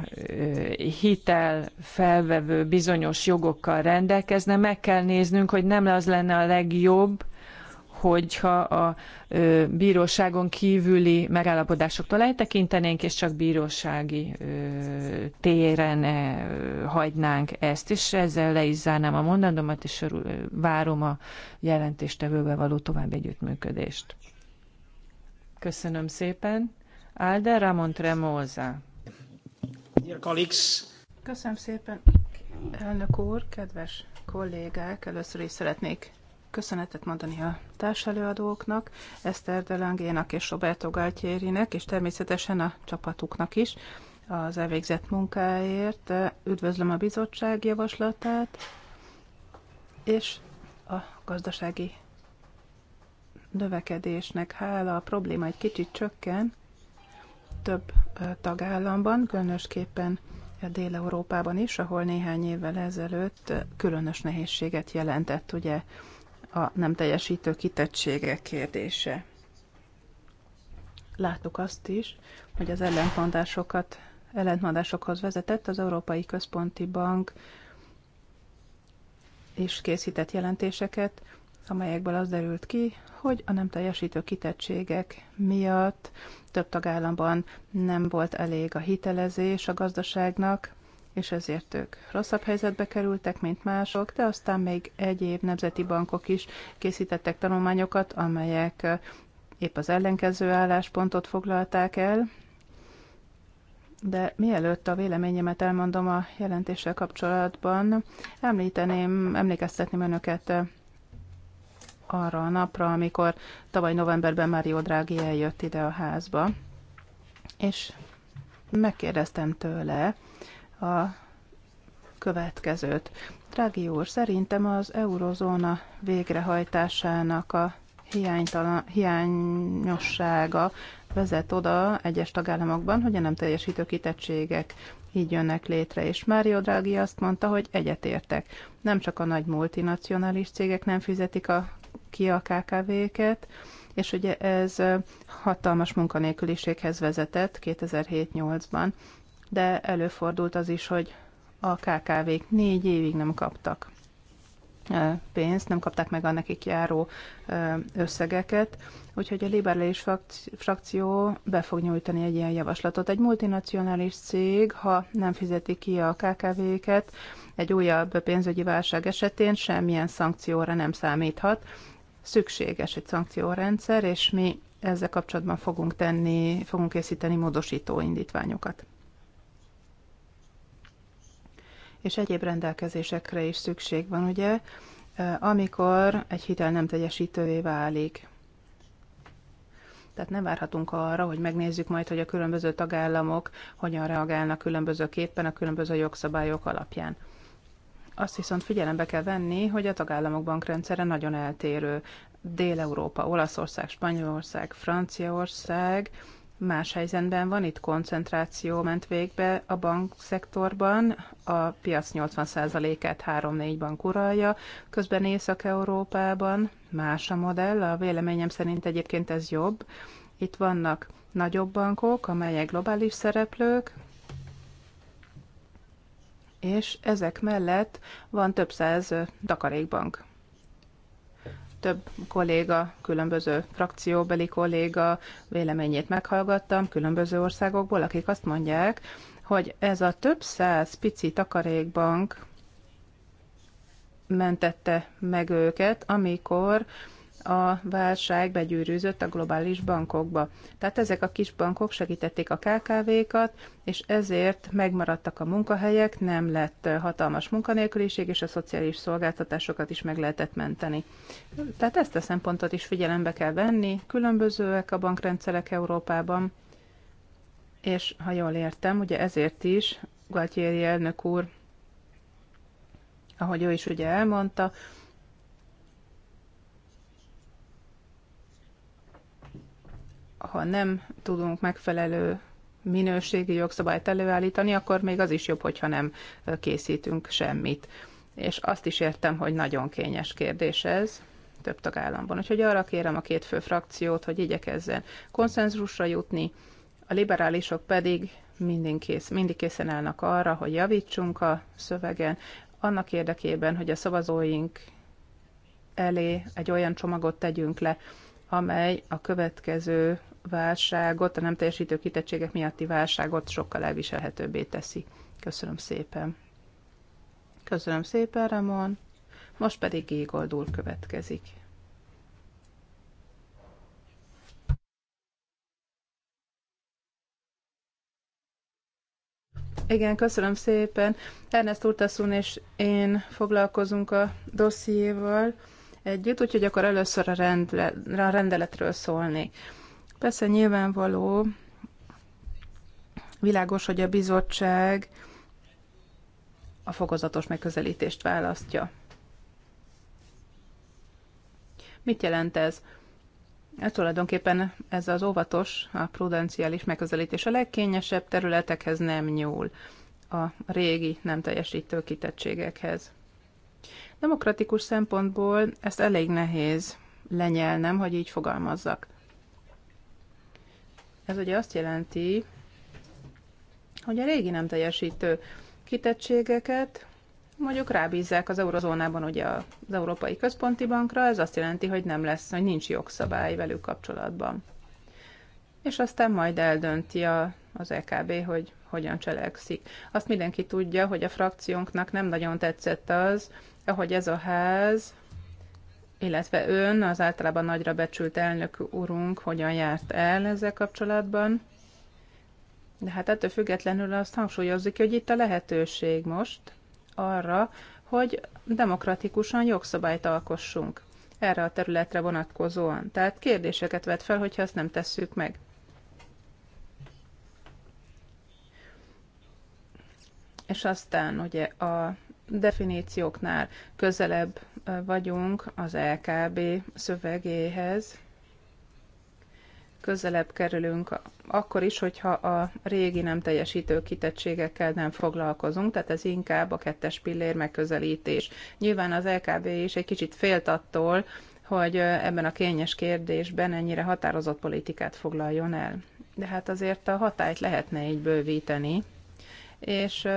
hitel felvevő bizonyos jogokkal rendelkezne, meg kell néznünk, hogy nem az lenne a legjobb, hogyha a bíróságon kívüli megállapodásoktól eltekintenénk, és csak bírósági téren hagynánk ezt, és ezzel le is zárnám a mondandomat, és várom a jelentéstevővel való további együttműködést. Köszönöm szépen. Alder Ramon Tremolza. Köszönöm szépen, elnök úr, kedves kollégák! Először is szeretnék köszönetet mondani a társelőadóknak, Eszter Delangénak és Roberto Galtierinek, és természetesen a csapatuknak is az elvégzett munkáért. Üdvözlöm a bizottság javaslatát, és a gazdasági növekedésnek hála a probléma egy kicsit csökken, több tagállamban, különösképpen eh, Dél-Európában is, ahol néhány évvel ezelőtt különös nehézséget jelentett ugye a nem teljesítő kitettsége kérdése. Láttuk azt is, hogy az ellentmondásokat, ellentmondásokhoz vezetett az Európai Központi Bank és készített jelentéseket, amelyekből az derült ki, hogy a nem teljesítő kitettségek miatt több tagállamban nem volt elég a hitelezés a gazdaságnak, és ezért ők rosszabb helyzetbe kerültek, mint mások, de aztán még egyéb nemzeti bankok is készítettek tanulmányokat, amelyek épp az ellenkező álláspontot foglalták el, de mielőtt a véleményemet elmondom a jelentéssel kapcsolatban, említeném, emlékeztetném önöket arra a napra, amikor tavaly novemberben Mário Drági eljött ide a házba, és megkérdeztem tőle a következőt. Drági úr, szerintem az eurozóna végrehajtásának a hiánytalan, hiányossága vezet oda egyes tagállamokban, hogy a nem teljesítő kitettségek így jönnek létre, és Mário Drági azt mondta, hogy egyetértek. Nem csak a nagy multinacionális cégek nem fizetik a ki a KKV-ket, és ugye ez hatalmas munkanélküliséghez vezetett 2007-8-ban, de előfordult az is, hogy a KKV-k négy évig nem kaptak pénzt, nem kapták meg a nekik járó összegeket, úgyhogy a liberális frakció be fog nyújtani egy ilyen javaslatot. Egy multinacionális cég, ha nem fizeti ki a KKV-ket, egy újabb pénzügyi válság esetén semmilyen szankcióra nem számíthat, szükséges egy szankciórendszer, és mi ezzel kapcsolatban fogunk tenni, fogunk készíteni módosító indítványokat. És egyéb rendelkezésekre is szükség van, ugye, amikor egy hitel nem teljesítővé válik. Tehát nem várhatunk arra, hogy megnézzük majd, hogy a különböző tagállamok hogyan reagálnak különbözőképpen a különböző jogszabályok alapján. Azt viszont figyelembe kell venni, hogy a tagállamok bankrendszere nagyon eltérő. Dél-Európa, Olaszország, Spanyolország, Franciaország más helyzetben van, itt koncentráció ment végbe a bankszektorban, a piac 80%-át 3-4 bank uralja, közben Észak-Európában más a modell, a véleményem szerint egyébként ez jobb. Itt vannak nagyobb bankok, amelyek globális szereplők, és ezek mellett van több száz takarékbank. Több kolléga, különböző frakcióbeli kolléga véleményét meghallgattam különböző országokból, akik azt mondják, hogy ez a több száz pici takarékbank mentette meg őket, amikor a válság begyűrűzött a globális bankokba. Tehát ezek a kis bankok segítették a KKV-kat, és ezért megmaradtak a munkahelyek, nem lett hatalmas munkanélküliség, és a szociális szolgáltatásokat is meg lehetett menteni. Tehát ezt a szempontot is figyelembe kell venni, különbözőek a bankrendszerek Európában, és ha jól értem, ugye ezért is Galtieri elnök úr, ahogy ő is ugye elmondta, ha nem tudunk megfelelő minőségi jogszabályt előállítani, akkor még az is jobb, hogyha nem készítünk semmit. És azt is értem, hogy nagyon kényes kérdés ez több tagállamban. Úgyhogy arra kérem a két fő frakciót, hogy igyekezzen konszenzusra jutni, a liberálisok pedig mindig, kész, mindig készen állnak arra, hogy javítsunk a szövegen, annak érdekében, hogy a szavazóink elé egy olyan csomagot tegyünk le, amely a következő válságot, a nem teljesítő kitettségek miatti válságot sokkal elviselhetőbbé teszi. Köszönöm szépen. Köszönöm szépen, Ramon. Most pedig Gégoldul következik. Igen, köszönöm szépen. Ernest Urtaszun és én foglalkozunk a dossziéval együtt, úgyhogy akkor először a, rendle- a rendeletről szólnék. Persze nyilvánvaló, világos, hogy a bizottság a fokozatos megközelítést választja. Mit jelent ez? Ez tulajdonképpen ez az óvatos, a prudenciális megközelítés a legkényesebb területekhez nem nyúl, a régi nem teljesítő kitettségekhez. Demokratikus szempontból ezt elég nehéz lenyelnem, hogy így fogalmazzak. Ez ugye azt jelenti, hogy a régi nem teljesítő kitettségeket mondjuk rábízzák az eurozónában ugye az Európai Központi Bankra, ez azt jelenti, hogy nem lesz, hogy nincs jogszabály velük kapcsolatban. És aztán majd eldönti a, az EKB, hogy hogyan cselekszik. Azt mindenki tudja, hogy a frakciónknak nem nagyon tetszett az, ahogy ez a ház illetve ön, az általában nagyra becsült elnök urunk hogyan járt el ezzel kapcsolatban. De hát ettől függetlenül azt hangsúlyozzuk, hogy itt a lehetőség most arra, hogy demokratikusan jogszabályt alkossunk erre a területre vonatkozóan. Tehát kérdéseket vet fel, hogyha ezt nem tesszük meg. És aztán ugye a definícióknál közelebb vagyunk az LKB szövegéhez, közelebb kerülünk akkor is, hogyha a régi nem teljesítő kitettségekkel nem foglalkozunk, tehát ez inkább a kettes pillér megközelítés. Nyilván az LKB is egy kicsit félt attól, hogy ebben a kényes kérdésben ennyire határozott politikát foglaljon el. De hát azért a hatályt lehetne így bővíteni, és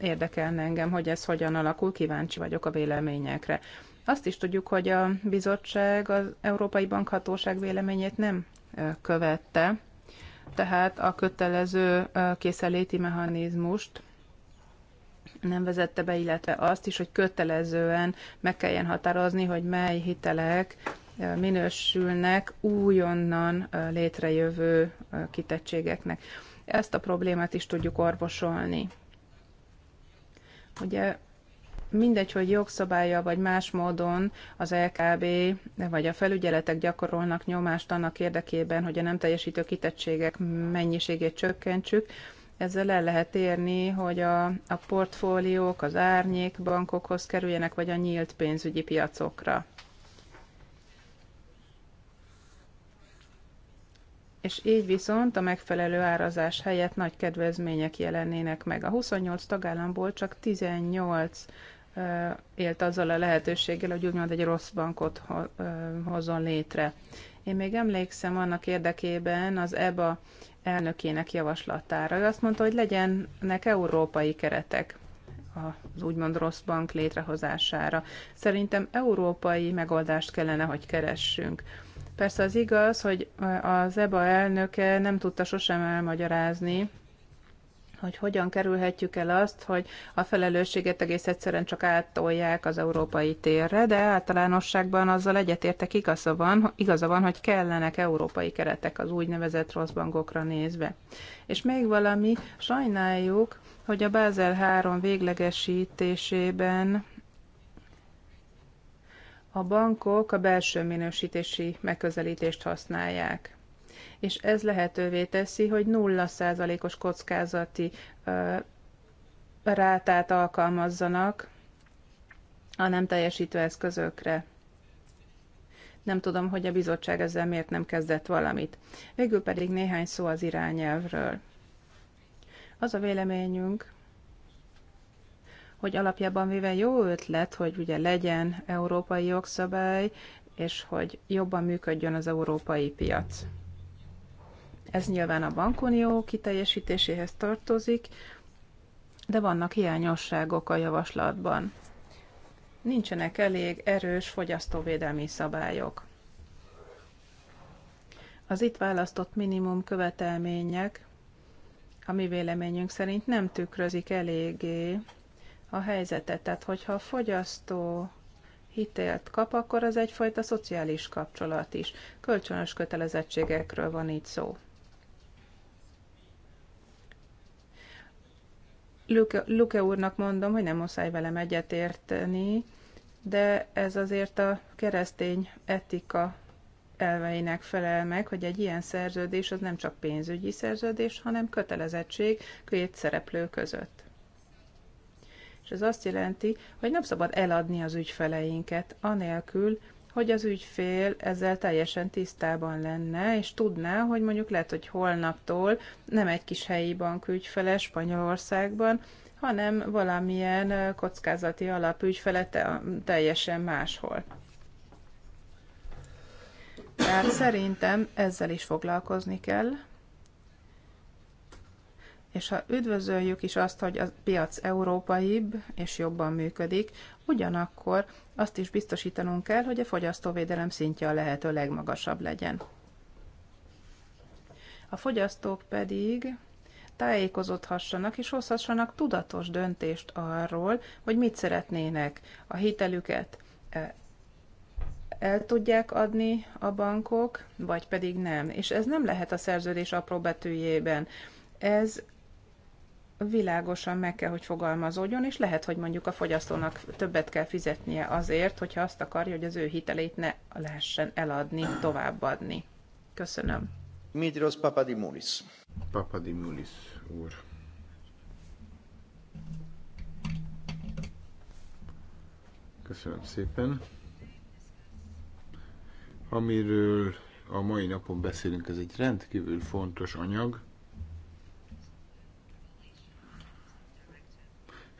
érdekelne engem, hogy ez hogyan alakul, kíváncsi vagyok a véleményekre. Azt is tudjuk, hogy a bizottság az Európai Bankhatóság véleményét nem követte, tehát a kötelező készeléti mechanizmust nem vezette be, illetve azt is, hogy kötelezően meg kelljen határozni, hogy mely hitelek minősülnek újonnan létrejövő kitettségeknek. Ezt a problémát is tudjuk orvosolni. Ugye mindegy, hogy jogszabálya vagy más módon az LKB vagy a felügyeletek gyakorolnak nyomást annak érdekében, hogy a nem teljesítő kitettségek mennyiségét csökkentsük, ezzel el lehet érni, hogy a, a portfóliók az árnyék bankokhoz kerüljenek, vagy a nyílt pénzügyi piacokra. és így viszont a megfelelő árazás helyett nagy kedvezmények jelennének meg. A 28 tagállamból csak 18 élt azzal a lehetőséggel, hogy úgymond egy rossz bankot hozzon létre. Én még emlékszem annak érdekében az EBA elnökének javaslatára. Ő azt mondta, hogy legyenek európai keretek az úgymond rossz bank létrehozására. Szerintem európai megoldást kellene, hogy keressünk. Persze az igaz, hogy az EBA elnöke nem tudta sosem elmagyarázni, hogy hogyan kerülhetjük el azt, hogy a felelősséget egész egyszerűen csak áttolják az európai térre, de általánosságban azzal egyetértek igaza van, igaza van, hogy kellenek európai keretek az úgynevezett rossz bankokra nézve. És még valami, sajnáljuk, hogy a Bázel 3 véglegesítésében a bankok a belső minősítési megközelítést használják és ez lehetővé teszi, hogy 0%-os kockázati rátát alkalmazzanak a nem teljesítő eszközökre. Nem tudom, hogy a bizottság ezzel miért nem kezdett valamit. Végül pedig néhány szó az irányelvről. Az a véleményünk, hogy alapjában véve jó ötlet, hogy ugye legyen európai jogszabály, és hogy jobban működjön az európai piac. Ez nyilván a bankunió kiteljesítéséhez tartozik, de vannak hiányosságok a javaslatban. Nincsenek elég erős fogyasztóvédelmi szabályok. Az itt választott minimum követelmények a mi véleményünk szerint nem tükrözik eléggé a helyzetet. Tehát, hogyha a fogyasztó hitelt kap, akkor az egyfajta szociális kapcsolat is. Kölcsönös kötelezettségekről van itt szó. Luke, Luke úrnak mondom, hogy nem muszáj velem egyetérteni, de ez azért a keresztény etika elveinek felel meg, hogy egy ilyen szerződés az nem csak pénzügyi szerződés, hanem kötelezettség két szereplő között. És ez azt jelenti, hogy nem szabad eladni az ügyfeleinket, anélkül, hogy az ügyfél ezzel teljesen tisztában lenne, és tudná, hogy mondjuk lehet, hogy holnaptól nem egy kis helyi bank ügyfele Spanyolországban, hanem valamilyen kockázati alapügyfele teljesen máshol. Tehát szerintem ezzel is foglalkozni kell. És ha üdvözöljük is azt, hogy a piac európaibb és jobban működik, ugyanakkor azt is biztosítanunk kell, hogy a fogyasztóvédelem szintje a lehető legmagasabb legyen. A fogyasztók pedig tájékozódhassanak és hozhassanak tudatos döntést arról, hogy mit szeretnének, a hitelüket e, el tudják adni a bankok, vagy pedig nem. És ez nem lehet a szerződés apró betűjében. Ez világosan meg kell, hogy fogalmazódjon, és lehet, hogy mondjuk a fogyasztónak többet kell fizetnie azért, hogyha azt akarja, hogy az ő hitelét ne lehessen eladni, továbbadni. Köszönöm. Dimitrios Papadimulis. Papadimulis úr. Köszönöm szépen. Amiről a mai napon beszélünk, ez egy rendkívül fontos anyag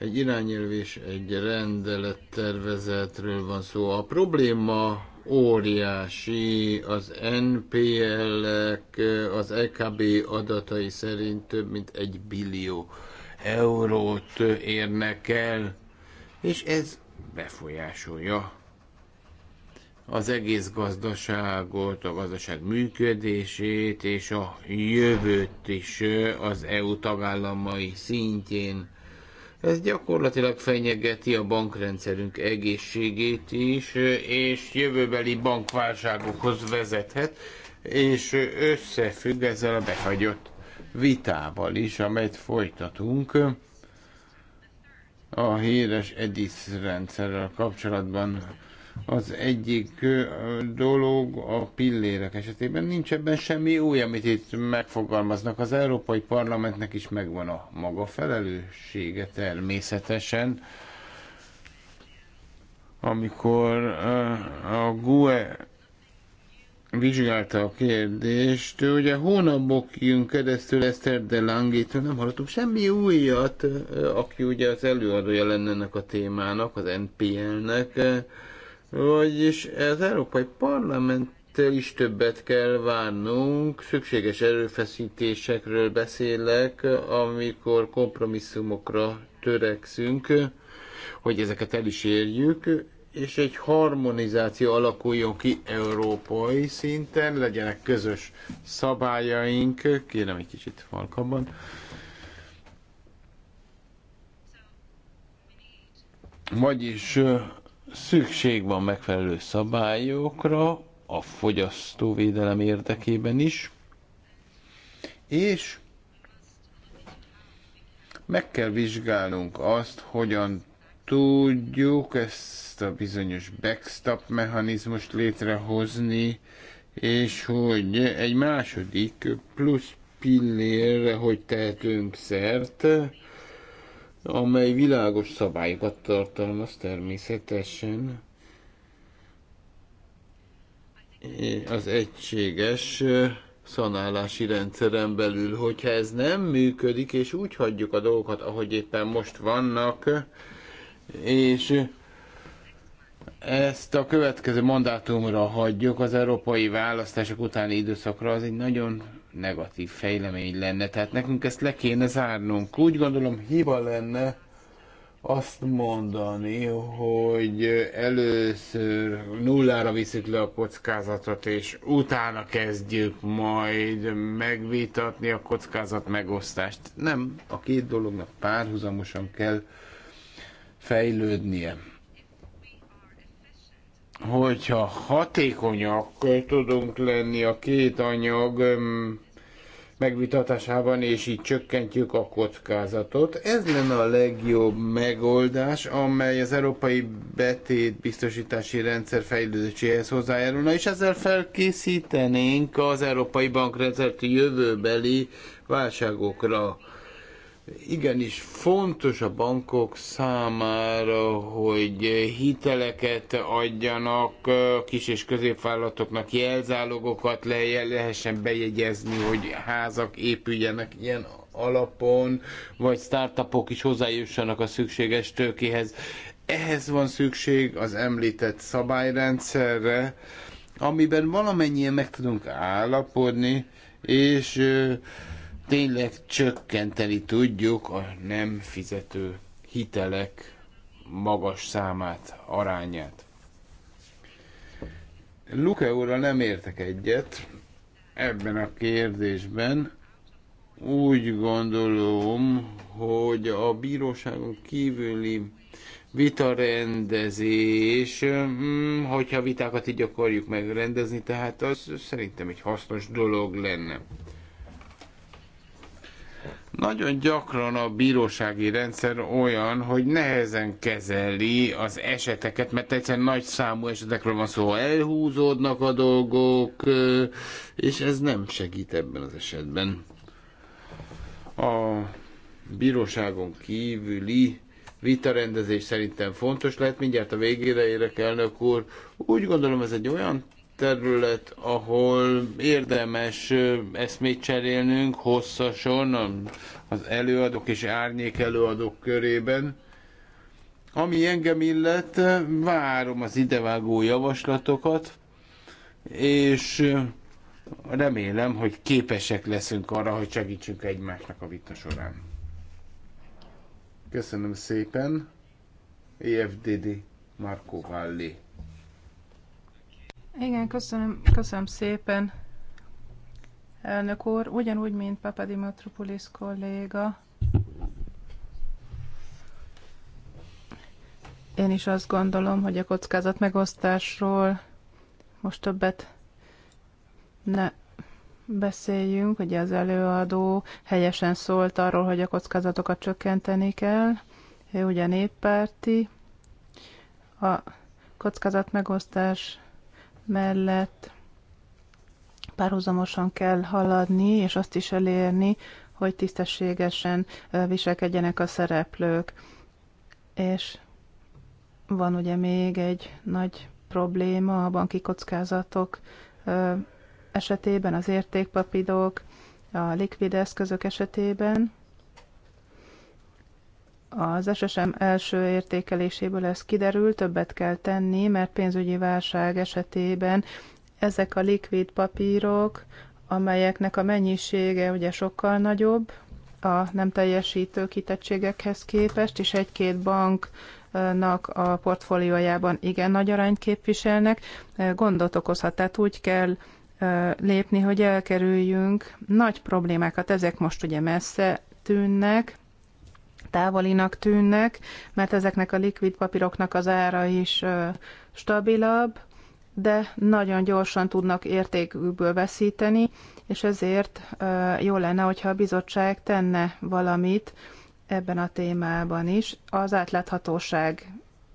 Egy irányelv és egy rendelettervezetről van szó. A probléma óriási, az NPL-ek az EKB adatai szerint több mint egy billió eurót érnek el, és ez befolyásolja az egész gazdaságot, a gazdaság működését és a jövőt is az EU tagállamai szintjén. Ez gyakorlatilag fenyegeti a bankrendszerünk egészségét is, és jövőbeli bankválságokhoz vezethet, és összefügg ezzel a behagyott vitával is, amelyet folytatunk a híres EDIS rendszerrel kapcsolatban az egyik dolog a pillérek esetében nincs ebben semmi új, amit itt megfogalmaznak. Az Európai Parlamentnek is megvan a maga felelőssége természetesen. Amikor a GUE vizsgálta a kérdést. Ugye hónapokjön keresztül Eszter de Langétől nem hallottuk semmi újat, aki ugye az előadója lenne ennek a témának, az NPL-nek. Vagyis az Európai Parlamenttől is többet kell várnunk, szükséges erőfeszítésekről beszélek, amikor kompromisszumokra törekszünk, hogy ezeket el is érjük, és egy harmonizáció alakuljon ki európai szinten, legyenek közös szabályaink, kérem egy kicsit falkabban. Vagyis Szükség van megfelelő szabályokra, a fogyasztóvédelem érdekében is, és meg kell vizsgálnunk azt, hogyan tudjuk ezt a bizonyos backstop mechanizmust létrehozni, és hogy egy második plusz pillérre hogy tehetünk szert, amely világos szabályokat tartalmaz természetesen. Az egységes szanálási rendszeren belül, hogyha ez nem működik, és úgy hagyjuk a dolgokat, ahogy éppen most vannak, és ezt a következő mandátumra hagyjuk az európai választások utáni időszakra, az egy nagyon negatív fejlemény lenne, tehát nekünk ezt le kéne zárnunk. Úgy gondolom hiba lenne azt mondani, hogy először nullára viszük le a kockázatot, és utána kezdjük majd megvitatni a kockázat megosztást. Nem, a két dolognak párhuzamosan kell fejlődnie hogyha hatékonyak tudunk lenni a két anyag mm, megvitatásában, és így csökkentjük a kockázatot. Ez lenne a legjobb megoldás, amely az európai betét biztosítási rendszer fejlődéséhez hozzájárulna, és ezzel felkészítenénk az európai bankrendszert jövőbeli válságokra igenis fontos a bankok számára, hogy hiteleket adjanak kis- és középvállalatoknak, jelzálogokat le, lehessen bejegyezni, hogy házak épüljenek ilyen alapon, vagy startupok is hozzájussanak a szükséges tőkéhez. Ehhez van szükség az említett szabályrendszerre, amiben valamennyien meg tudunk állapodni, és tényleg csökkenteni tudjuk a nem fizető hitelek magas számát, arányát. Luke úrral nem értek egyet ebben a kérdésben. Úgy gondolom, hogy a bíróságon kívüli vitarendezés, mm, hogyha vitákat így akarjuk megrendezni, tehát az szerintem egy hasznos dolog lenne. Nagyon gyakran a bírósági rendszer olyan, hogy nehezen kezeli az eseteket, mert egyszerűen nagy számú esetekről van szó, elhúzódnak a dolgok, és ez nem segít ebben az esetben. A bíróságon kívüli vitarendezés szerintem fontos lehet. Mindjárt a végére érek, elnök úr. Úgy gondolom, ez egy olyan terület, ahol érdemes eszmét cserélnünk hosszasan az előadók és árnyék előadók körében. Ami engem illet, várom az idevágó javaslatokat, és remélem, hogy képesek leszünk arra, hogy segítsünk egymásnak a vita során. Köszönöm szépen. EFDD Marco Valli. Igen, köszönöm, köszönöm szépen, elnök úr. Ugyanúgy, mint Papadimatropolis kolléga, én is azt gondolom, hogy a kockázat megosztásról most többet ne beszéljünk. Ugye az előadó helyesen szólt arról, hogy a kockázatokat csökkenteni kell. Ő ugye néppárti. A kockázat megosztás mellett párhuzamosan kell haladni, és azt is elérni, hogy tisztességesen viselkedjenek a szereplők. És van ugye még egy nagy probléma a banki kockázatok esetében, az értékpapidok, a likvid eszközök esetében, az SSM első értékeléséből ez kiderül, többet kell tenni, mert pénzügyi válság esetében ezek a likvid papírok, amelyeknek a mennyisége ugye sokkal nagyobb a nem teljesítő kitettségekhez képest, és egy-két bank a portfóliójában igen nagy arányt képviselnek, gondot okozhat. Tehát úgy kell lépni, hogy elkerüljünk nagy problémákat. Ezek most ugye messze tűnnek, távolinak tűnnek, mert ezeknek a likvid papíroknak az ára is stabilabb, de nagyon gyorsan tudnak értékükből veszíteni, és ezért jó lenne, hogyha a bizottság tenne valamit ebben a témában is, az átláthatóság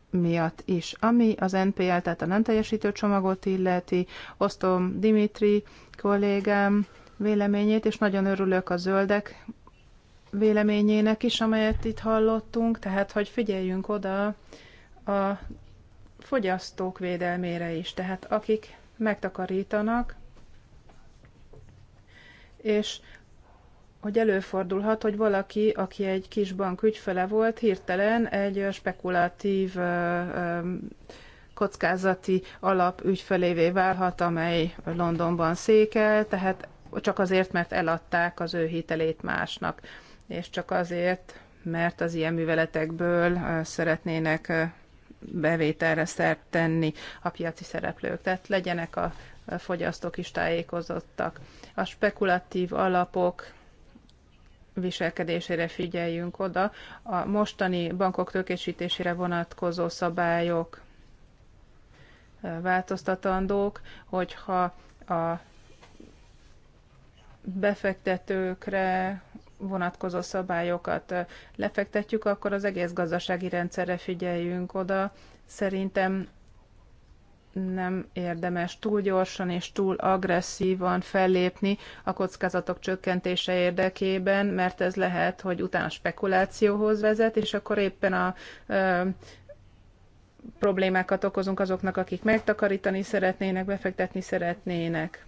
miatt is. Ami az NPL, tehát a nem teljesítő csomagot illeti, osztom Dimitri kollégám véleményét, és nagyon örülök a zöldek véleményének is, amelyet itt hallottunk, tehát hogy figyeljünk oda a fogyasztók védelmére is, tehát akik megtakarítanak, és hogy előfordulhat, hogy valaki, aki egy kis bank ügyfele volt, hirtelen egy spekulatív kockázati alap ügyfelévé válhat, amely Londonban székel, tehát csak azért, mert eladták az ő hitelét másnak és csak azért, mert az ilyen műveletekből szeretnének bevételre szert tenni a piaci szereplők. Tehát legyenek a fogyasztók is tájékozottak. A spekulatív alapok viselkedésére figyeljünk oda. A mostani bankok tökésítésére vonatkozó szabályok változtatandók, hogyha a befektetőkre vonatkozó szabályokat lefektetjük, akkor az egész gazdasági rendszerre figyeljünk oda. Szerintem nem érdemes túl gyorsan és túl agresszívan fellépni a kockázatok csökkentése érdekében, mert ez lehet, hogy utána spekulációhoz vezet, és akkor éppen a ö, problémákat okozunk azoknak, akik megtakarítani szeretnének, befektetni szeretnének.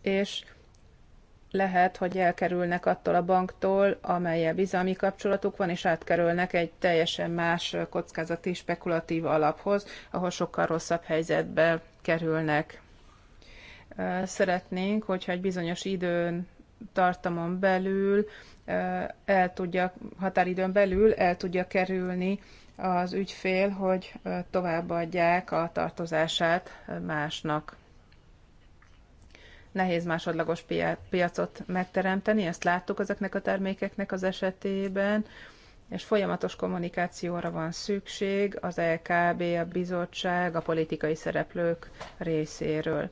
És lehet, hogy elkerülnek attól a banktól, amelyel bizalmi kapcsolatuk van, és átkerülnek egy teljesen más kockázati spekulatív alaphoz, ahol sokkal rosszabb helyzetbe kerülnek. Szeretnénk, hogyha egy bizonyos időn tartamon belül el tudja, határidőn belül el tudja kerülni az ügyfél, hogy továbbadják a tartozását másnak nehéz másodlagos piacot megteremteni, ezt láttuk ezeknek a termékeknek az esetében, és folyamatos kommunikációra van szükség az LKB, a bizottság, a politikai szereplők részéről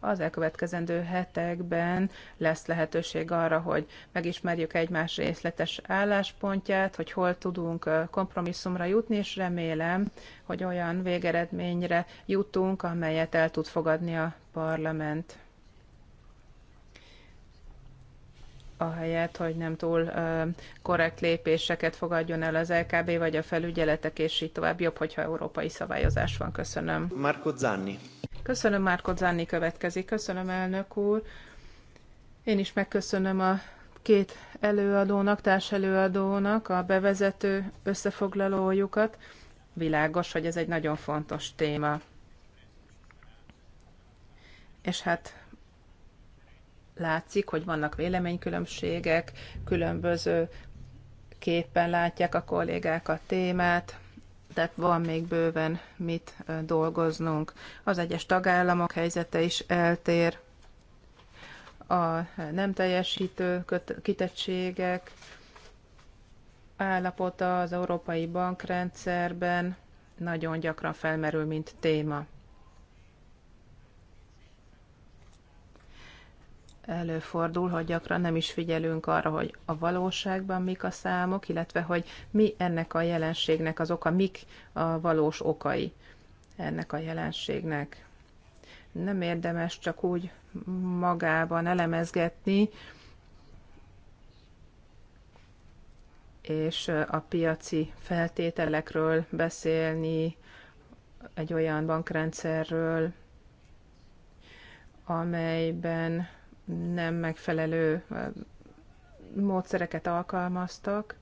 az elkövetkezendő hetekben lesz lehetőség arra, hogy megismerjük egymás részletes álláspontját, hogy hol tudunk kompromisszumra jutni, és remélem, hogy olyan végeredményre jutunk, amelyet el tud fogadni a parlament. ahelyett, hogy nem túl ö, korrekt lépéseket fogadjon el az LKB vagy a felügyeletek, és így tovább jobb, hogyha európai szabályozás van. Köszönöm. Marco Zanni. Köszönöm, Márkod Zanni következik. Köszönöm, elnök úr. Én is megköszönöm a két előadónak, társelőadónak a bevezető összefoglalójukat. Világos, hogy ez egy nagyon fontos téma. És hát látszik, hogy vannak véleménykülönbségek, különböző képpen látják a kollégák a témát tehát van még bőven mit dolgoznunk. Az egyes tagállamok helyzete is eltér, a nem teljesítő kitettségek állapota az európai bankrendszerben nagyon gyakran felmerül, mint téma. előfordul, hogy gyakran nem is figyelünk arra, hogy a valóságban mik a számok, illetve hogy mi ennek a jelenségnek az oka, mik a valós okai ennek a jelenségnek. Nem érdemes csak úgy magában elemezgetni, és a piaci feltételekről beszélni, egy olyan bankrendszerről, amelyben nem megfelelő módszereket alkalmaztak.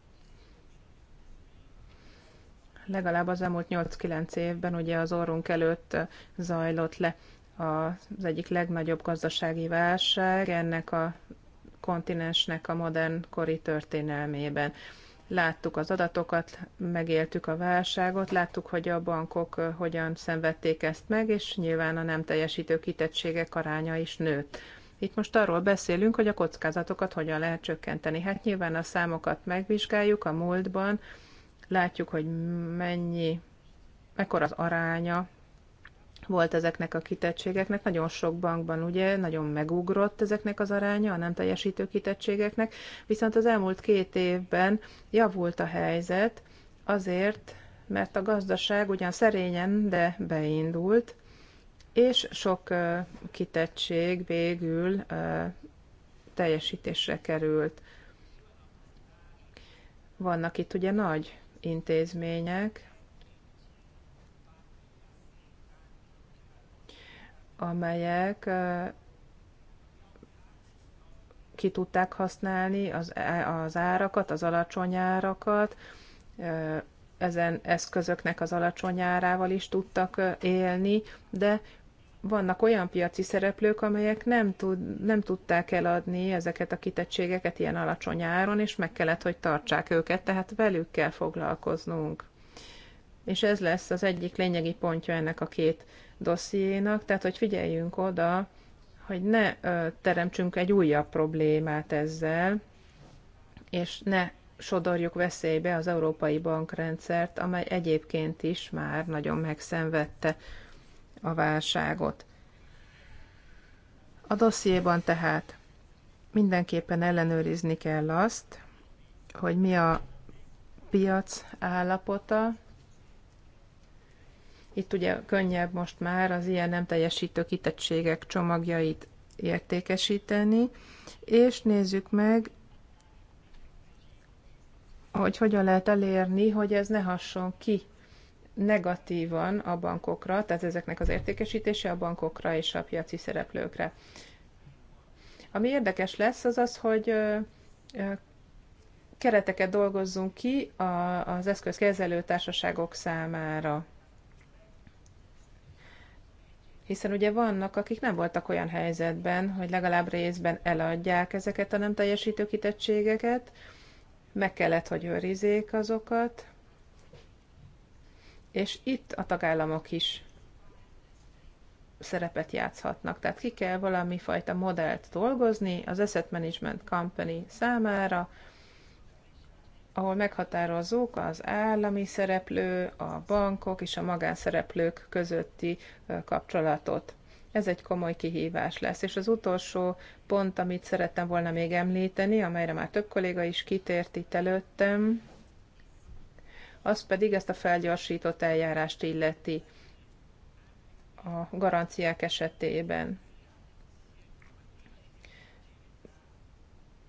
Legalább az elmúlt 8-9 évben ugye az orrunk előtt zajlott le az egyik legnagyobb gazdasági válság ennek a kontinensnek a modern kori történelmében. Láttuk az adatokat, megéltük a válságot, láttuk, hogy a bankok hogyan szenvedték ezt meg, és nyilván a nem teljesítő kitettségek aránya is nőtt. Itt most arról beszélünk, hogy a kockázatokat hogyan lehet csökkenteni. Hát nyilván a számokat megvizsgáljuk a múltban, látjuk, hogy mennyi, mekkora az aránya volt ezeknek a kitettségeknek. Nagyon sok bankban ugye nagyon megugrott ezeknek az aránya, a nem teljesítő kitettségeknek, viszont az elmúlt két évben javult a helyzet azért, mert a gazdaság ugyan szerényen, de beindult, és sok kitettség végül teljesítésre került. Vannak itt ugye nagy intézmények, amelyek ki tudták használni az, az árakat, az alacsony árakat, ezen eszközöknek az alacsony árával is tudtak élni, de vannak olyan piaci szereplők, amelyek nem, tud, nem tudták eladni ezeket a kitettségeket ilyen alacsony áron, és meg kellett, hogy tartsák őket, tehát velük kell foglalkoznunk. És ez lesz az egyik lényegi pontja ennek a két dossziénak, tehát hogy figyeljünk oda, hogy ne ö, teremtsünk egy újabb problémát ezzel, és ne sodorjuk veszélybe az európai bankrendszert, amely egyébként is már nagyon megszenvedte a válságot. A dossziéban tehát mindenképpen ellenőrizni kell azt, hogy mi a piac állapota. Itt ugye könnyebb most már az ilyen nem teljesítő kitettségek csomagjait értékesíteni, és nézzük meg, hogy hogyan lehet elérni, hogy ez ne hasson ki negatívan a bankokra, tehát ezeknek az értékesítése a bankokra és a piaci szereplőkre. Ami érdekes lesz, az az, hogy kereteket dolgozzunk ki az eszközkezelő társaságok számára. Hiszen ugye vannak, akik nem voltak olyan helyzetben, hogy legalább részben eladják ezeket a nem teljesítő kitettségeket, meg kellett, hogy őrizzék azokat, és itt a tagállamok is szerepet játszhatnak. Tehát ki kell valami fajta modellt dolgozni az Asset Management Company számára, ahol meghatározók az állami szereplő, a bankok és a magánszereplők közötti kapcsolatot. Ez egy komoly kihívás lesz. És az utolsó pont, amit szerettem volna még említeni, amelyre már több kolléga is kitért itt előttem, az pedig ezt a felgyorsított eljárást illeti a garanciák esetében.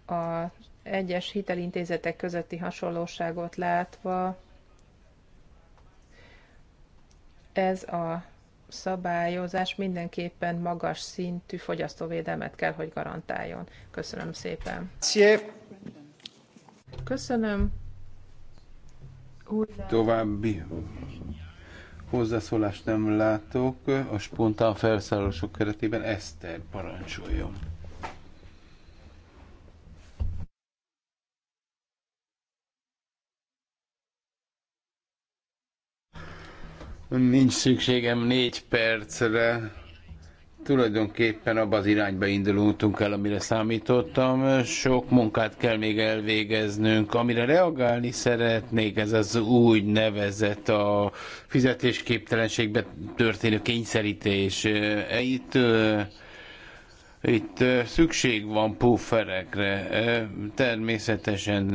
A egyes hitelintézetek közötti hasonlóságot látva ez a szabályozás mindenképpen magas szintű fogyasztóvédelmet kell, hogy garantáljon. Köszönöm szépen. Köszönöm. További hozzászólást nem látok. A spontán felszállások keretében Eszter parancsoljon. Nincs szükségem négy percre tulajdonképpen abba az irányba indultunk el, amire számítottam. Sok munkát kell még elvégeznünk. Amire reagálni szeretnék, ez az úgy nevezett a fizetésképtelenségbe történő kényszerítés. E, itt e, itt e, szükség van pufferekre. Természetesen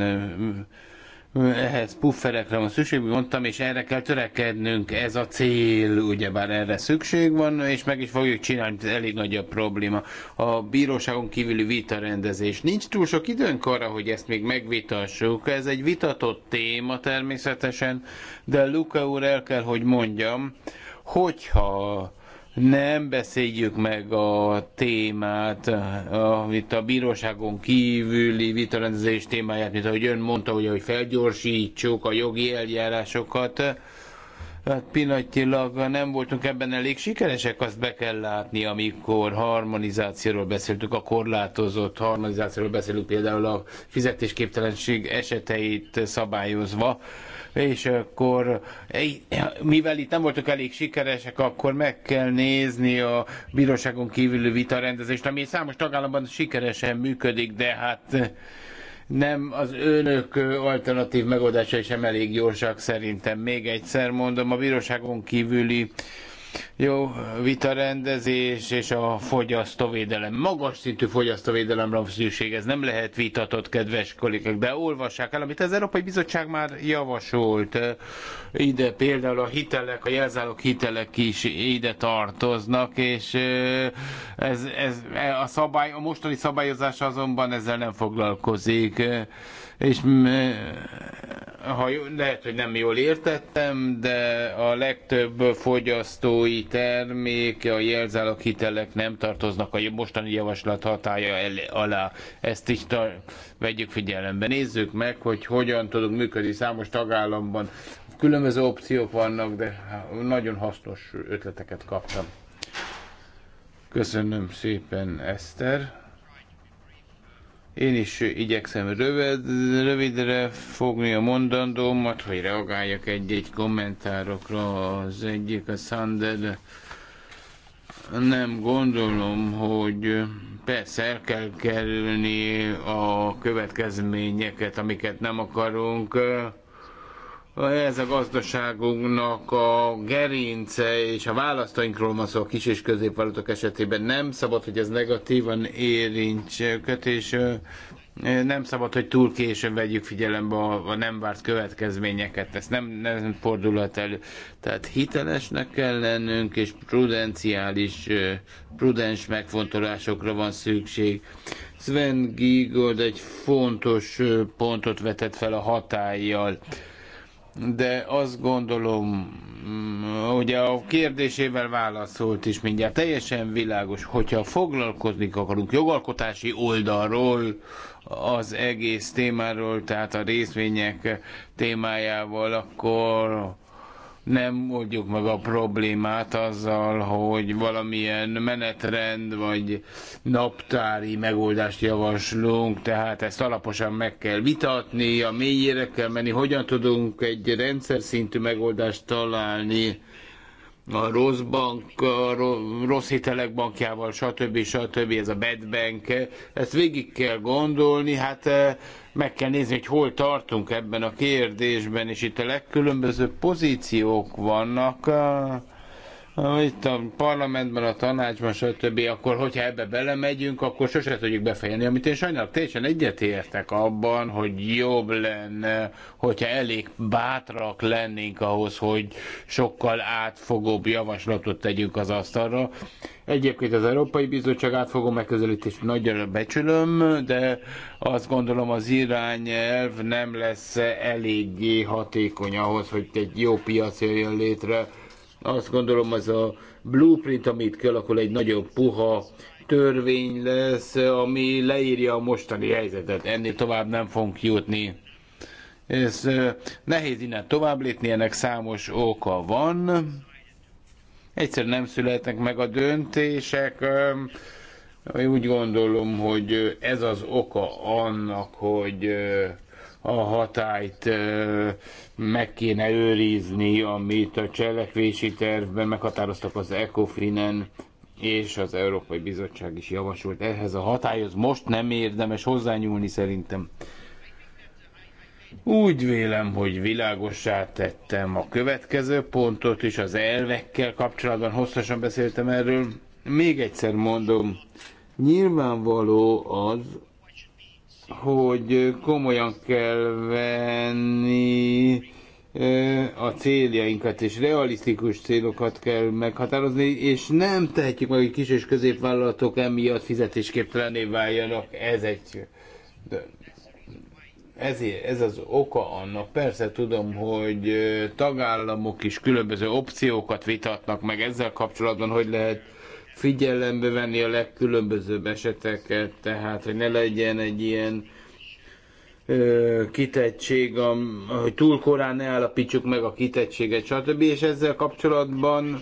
ehhez pufferekre van szükség, mondtam, és erre kell törekednünk, ez a cél, ugyebár erre szükség van, és meg is fogjuk csinálni, ez elég nagy a probléma. A bíróságon kívüli vitarendezés. Nincs túl sok időnk arra, hogy ezt még megvitassuk, ez egy vitatott téma természetesen, de Luca úr el kell, hogy mondjam, hogyha nem beszéljük meg a témát, amit a bíróságon kívüli vitarendezés témáját, mint ahogy ön mondta, hogy, hogy felgyorsítsuk a jogi eljárásokat, Hát pillanatilag nem voltunk ebben elég sikeresek, azt be kell látni, amikor harmonizációról beszéltük, a korlátozott harmonizációról beszélünk például a fizetésképtelenség eseteit szabályozva és akkor mivel itt nem voltak elég sikeresek, akkor meg kell nézni a bíróságon kívüli vitarendezést, ami számos tagállamban sikeresen működik, de hát nem az önök alternatív megoldásai sem elég gyorsak szerintem. Még egyszer mondom, a bíróságon kívüli jó vitarendezés és a fogyasztóvédelem. Magas szintű fogyasztóvédelemre van szükség, ez nem lehet vitatott, kedves kollégák, de olvassák el, amit az Európai Bizottság már javasolt. Ide például a hitelek, a jelzálók hitelek is ide tartoznak, és ez, ez, e, a, szabály, a mostani szabályozás azonban ezzel nem foglalkozik és ha lehet, hogy nem jól értettem, de a legtöbb fogyasztói termék, a jelzálog hitelek nem tartoznak a mostani javaslat hatája alá. Ezt is tar- vegyük figyelembe. Nézzük meg, hogy hogyan tudunk működni számos tagállamban. Különböző opciók vannak, de nagyon hasznos ötleteket kaptam. Köszönöm szépen, Eszter. Én is igyekszem rövid, rövidre fogni a mondandómat, hogy reagáljak egy-egy kommentárokra. Az egyik a Sander nem gondolom, hogy persze el kell kerülni a következményeket, amiket nem akarunk ez a gazdaságunknak a gerince és a választóinkról van szó a kis és középvalutok esetében. Nem szabad, hogy ez negatívan érintse őket, és nem szabad, hogy túl későn vegyük figyelembe a, a nem várt következményeket, ez nem, nem fordulhat elő. Tehát hitelesnek kell lennünk, és prudenciális, prudens megfontolásokra van szükség. Sven Giegold egy fontos pontot vetett fel a hatállyal de azt gondolom, mm, ugye a kérdésével válaszolt is mindjárt, teljesen világos, hogyha foglalkozni akarunk jogalkotási oldalról, az egész témáról, tehát a részvények témájával, akkor nem oldjuk meg a problémát azzal, hogy valamilyen menetrend vagy naptári megoldást javaslunk, tehát ezt alaposan meg kell vitatni, a mélyére kell menni, hogyan tudunk egy rendszer szintű megoldást találni, a rossz bank, a rossz hitelek bankjával, stb. stb. ez a bad bank, ezt végig kell gondolni, hát eh, meg kell nézni, hogy hol tartunk ebben a kérdésben, és itt a legkülönbözőbb pozíciók vannak, eh, itt a parlamentben, a tanácsban, stb. akkor, hogyha ebbe belemegyünk, akkor sose tudjuk befejezni. Amit én sajnálok. teljesen egyetértek abban, hogy jobb lenne, hogyha elég bátrak lennénk ahhoz, hogy sokkal átfogóbb javaslatot tegyünk az asztalra. Egyébként az Európai Bizottság átfogó megközelítést nagyra becsülöm, de azt gondolom az irányelv nem lesz eléggé hatékony ahhoz, hogy egy jó piac jöjjön létre azt gondolom, az a blueprint, amit kell, akkor egy nagyobb puha törvény lesz, ami leírja a mostani helyzetet. Ennél tovább nem fogunk jutni. Ez nehéz innen tovább lépni, ennek számos oka van. Egyszerűen nem születnek meg a döntések. Én úgy gondolom, hogy ez az oka annak, hogy a hatályt meg kéne őrizni, amit a cselekvési tervben meghatároztak az ECOFIN-en, és az Európai Bizottság is javasolt ehhez a hatályhoz. Most nem érdemes hozzányúlni szerintem. Úgy vélem, hogy világossá tettem a következő pontot, és az elvekkel kapcsolatban hosszasan beszéltem erről. Még egyszer mondom, nyilvánvaló az, hogy komolyan kell venni a céljainkat, és realisztikus célokat kell meghatározni, és nem tehetjük meg, hogy kis és középvállalatok emiatt fizetésképtelené váljanak. Ez egy... De ezért, ez az oka annak. Persze tudom, hogy tagállamok is különböző opciókat vitatnak meg ezzel kapcsolatban, hogy lehet figyelembe venni a legkülönbözőbb eseteket, tehát hogy ne legyen egy ilyen kitettség, hogy túl korán ne állapítsuk meg a kitettséget, stb. És ezzel kapcsolatban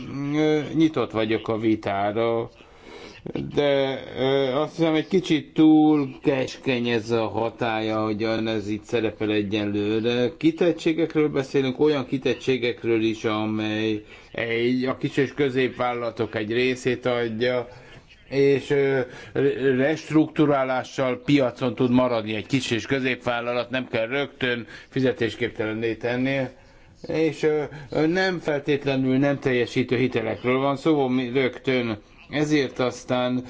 nyitott vagyok a vitára, de azt hiszem egy kicsit túl keskeny ez a hatája, hogy ez itt szerepel egyenlőre. Kitettségekről beszélünk, olyan kitettségekről is, amely egy, a kis és középvállalatok egy részét adja, és restruktúrálással piacon tud maradni egy kis és középvállalat, nem kell rögtön fizetésképtelenné tenni, és nem feltétlenül nem teljesítő hitelekről van szó, szóval rögtön ezért aztán,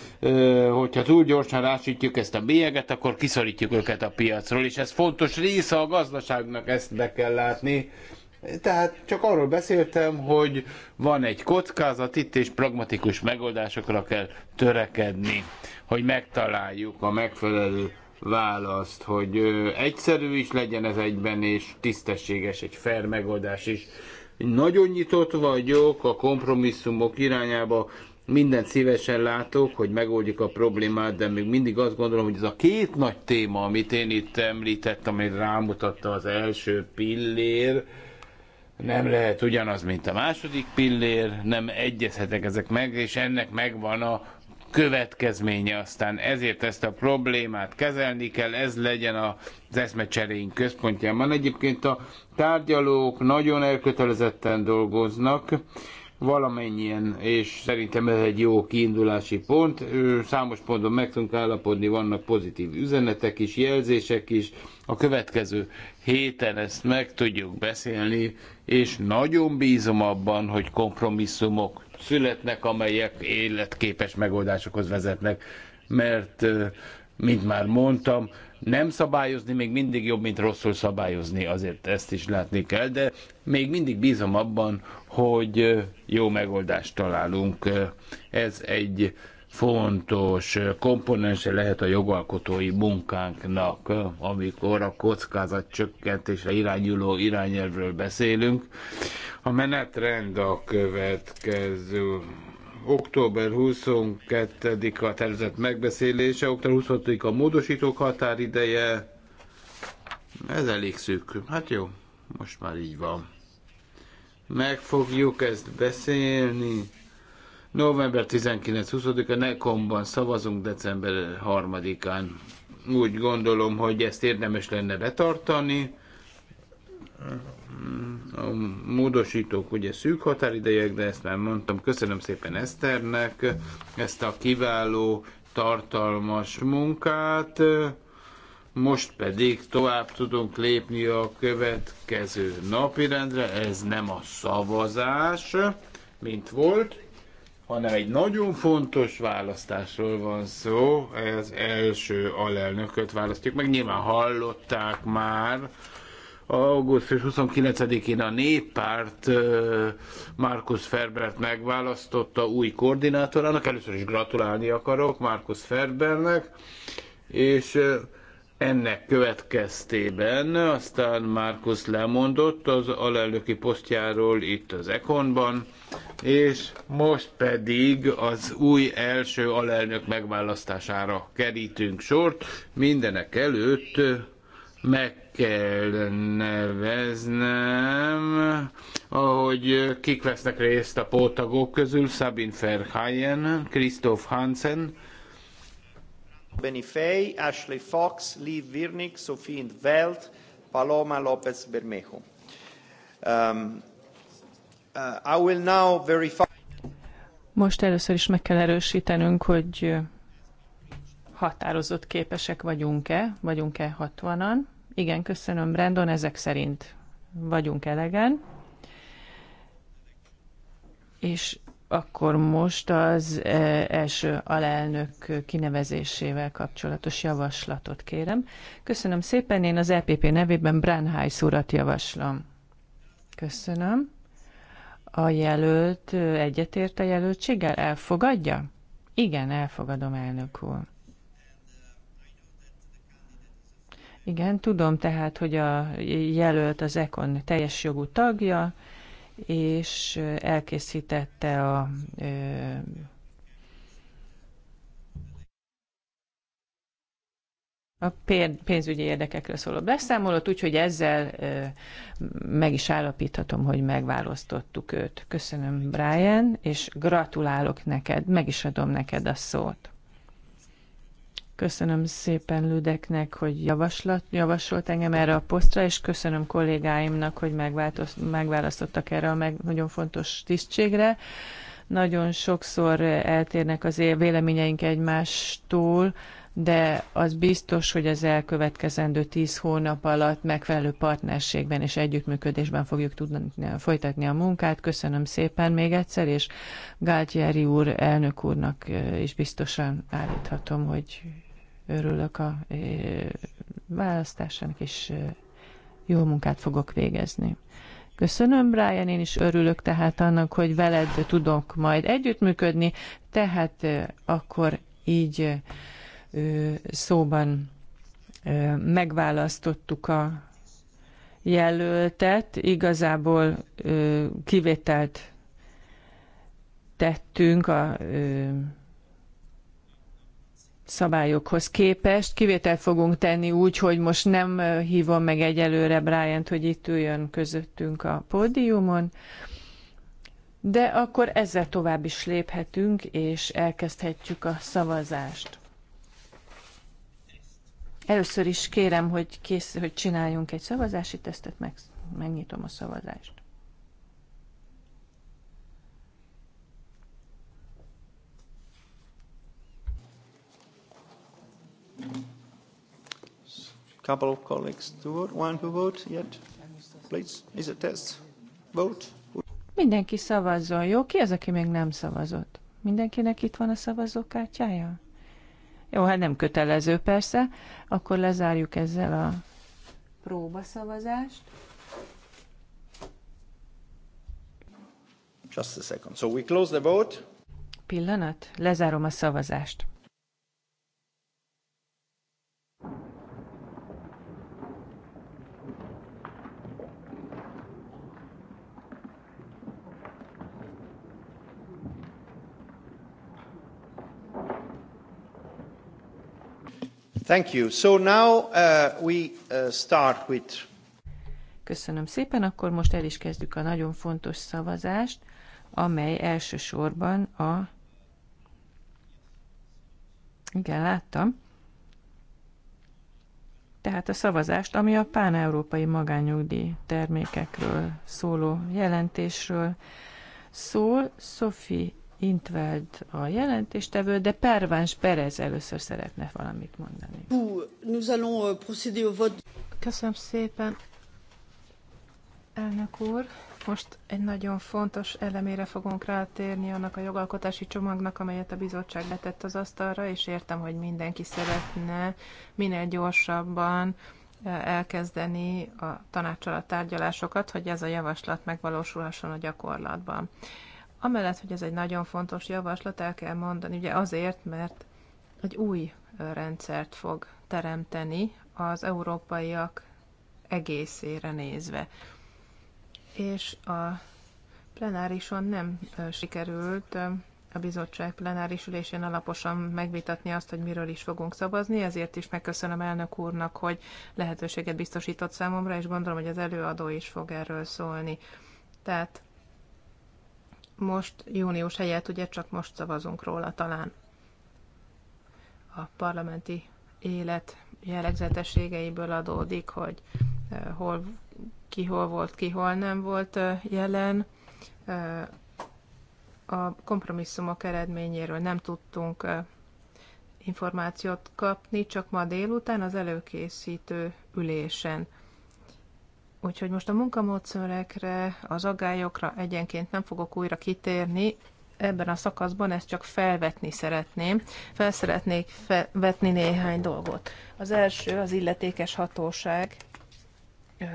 hogyha túl gyorsan rásítjuk ezt a bélyeget, akkor kiszorítjuk őket a piacról, és ez fontos része a gazdaságnak, ezt be kell látni, tehát csak arról beszéltem, hogy van egy kockázat itt, és pragmatikus megoldásokra kell törekedni, hogy megtaláljuk a megfelelő választ, hogy egyszerű is legyen ez egyben, és tisztességes, egy fair megoldás is. Nagyon nyitott vagyok a kompromisszumok irányába, mindent szívesen látok, hogy megoldjuk a problémát, de még mindig azt gondolom, hogy ez a két nagy téma, amit én itt említettem, amely rámutatta az első pillér, nem lehet ugyanaz, mint a második pillér, nem egyezhetek ezek meg, és ennek megvan a következménye aztán. Ezért ezt a problémát kezelni kell, ez legyen az eszmecseréink központjában. Egyébként a tárgyalók nagyon elkötelezetten dolgoznak, valamennyien, és szerintem ez egy jó kiindulási pont. Számos ponton meg tudunk állapodni, vannak pozitív üzenetek is, jelzések is. A következő héten ezt meg tudjuk beszélni, és nagyon bízom abban, hogy kompromisszumok születnek, amelyek életképes megoldásokhoz vezetnek, mert mint már mondtam, nem szabályozni még mindig jobb, mint rosszul szabályozni, azért ezt is látni kell, de még mindig bízom abban, hogy jó megoldást találunk. Ez egy fontos komponense lehet a jogalkotói munkánknak, amikor a csökkentésre irányuló irányelvről beszélünk. A menetrend a következő október 22-a tervezett megbeszélése, október 26-a módosítók határideje. Ez elég szűk. Hát jó, most már így van. Meg fogjuk ezt beszélni November 19-20-a Nekomban szavazunk december 3-án. Úgy gondolom, hogy ezt érdemes lenne betartani. A módosítók ugye szűk határidejek, de ezt már mondtam. Köszönöm szépen Eszternek ezt a kiváló, tartalmas munkát. Most pedig tovább tudunk lépni a következő napirendre. Ez nem a szavazás, mint volt, hanem egy nagyon fontos választásról van szó. Ez első alelnököt választjuk, meg nyilván hallották már, augusztus 29-én a néppárt Markus Ferbert megválasztotta új koordinátorának. Először is gratulálni akarok Markus Ferbernek, és ennek következtében aztán Markus lemondott az alelnöki posztjáról itt az Ekonban, és most pedig az új első alelnök megválasztására kerítünk sort. Mindenek előtt meg kell neveznem, ahogy kik vesznek részt a pótagok közül, Sabine Verheyen, Christoph Hansen, Fay, Ashley Fox, Lee Virnik, Sophie Welt, Paloma López Bermejo. Um, Uh, most először is meg kell erősítenünk, hogy uh, határozott képesek vagyunk-e, vagyunk-e hatvanan. Igen, köszönöm, Brandon, ezek szerint vagyunk elegen. És akkor most az uh, első alelnök kinevezésével kapcsolatos javaslatot kérem. Köszönöm szépen, én az EPP nevében Brandheis urat javaslom. Köszönöm. A jelölt egyetért a jelöltséggel? Elfogadja? Igen, elfogadom, elnök úr. Igen, tudom tehát, hogy a jelölt az EKON teljes jogú tagja, és elkészítette a a pénzügyi érdekekről szóló beszámolót, úgyhogy ezzel meg is állapíthatom, hogy megválasztottuk őt. Köszönöm, Brian, és gratulálok neked, meg is adom neked a szót. Köszönöm szépen Ludeknek, hogy javaslat, javasolt engem erre a posztra, és köszönöm kollégáimnak, hogy megválasztottak erre a meg, nagyon fontos tisztségre. Nagyon sokszor eltérnek az véleményeink egymástól, de az biztos, hogy az elkövetkezendő tíz hónap alatt megfelelő partnerségben és együttműködésben fogjuk tudni folytatni a munkát. Köszönöm szépen még egyszer, és Gáltyári úr, elnök úrnak is biztosan állíthatom, hogy örülök a választásának, és jó munkát fogok végezni. Köszönöm, Brian, én is örülök tehát annak, hogy veled tudok majd együttműködni, tehát akkor így szóban megválasztottuk a jelöltet, igazából kivételt tettünk a szabályokhoz képest. Kivételt fogunk tenni úgy, hogy most nem hívom meg egyelőre Bryant, hogy itt üljön közöttünk a pódiumon, de akkor ezzel tovább is léphetünk, és elkezdhetjük a szavazást. Először is kérem, hogy, kész, hogy csináljunk egy szavazási tesztet, meg, megnyitom a szavazást. Couple of colleagues to vote. One to vote yet? Please, is a test. Vote. Mindenki szavazzon, jó? Ki az, aki még nem szavazott? Mindenkinek itt van a szavazókártyája? Jó, hát nem kötelező persze. Akkor lezárjuk ezzel a próbaszavazást. Just a second. So we close the vote. Pillanat, lezárom a szavazást. Thank you. So now uh, we uh, start with... Köszönöm szépen, akkor most el is kezdjük a nagyon fontos szavazást, amely elsősorban a... Igen, láttam. Tehát a szavazást, ami a páneurópai magányugdíj termékekről szóló jelentésről szól. Sophie Intveld a jelentéstevő, de Perváns Perez először szeretne valamit mondani. Euh, Köszönöm szépen, elnök úr. Most egy nagyon fontos elemére fogunk rátérni annak a jogalkotási csomagnak, amelyet a bizottság letett az asztalra, és értem, hogy mindenki szeretne minél gyorsabban eh, elkezdeni a tanácsolat tárgyalásokat, hogy ez a javaslat megvalósulhasson a gyakorlatban. Amellett, hogy ez egy nagyon fontos javaslat, el kell mondani, ugye azért, mert egy új rendszert fog teremteni az európaiak egészére nézve. És a plenárison nem sikerült a bizottság plenáris ülésén alaposan megvitatni azt, hogy miről is fogunk szavazni, ezért is megköszönöm elnök úrnak, hogy lehetőséget biztosított számomra, és gondolom, hogy az előadó is fog erről szólni. Tehát most június helyett ugye csak most szavazunk róla talán. A parlamenti élet jellegzetességeiből adódik, hogy hol, ki hol volt, ki hol nem volt jelen. A kompromisszumok eredményéről nem tudtunk információt kapni, csak ma délután az előkészítő ülésen. Úgyhogy most a munkamódszerekre, az agályokra egyenként nem fogok újra kitérni, ebben a szakaszban ezt csak felvetni szeretném. Felszeretnék vetni néhány dolgot. Az első az illetékes hatóság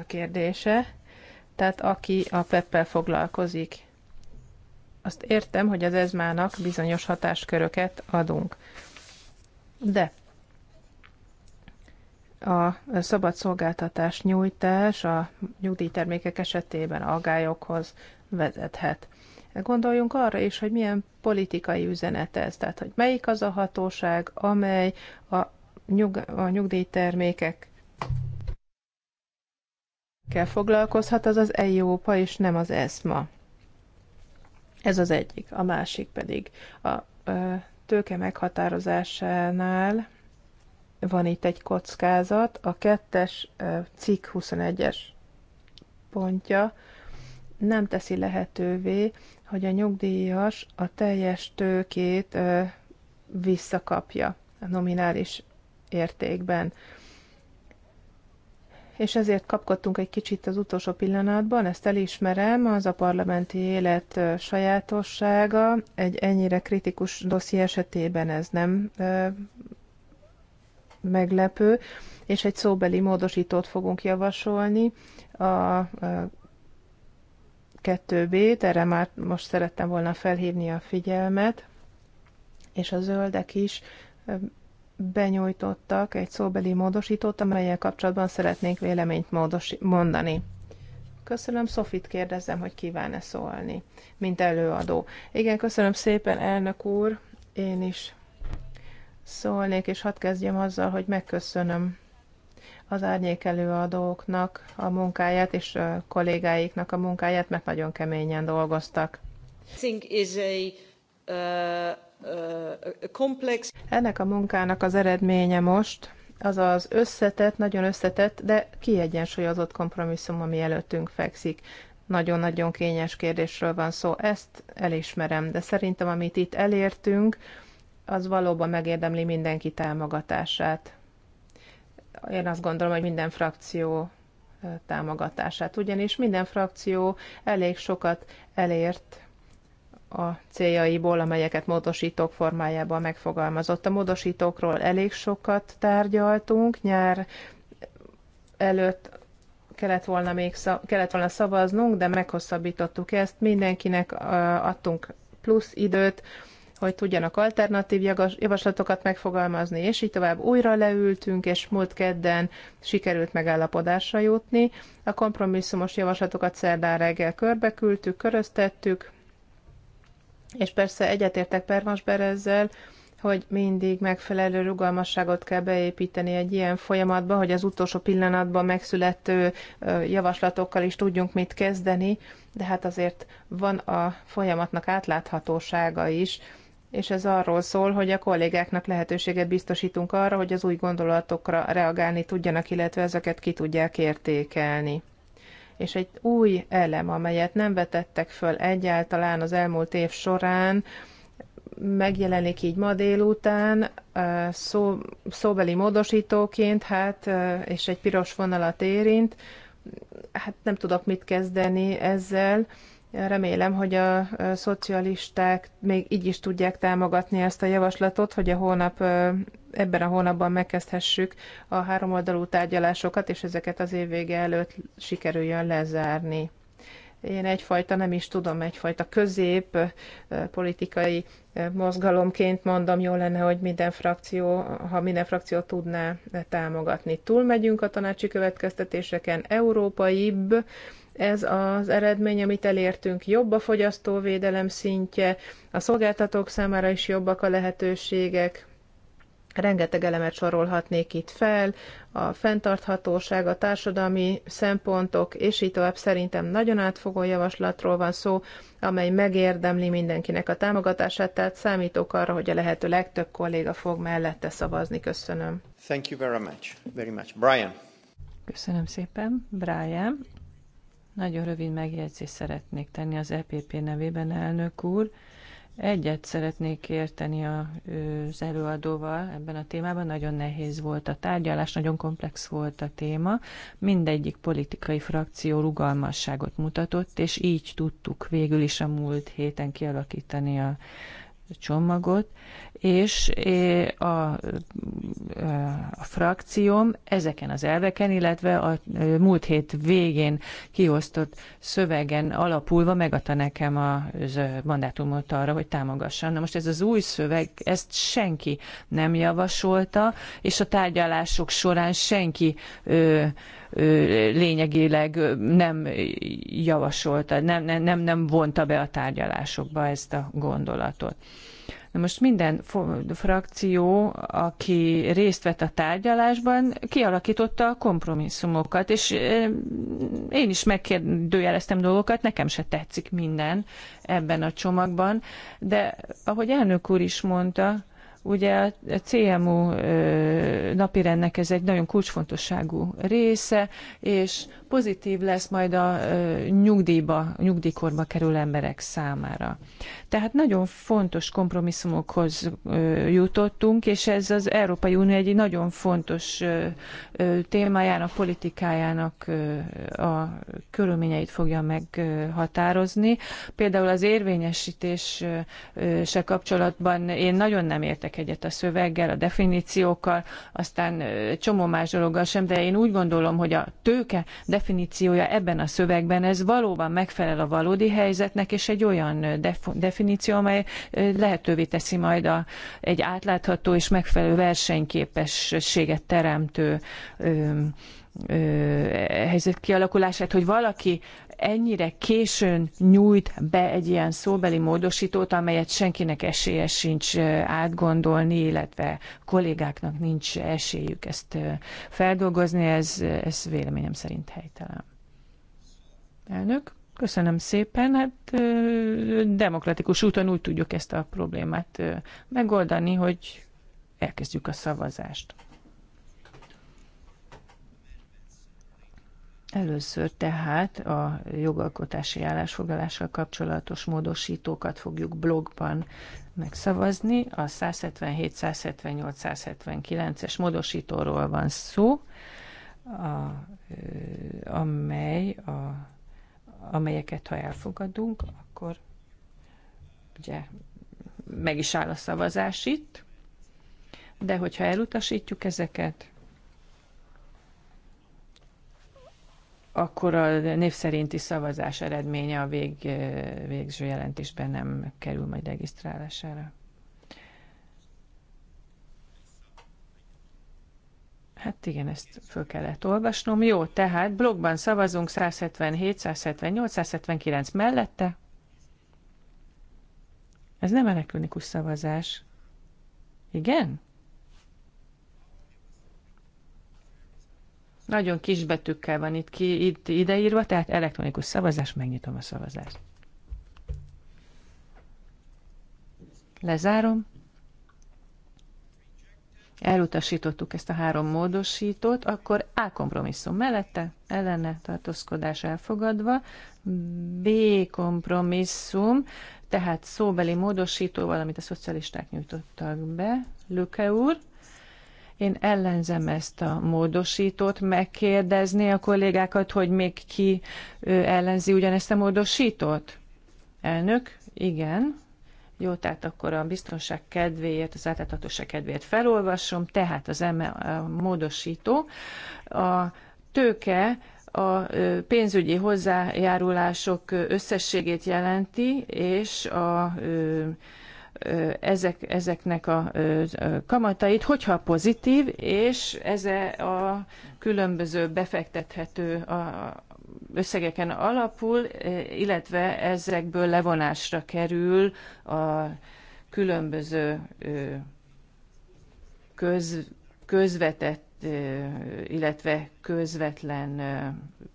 kérdése, tehát aki a Peppel foglalkozik. Azt értem, hogy az ezmának bizonyos hatásköröket adunk. De a szabad szolgáltatás nyújtás a nyugdíjtermékek esetében agályokhoz vezethet. Gondoljunk arra is, hogy milyen politikai üzenet ez, tehát hogy melyik az a hatóság, amely a, nyug, a nyugdíjtermékek kell foglalkozhat, az az EIOPA és nem az ESMA. Ez az egyik. A másik pedig a tőke meghatározásánál van itt egy kockázat, a kettes cikk 21-es pontja nem teszi lehetővé, hogy a nyugdíjas a teljes tőkét visszakapja a nominális értékben. És ezért kapkodtunk egy kicsit az utolsó pillanatban, ezt elismerem, az a parlamenti élet sajátossága, egy ennyire kritikus dosszi esetében ez nem meglepő, és egy szóbeli módosítót fogunk javasolni a 2B-t, erre már most szerettem volna felhívni a figyelmet, és a zöldek is benyújtottak egy szóbeli módosítót, amelyel kapcsolatban szeretnénk véleményt módosi- mondani. Köszönöm, Sofit kérdezem, hogy kíván-e szólni, mint előadó. Igen, köszönöm szépen, elnök úr, én is szólnék, és hadd kezdjem azzal, hogy megköszönöm az árnyék előadóknak a munkáját, és a kollégáiknak a munkáját, mert nagyon keményen dolgoztak. Ennek a munkának az eredménye most az az összetett, nagyon összetett, de kiegyensúlyozott kompromisszum, ami előttünk fekszik. Nagyon-nagyon kényes kérdésről van szó, ezt elismerem, de szerintem amit itt elértünk, az valóban megérdemli mindenki támogatását. Én azt gondolom, hogy minden frakció támogatását, ugyanis minden frakció elég sokat elért a céljaiból, amelyeket módosítók formájában megfogalmazott. A módosítókról elég sokat tárgyaltunk, nyár előtt kellett volna, még szav- kellett volna szavaznunk, de meghosszabbítottuk ezt, mindenkinek adtunk plusz időt, hogy tudjanak alternatív javaslatokat megfogalmazni, és így tovább újra leültünk, és múlt kedden sikerült megállapodásra jutni. A kompromisszumos javaslatokat szerdán reggel körbeküldtük, köröztettük, és persze egyetértek Pervans Berezzel, hogy mindig megfelelő rugalmasságot kell beépíteni egy ilyen folyamatba, hogy az utolsó pillanatban megszülető javaslatokkal is tudjunk mit kezdeni, de hát azért van a folyamatnak átláthatósága is, és ez arról szól, hogy a kollégáknak lehetőséget biztosítunk arra, hogy az új gondolatokra reagálni tudjanak, illetve ezeket ki tudják értékelni. És egy új elem, amelyet nem vetettek föl egyáltalán az elmúlt év során, megjelenik így ma délután szó, szóbeli módosítóként, hát, és egy piros vonalat érint. Hát nem tudok mit kezdeni ezzel Remélem, hogy a szocialisták még így is tudják támogatni ezt a javaslatot, hogy a hónap, ebben a hónapban megkezdhessük a háromoldalú tárgyalásokat, és ezeket az év vége előtt sikerüljön lezárni. Én egyfajta, nem is tudom, egyfajta közép politikai mozgalomként mondom, jó lenne, hogy minden frakció, ha minden frakció tudná támogatni. Túlmegyünk a tanácsi következtetéseken, európaibb, ez az eredmény, amit elértünk, jobb a fogyasztóvédelem szintje, a szolgáltatók számára is jobbak a lehetőségek, rengeteg elemet sorolhatnék itt fel, a fenntarthatóság, a társadalmi szempontok, és így tovább szerintem nagyon átfogó javaslatról van szó, amely megérdemli mindenkinek a támogatását, tehát számítok arra, hogy a lehető legtöbb kolléga fog mellette szavazni. Köszönöm. Thank you very much. Very much. Brian. Köszönöm szépen, Brian. Nagyon rövid megjegyzést szeretnék tenni az EPP nevében, elnök úr. Egyet szeretnék érteni az előadóval ebben a témában. Nagyon nehéz volt a tárgyalás, nagyon komplex volt a téma. Mindegyik politikai frakció rugalmasságot mutatott, és így tudtuk végül is a múlt héten kialakítani a csomagot, és a, a, a frakcióm ezeken az elveken, illetve a múlt hét végén kiosztott szövegen alapulva megadta nekem a mandátumot arra, hogy támogassam. Na most ez az új szöveg, ezt senki nem javasolta, és a tárgyalások során senki ö, lényegileg nem javasolta, nem, nem, nem vonta be a tárgyalásokba ezt a gondolatot. Na most minden frakció, aki részt vett a tárgyalásban, kialakította a kompromisszumokat, és én is megkérdőjeleztem dolgokat, nekem se tetszik minden ebben a csomagban, de ahogy elnök úr is mondta, Ugye a CMU napirendnek ez egy nagyon kulcsfontosságú része, és pozitív lesz majd a nyugdíjba, nyugdíjkorba kerül emberek számára. Tehát nagyon fontos kompromisszumokhoz jutottunk, és ez az Európai Unió egy nagyon fontos témájának, politikájának a körülményeit fogja meghatározni. Például az érvényesítéssel kapcsolatban én nagyon nem értek egyet a szöveggel, a definíciókkal, aztán csomó más dologgal sem, de én úgy gondolom, hogy a tőke de definíciója ebben a szövegben, ez valóban megfelel a valódi helyzetnek, és egy olyan definíció, amely lehetővé teszi majd a, egy átlátható és megfelelő versenyképességet teremtő ö, helyzet kialakulását, hogy valaki ennyire későn nyújt be egy ilyen szóbeli módosítót, amelyet senkinek esélye sincs átgondolni, illetve kollégáknak nincs esélyük ezt feldolgozni, ez, ez véleményem szerint helytelen. Elnök, köszönöm szépen, hát demokratikus úton úgy tudjuk ezt a problémát megoldani, hogy elkezdjük a szavazást. Először tehát a jogalkotási állásfoglalással kapcsolatos módosítókat fogjuk blogban megszavazni. A 177, 178, 179-es módosítóról van szó, a, amely a, amelyeket ha elfogadunk, akkor ugye meg is áll a szavazás itt, de hogyha elutasítjuk ezeket, akkor a név szerinti szavazás eredménye a vég, végső jelentésben nem kerül majd regisztrálására. Hát igen, ezt föl kellett olvasnom. Jó, tehát blogban szavazunk 177, 178, 179 mellette. Ez nem elektronikus szavazás. Igen? Nagyon kis betűkkel van itt, ki, itt ideírva, tehát elektronikus szavazás, megnyitom a szavazást. Lezárom. Elutasítottuk ezt a három módosítót, akkor A kompromisszum mellette, ellene tartózkodás elfogadva, B kompromisszum, tehát szóbeli módosító, valamit a szocialisták nyújtottak be, Lüke úr, én ellenzem ezt a módosítót, megkérdezni a kollégákat, hogy még ki ellenzi ugyanezt a módosítót? Elnök, igen. Jó, tehát akkor a biztonság kedvéért, az átláthatóság kedvéért felolvasom. Tehát az eme a módosító, a tőke a pénzügyi hozzájárulások összességét jelenti, és a ezek, ezeknek a kamatait, hogyha pozitív, és ez a különböző befektethető összegeken alapul, illetve ezekből levonásra kerül a különböző köz, közvetett, illetve közvetlen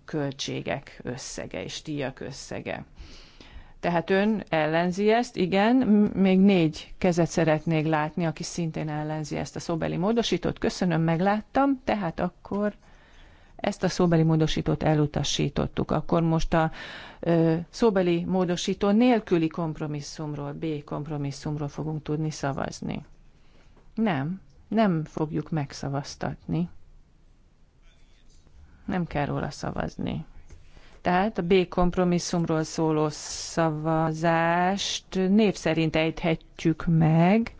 költségek összege és díjak összege. Tehát ön ellenzi ezt, igen, még négy kezet szeretnék látni, aki szintén ellenzi ezt a szóbeli módosítót. Köszönöm, megláttam, tehát akkor ezt a szóbeli módosítót elutasítottuk. Akkor most a ö, szóbeli módosító nélküli kompromisszumról, B kompromisszumról fogunk tudni szavazni. Nem, nem fogjuk megszavaztatni. Nem kell róla szavazni. Tehát a B kompromisszumról szóló szavazást név szerint ejthetjük meg.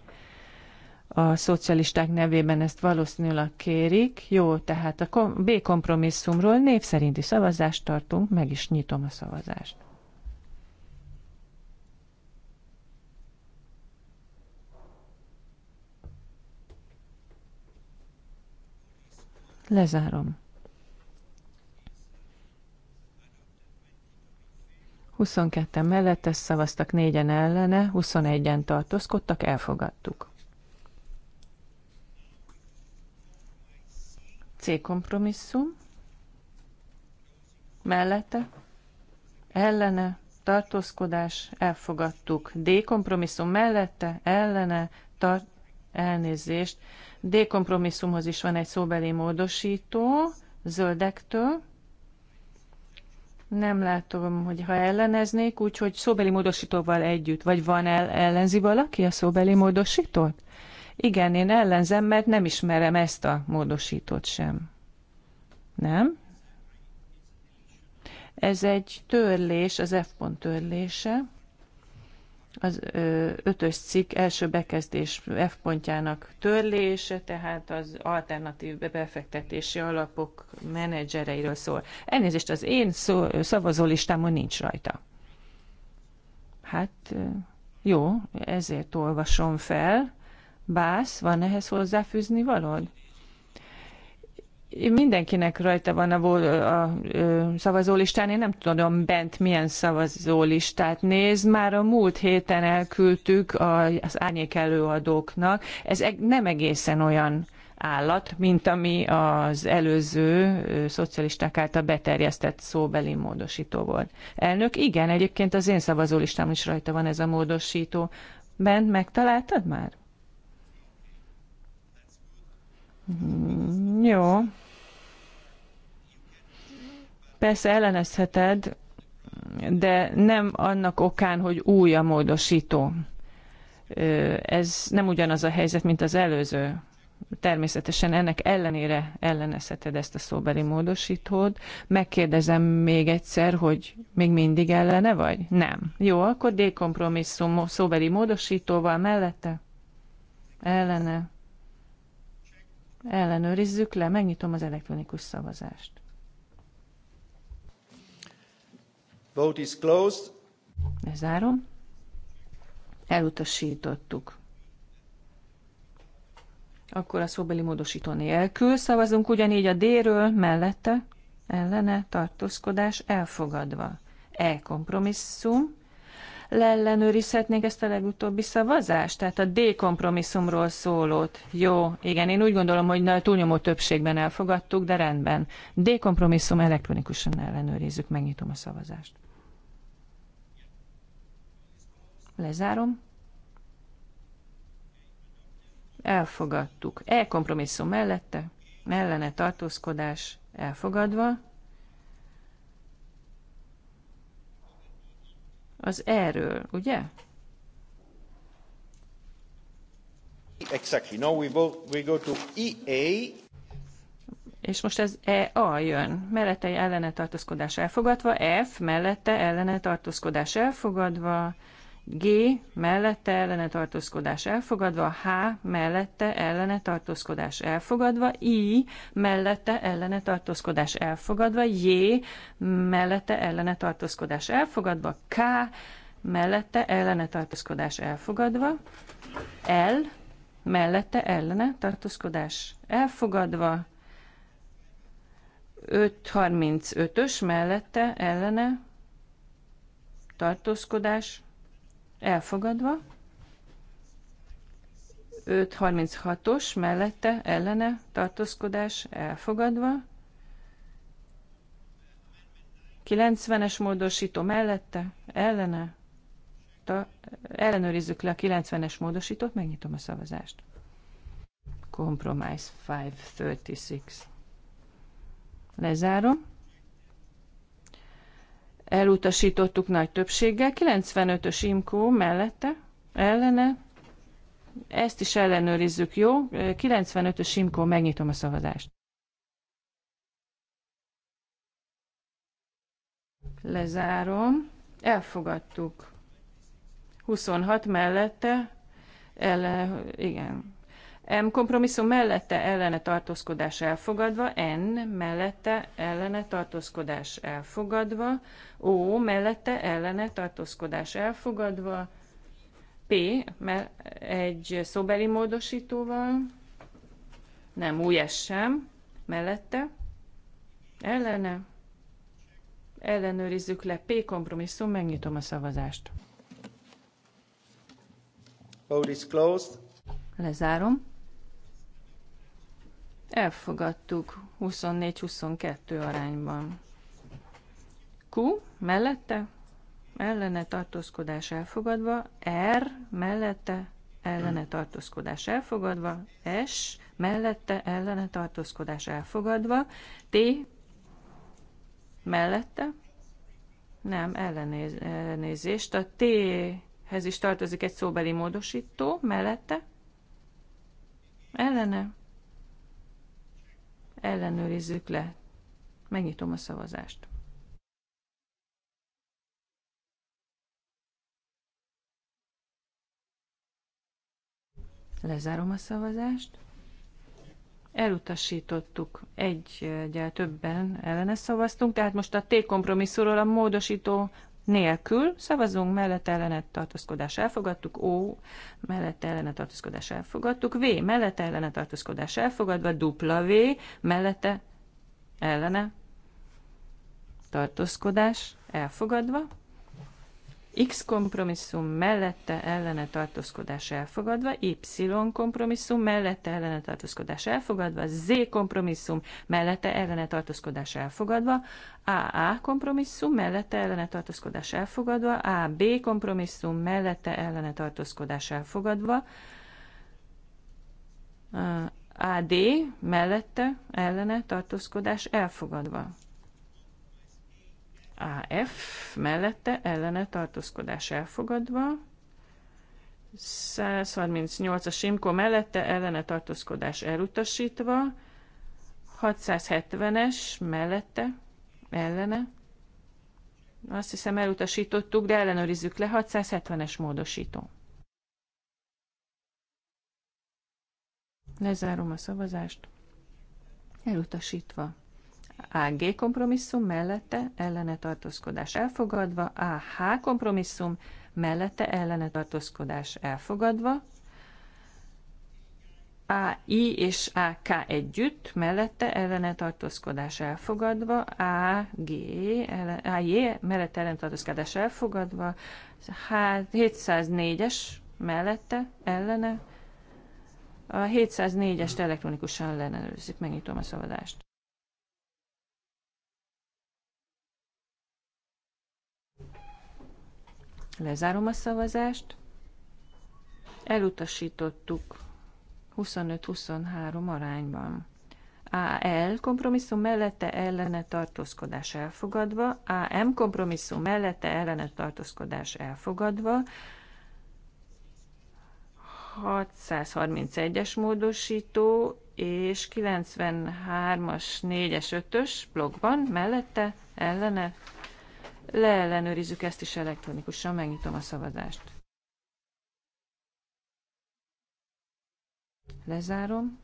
A szocialisták nevében ezt valószínűleg kérik. Jó, tehát a B kompromisszumról név szerinti szavazást tartunk, meg is nyitom a szavazást. Lezárom. 22-en mellette szavaztak, 4-en ellene, 21-en tartózkodtak, elfogadtuk. C kompromisszum. Mellette. Ellene. Tartózkodás. Elfogadtuk. D kompromisszum mellette. Ellene. Tart elnézést. D kompromisszumhoz is van egy szóbeli módosító zöldektől. Nem látom, hogy ha elleneznék, úgyhogy szóbeli módosítóval együtt, vagy van el, ellenzi valaki a szóbeli módosítót? Igen, én ellenzem, mert nem ismerem ezt a módosítót sem. Nem? Ez egy törlés, az F pont törlése az ötös cikk első bekezdés F pontjának törlése, tehát az alternatív befektetési alapok menedzsereiről szól. Elnézést, az én szó, szavazólistámon nincs rajta. Hát jó, ezért olvasom fel. Bász, van ehhez hozzáfűzni valód? mindenkinek rajta van a, a, a szavazólistán, én nem tudom bent milyen szavazólistát néz. Már a múlt héten elküldtük az árnyék előadóknak. Ez nem egészen olyan állat, mint ami az előző szocialisták által beterjesztett szóbeli módosító volt. Elnök, igen, egyébként az én szavazólistám is rajta van ez a módosító. Bent megtaláltad már? Hmm, jó, Persze ellenezheted, de nem annak okán, hogy új a módosító. Ez nem ugyanaz a helyzet, mint az előző. Természetesen ennek ellenére ellenezheted ezt a szóbeli módosítót. Megkérdezem még egyszer, hogy még mindig ellene vagy? Nem. Jó, akkor dékompromisszum szóbeli módosítóval mellette? Ellene. Ellenőrizzük le, megnyitom az elektronikus szavazást. Vote is closed. Lezárom. Elutasítottuk. Akkor a szóbeli módosító nélkül szavazunk ugyanígy a D-ről, mellette, ellene, tartózkodás, elfogadva. E kompromisszum, leellenőrizhetnénk ezt a legutóbbi szavazást? Tehát a D kompromisszumról szólót. Jó, igen, én úgy gondolom, hogy na, túlnyomó többségben elfogadtuk, de rendben. D kompromisszum elektronikusan ellenőrizzük, megnyitom a szavazást. Lezárom. Elfogadtuk. E kompromisszum mellette, mellene tartózkodás elfogadva. az erről, ugye? Exactly. Now we, go, we go to EA. És most ez EA jön. Mellette ellene tartózkodás elfogadva, F mellette ellene tartózkodás elfogadva, G mellette ellene tartózkodás elfogadva, H mellette ellene tartózkodás elfogadva, I mellette ellene tartózkodás elfogadva, J mellette ellene tartózkodás elfogadva, K mellette ellene tartózkodás elfogadva, L mellette ellene tartózkodás elfogadva, 535-ös mellette ellene tartózkodás elfogadva. 536-os mellette ellene tartózkodás elfogadva. 90-es módosító mellette ellene ta, ellenőrizzük le a 90-es módosítót, megnyitom a szavazást. Compromise 536. Lezárom elutasítottuk nagy többséggel. 95-ös IMCO mellette, ellene, ezt is ellenőrizzük, jó? 95-ös IMCO, megnyitom a szavazást. Lezárom. Elfogadtuk. 26 mellette, ellen, igen, M kompromisszum mellette ellene tartózkodás elfogadva, N mellette ellene tartózkodás elfogadva, O mellette ellene tartózkodás elfogadva, P egy szobeli módosítóval, nem új sem, mellette, ellene, ellenőrizzük le, P kompromisszum, megnyitom a szavazást. Vote is closed. Lezárom. Elfogadtuk 24-22 arányban. Q mellette, ellene tartózkodás elfogadva, R mellette, ellene tartózkodás elfogadva, S mellette, ellene tartózkodás elfogadva, T mellette, nem, ellenéz, ellenézést, a T-hez is tartozik egy szóbeli módosító, mellette, ellene, ellenőrizzük le. Megnyitom a szavazást. Lezárom a szavazást. Elutasítottuk egy, egy többen ellene szavaztunk, tehát most a T kompromisszúról a módosító nélkül szavazunk, mellett ellenet tartózkodás elfogadtuk, O mellett ellenet tartózkodás elfogadtuk, V mellett ellenet tartózkodás elfogadva, dupla V mellette ellene tartózkodás elfogadva. X kompromisszum mellette ellene tartózkodás elfogadva, Y kompromisszum mellette ellene tartózkodás elfogadva, Z kompromisszum mellette ellene tartózkodás elfogadva, AA kompromisszum mellette ellene tartózkodás elfogadva, AB kompromisszum mellette ellene tartózkodás elfogadva, AD mellette ellene tartózkodás elfogadva. AF mellette ellene tartózkodás elfogadva, 138 a Simko mellette ellene tartózkodás elutasítva, 670-es mellette ellene, azt hiszem elutasítottuk, de ellenőrizzük le, 670-es módosító. Lezárom a szavazást. Elutasítva. AG kompromisszum mellette ellene tartózkodás elfogadva, AH kompromisszum mellette ellene tartózkodás elfogadva, AI és AK együtt, mellette ellene tartózkodás elfogadva, AG, AJ mellette ellene tartózkodás elfogadva, 704-es mellette ellene, a 704-est elektronikusan ellenőrzik, megnyitom a szavazást. Lezárom a szavazást. Elutasítottuk 25-23 arányban. AL kompromisszum mellette ellene tartózkodás elfogadva, AM kompromisszum mellette ellene tartózkodás elfogadva, 631-es módosító és 93-as, 4-es, 5-ös blokkban mellette ellene leellenőrizzük ezt is elektronikusan, megnyitom a szavazást. Lezárom.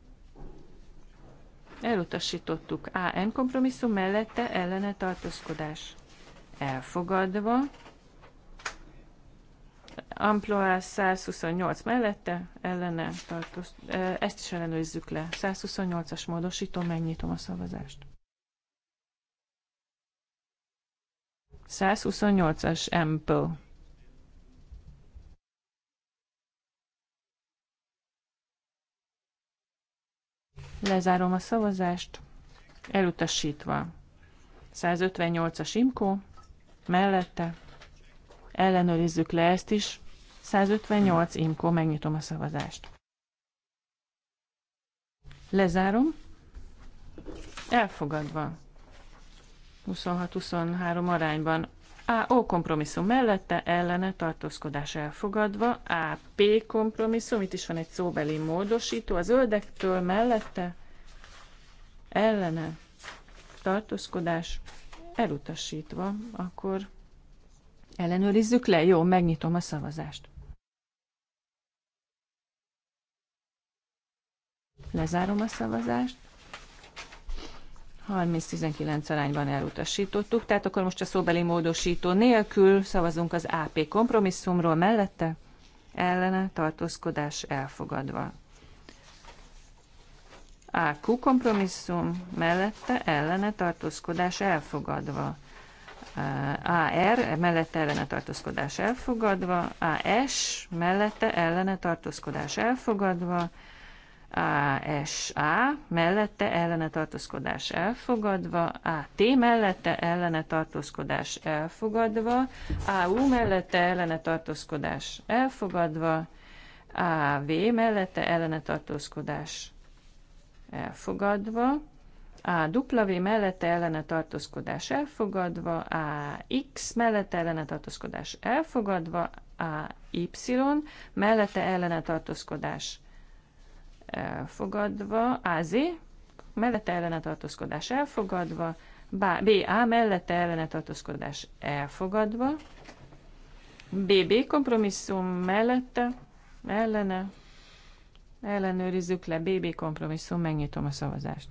Elutasítottuk AN kompromisszum mellette ellene tartózkodás. Elfogadva. Amploa 128 mellette ellene tartózkodás. Ezt is ellenőrizzük le. 128-as módosító, megnyitom a szavazást. 128-as Ample. Lezárom a szavazást, elutasítva. 158-as Imko, mellette, ellenőrizzük le ezt is, 158 Imko, megnyitom a szavazást. Lezárom, elfogadva. 26-23 arányban. A. O kompromisszum mellette, ellene tartózkodás elfogadva. A. P kompromisszum, itt is van egy szóbeli módosító, a zöldektől mellette, ellene tartózkodás elutasítva, akkor ellenőrizzük le. Jó, megnyitom a szavazást. Lezárom a szavazást. 30-19 arányban elutasítottuk, tehát akkor most a szóbeli módosító nélkül szavazunk az AP kompromisszumról mellette, ellene tartózkodás elfogadva. AQ kompromisszum mellette ellene tartózkodás elfogadva. AR mellette ellene tartózkodás elfogadva, AS mellette ellene tartózkodás elfogadva, ASA mellette ellene tartózkodás elfogadva, AT mellette ellene tartózkodás elfogadva, AU mellette ellene tartózkodás elfogadva, AV mellette ellene tartózkodás elfogadva, W mellette ellene tartózkodás elfogadva, x mellette ellene tartózkodás elfogadva, y mellette ellene tartózkodás elfogadva elfogadva, AZ, mellette ellene tartózkodás elfogadva, BA mellette ellene tartózkodás elfogadva, BB kompromisszum mellette, ellene, ellenőrizzük le, BB kompromisszum, megnyitom a szavazást.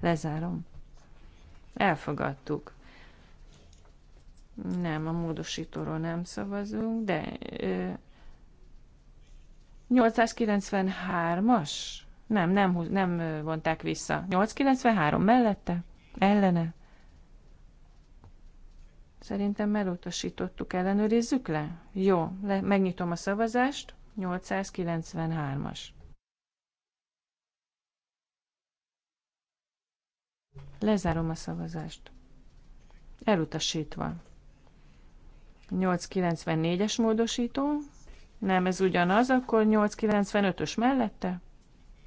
Lezárom. Elfogadtuk. Nem, a módosítóról nem szavazunk, de ö, 893-as? Nem, nem, nem vonták vissza. 893 mellette? Ellene? Szerintem elutasítottuk, ellenőrizzük le? Jó, le, megnyitom a szavazást. 893-as. Lezárom a szavazást. Elutasítva. 894-es módosító. Nem, ez ugyanaz, akkor 895-ös mellette.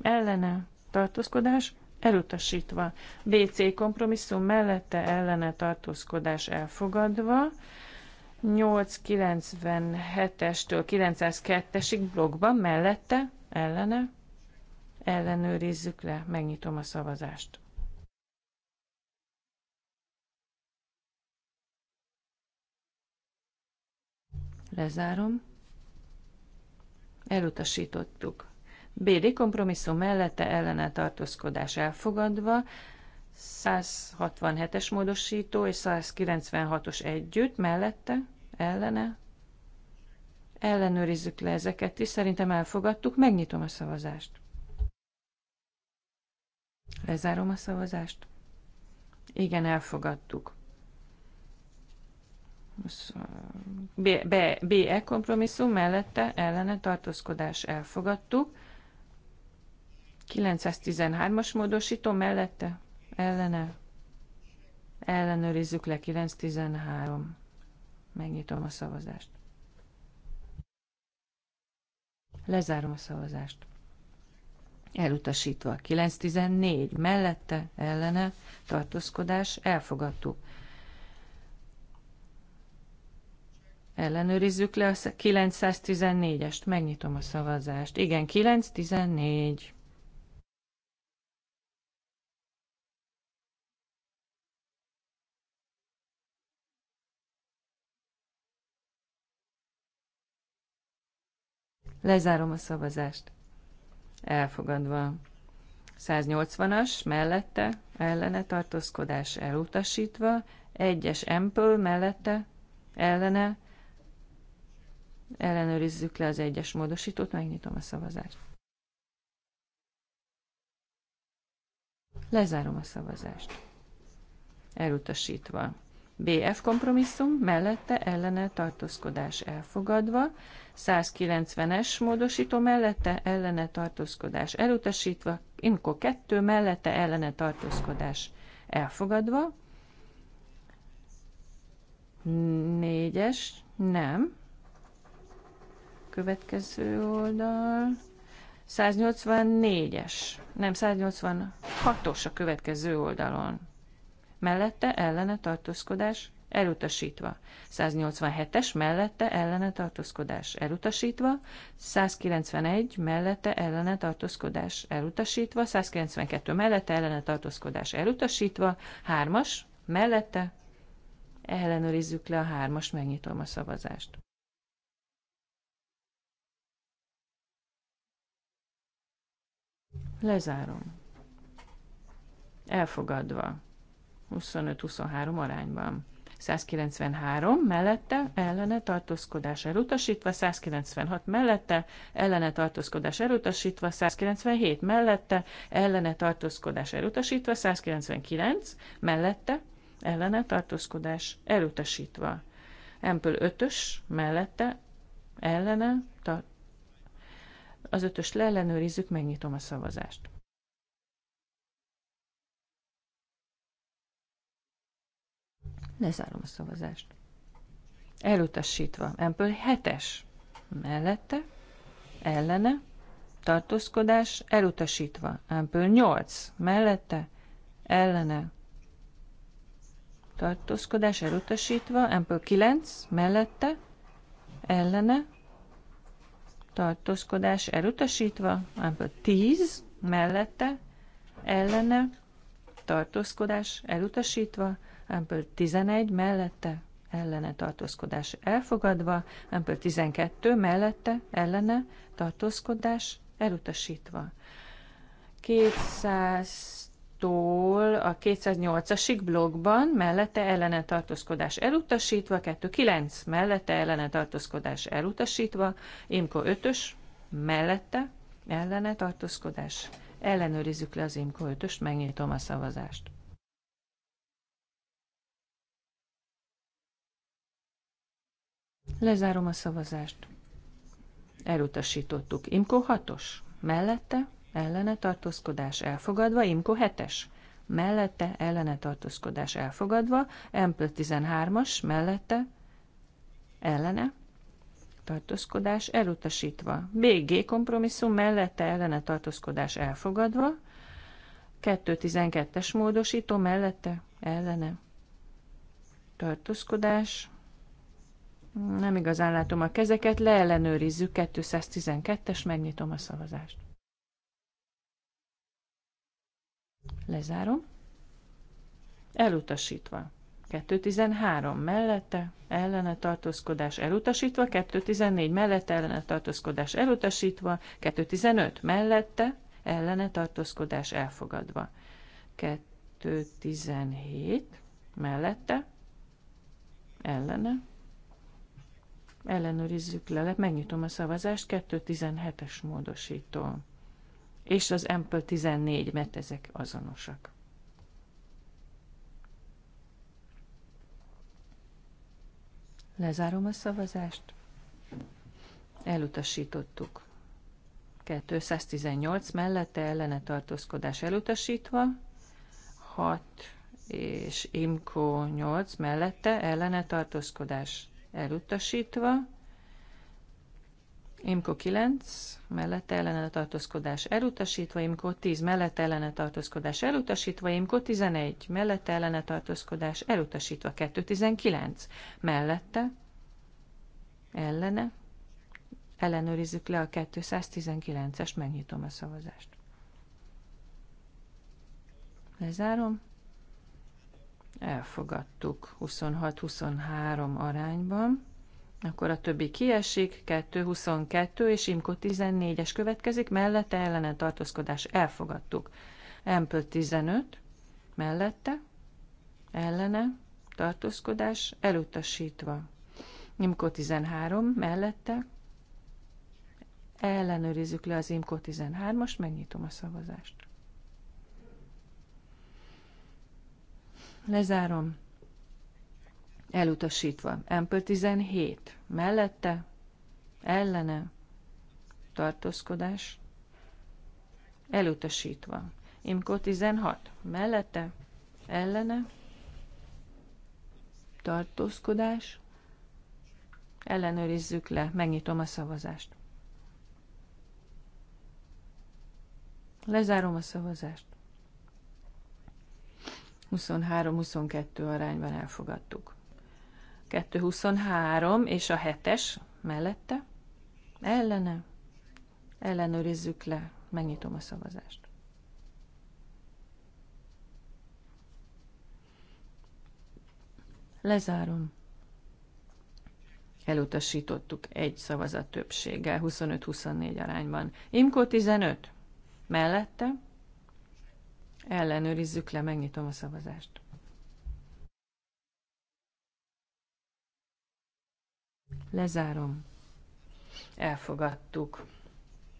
Ellene tartózkodás elutasítva. BC kompromisszum mellette ellene tartózkodás elfogadva. 897-estől 902-esig blogban mellette ellene ellenőrizzük le, megnyitom a szavazást. Lezárom. Elutasítottuk. BD kompromisszum mellette ellene tartózkodás elfogadva, 167-es módosító és 196-os együtt mellette ellene. Ellenőrizzük le ezeket is, szerintem elfogadtuk, megnyitom a szavazást. Lezárom a szavazást. Igen, elfogadtuk. BE kompromisszum mellette ellene tartózkodás elfogadtuk. 913-as módosító mellette ellene ellenőrizzük le 913. Megnyitom a szavazást. Lezárom a szavazást. Elutasítva 914 mellette ellene tartózkodás elfogadtuk. Ellenőrizzük le a 914-est. Megnyitom a szavazást. Igen, 914. Lezárom a szavazást. Elfogadva. 180-as mellette, ellene tartózkodás elutasítva, 1-es mellette, ellene Ellenőrizzük le az egyes módosítót, megnyitom a szavazást. Lezárom a szavazást. Elutasítva. BF kompromisszum, mellette ellene tartózkodás elfogadva, 190-es módosító mellette ellene tartózkodás elutasítva, IMKO 2 mellette ellene tartózkodás elfogadva, 4-es, nem, Következő oldal. 184-es. Nem, 186-os a következő oldalon. Mellette ellene tartózkodás elutasítva. 187-es mellette ellene tartózkodás elutasítva, 191 mellette ellene tartózkodás elutasítva, 192 mellette ellene tartózkodás elutasítva, 3-as mellette ellenőrizzük le a 3-as, megnyitom a szavazást. Lezárom. Elfogadva. 25-23 arányban. 193 mellette ellene tartózkodás elutasítva, 196 mellette ellene tartózkodás elutasítva, 197 mellette ellene tartózkodás elutasítva, 199 mellette ellene tartózkodás elutasítva. Empől 5-ös mellette ellene tartózkodás az ötös leellenőrizzük, megnyitom a szavazást. Lezárom a szavazást. Elutasítva. Empől 7-es. Mellette. Ellene. Tartózkodás. Elutasítva. Empől 8. Mellette. Ellene. Tartózkodás elutasítva. Empől 9. Mellette. Ellene tartózkodás elutasítva, ámpl 10 mellette, ellene, tartózkodás elutasítva, ámpl 11 mellette, ellene tartózkodás elfogadva, ámpl 12 mellette, ellene, tartózkodás elutasítva. 200 tól a 208-asig blogban mellette ellene tartózkodás elutasítva, 2.9 mellette ellene tartózkodás elutasítva, IMKO 5-ös mellette ellene tartózkodás. Ellenőrizzük le az IMKO 5-öst, megnyitom a szavazást. Lezárom a szavazást. Elutasítottuk. IMKO 6-os mellette ellene tartózkodás elfogadva, Imko 7-es, mellette ellene tartózkodás elfogadva, Empl 13-as, mellette ellene tartózkodás elutasítva, BG kompromisszum mellette ellene tartózkodás elfogadva, 212-es módosító mellette ellene tartózkodás nem igazán látom a kezeket, leellenőrizzük 212-es, megnyitom a szavazást. Lezárom. Elutasítva. 213 mellette, ellene tartózkodás elutasítva, 214 mellette, ellene tartózkodás elutasítva, 215 mellette, ellene tartózkodás elfogadva. 217 mellette, ellene, ellenőrizzük le, megnyitom a szavazást, 217-es módosítom és az Apple 14, mert ezek azonosak. Lezárom a szavazást. Elutasítottuk. 218 mellette ellene tartózkodás elutasítva, 6 és Imko 8 mellette ellene tartózkodás elutasítva, Imko 9 mellette ellene tartózkodás elutasítva, Imko 10 mellette ellene tartózkodás elutasítva, Imko 11 mellette ellene tartózkodás elutasítva, 219 mellette ellene ellenőrizzük le a 219-est, megnyitom a szavazást. Lezárom. Elfogadtuk 26-23 arányban akkor a többi kiesik, 22 és Imko 14-es következik, mellette ellene tartózkodás elfogadtuk. Ample 15, mellette, ellene, tartózkodás elutasítva. Imko 13, mellette, ellenőrizzük le az Imko 13-as, megnyitom a szavazást. Lezárom elutasítva. Ample 17 mellette, ellene, tartózkodás, elutasítva. Imko 16 mellette, ellene, tartózkodás, ellenőrizzük le, megnyitom a szavazást. Lezárom a szavazást. 23-22 arányban elfogadtuk. 223 és a 7-es mellette. Ellene. Ellenőrizzük le. Megnyitom a szavazást. Lezárom. Elutasítottuk egy szavazat többséggel, 25-24 arányban. Imko 15. Mellette. Ellenőrizzük le, megnyitom a szavazást. Lezárom. Elfogadtuk.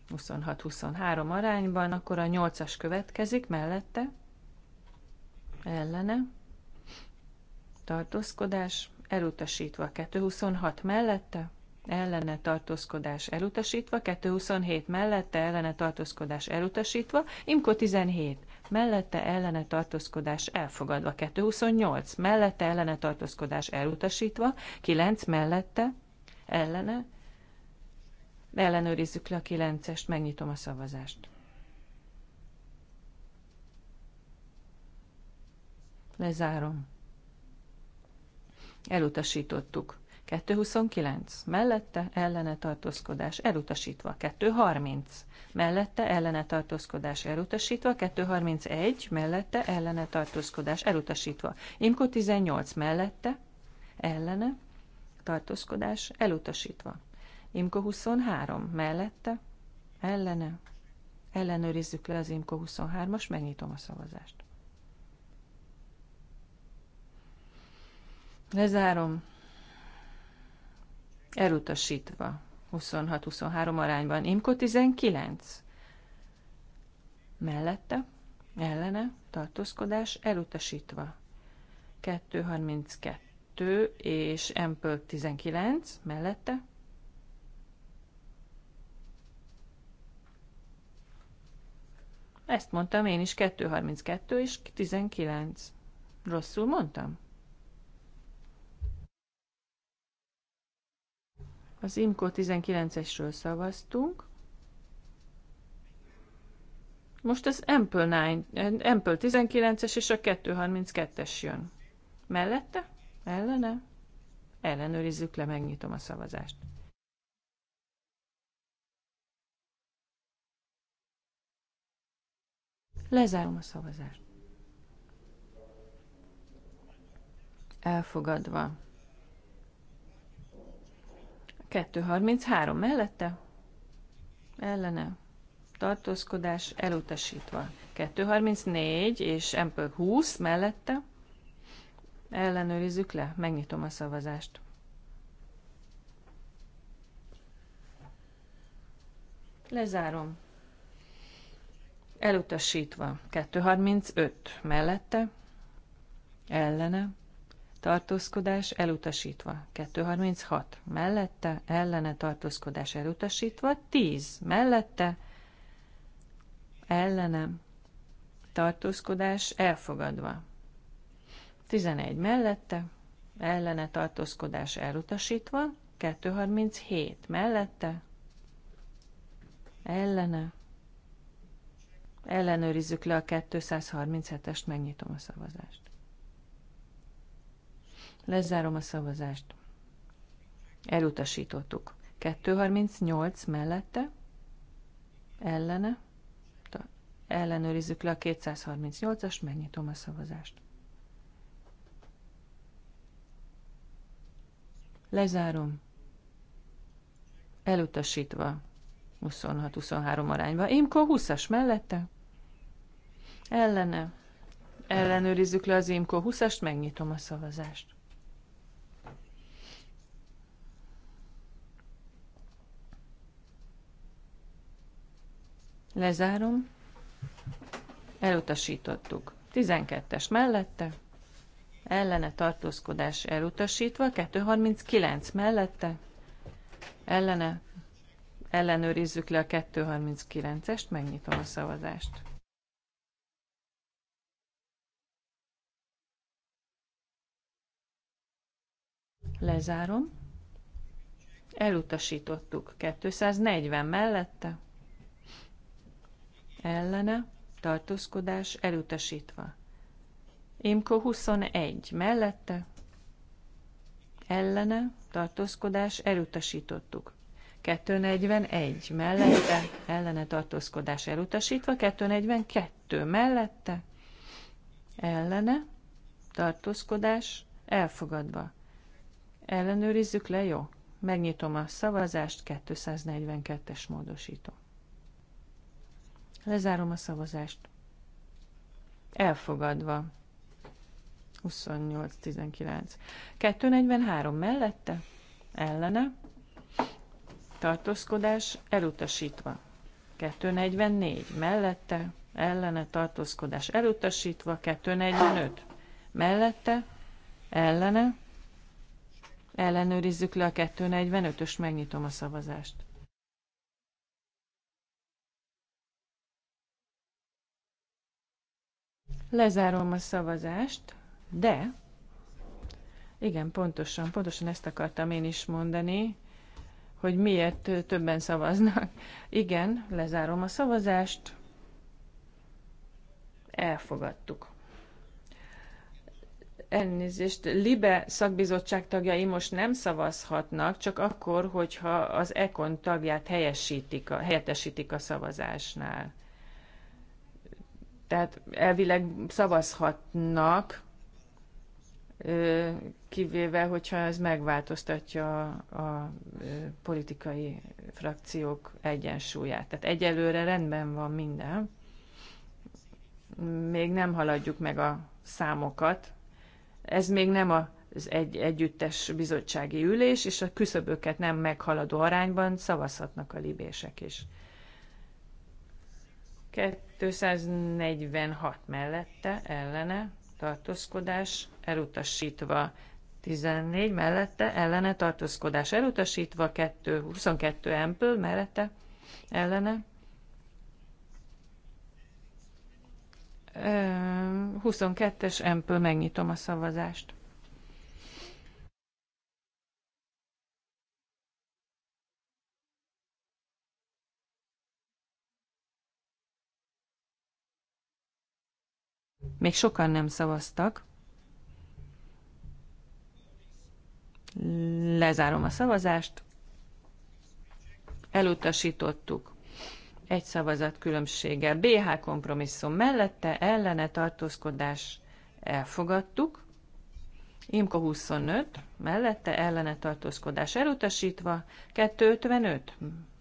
26-23 arányban, akkor a 8-as következik mellette, ellene, tartózkodás, elutasítva 226 mellette, ellene tartózkodás elutasítva, 227 mellette ellene tartózkodás elutasítva, Imko 17 mellette ellene tartózkodás elfogadva, 228 mellette ellene tartózkodás elutasítva, 9 mellette ellene. Ellenőrizzük le a kilencest. megnyitom a szavazást. Lezárom. Elutasítottuk. 229. Mellette ellene tartózkodás elutasítva. 230. Mellette ellene tartózkodás elutasítva. 231. Mellette ellene tartózkodás elutasítva. Imko 18. Mellette ellene tartózkodás elutasítva. Imko 23 mellette, ellene, ellenőrizzük le az Imko 23-as, megnyitom a szavazást. Lezárom. Elutasítva. 26-23 arányban. Imko 19. Mellette, ellene, tartózkodás elutasítva. 232 2 és Ample 19 mellette. Ezt mondtam én is, 232 és 19. Rosszul mondtam? Az IMCO 19-esről szavaztunk. Most az Ample, 9, Ample 19-es és a 232-es jön. Mellette? Ellene? Ellenőrizzük le, megnyitom a szavazást. Lezárom a szavazást. Elfogadva. 233 mellette, ellene, tartózkodás elutasítva. 234 és Empel 20 mellette, Ellenőrizzük le, megnyitom a szavazást. Lezárom. Elutasítva. 235 mellette, ellene, tartózkodás elutasítva. 236 mellette, ellene tartózkodás elutasítva. 10 mellette, ellene tartózkodás elfogadva. 11 mellette, ellene tartózkodás elutasítva, 237 mellette, ellene, ellenőrizzük le a 237-est, megnyitom a szavazást. Lezárom a szavazást. Elutasítottuk. 238 mellette, ellene, ellenőrizzük le a 238-ast, megnyitom a szavazást. Lezárom. Elutasítva. 26-23 arányba. Imko 20-as mellette. Ellene. Ellenőrizzük le az Imko 20-ast, megnyitom a szavazást. Lezárom. Elutasítottuk. 12-es mellette ellene tartózkodás elutasítva, 239 mellette ellene ellenőrizzük le a 239-est, megnyitom a szavazást. Lezárom. Elutasítottuk. 240 mellette. Ellene. Tartózkodás elutasítva. Imko 21 mellette, ellene, tartózkodás, elutasítottuk. 241 mellette, ellene tartózkodás elutasítva, 242 mellette, ellene, tartózkodás elfogadva. Ellenőrizzük le, jó? Megnyitom a szavazást, 242-es módosító. Lezárom a szavazást. Elfogadva. 28-19. 243 mellette, ellene, tartózkodás elutasítva. 244 mellette, ellene, tartózkodás elutasítva. 245 mellette, ellene, ellenőrizzük le a 245-ös, megnyitom a szavazást. Lezárom a szavazást. De, igen, pontosan, pontosan ezt akartam én is mondani, hogy miért többen szavaznak. Igen, lezárom a szavazást. Elfogadtuk. Elnézést, Libe szakbizottság tagjai most nem szavazhatnak, csak akkor, hogyha az Ekon tagját helyesítik a, helyettesítik a szavazásnál. Tehát elvileg szavazhatnak, kivéve, hogyha ez megváltoztatja a politikai frakciók egyensúlyát. Tehát egyelőre rendben van minden. Még nem haladjuk meg a számokat. Ez még nem az egy, együttes bizottsági ülés, és a küszöböket nem meghaladó arányban szavazhatnak a libések is. 246 mellette, ellene tartózkodás elutasítva. 14 mellette ellene tartózkodás elutasítva, 2, 22 ample mellette ellene. 22-es ample megnyitom a szavazást. Még sokan nem szavaztak. Lezárom a szavazást. Elutasítottuk egy szavazat különbséggel. BH kompromisszum mellette ellene tartózkodás elfogadtuk. Imko 25, mellette ellene tartózkodás elutasítva, 255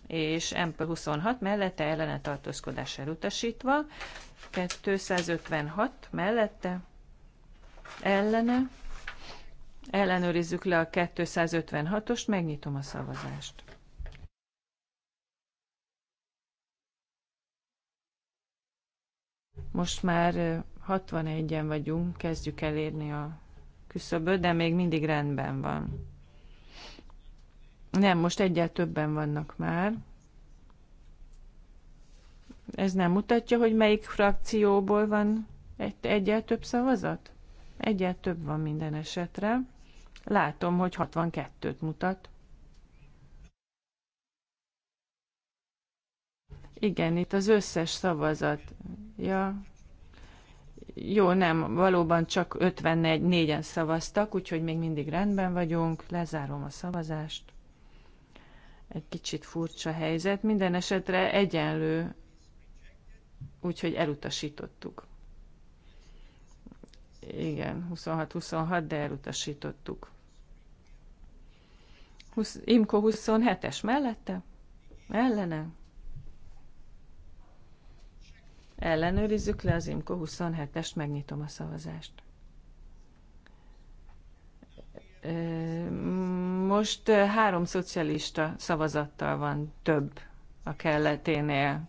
és MP 26 mellette ellene tartózkodás elutasítva, 256 mellette ellene, ellenőrizzük le a 256-ost, megnyitom a szavazást. Most már 61-en vagyunk, kezdjük elérni a küszöböt, de még mindig rendben van. Nem, most egyel többen vannak már. Ez nem mutatja, hogy melyik frakcióból van egy, egyel több szavazat? Egyel több van minden esetre. Látom, hogy 62-t mutat. Igen, itt az összes szavazat. Ja. Jó, nem, valóban csak 54-en szavaztak, úgyhogy még mindig rendben vagyunk. Lezárom a szavazást egy kicsit furcsa helyzet. Minden esetre egyenlő, úgyhogy elutasítottuk. Igen, 26-26, de elutasítottuk. 20, Imko 27-es mellette? Ellene? Ellenőrizzük le az Imko 27-est, megnyitom a szavazást most három szocialista szavazattal van több a kelleténél.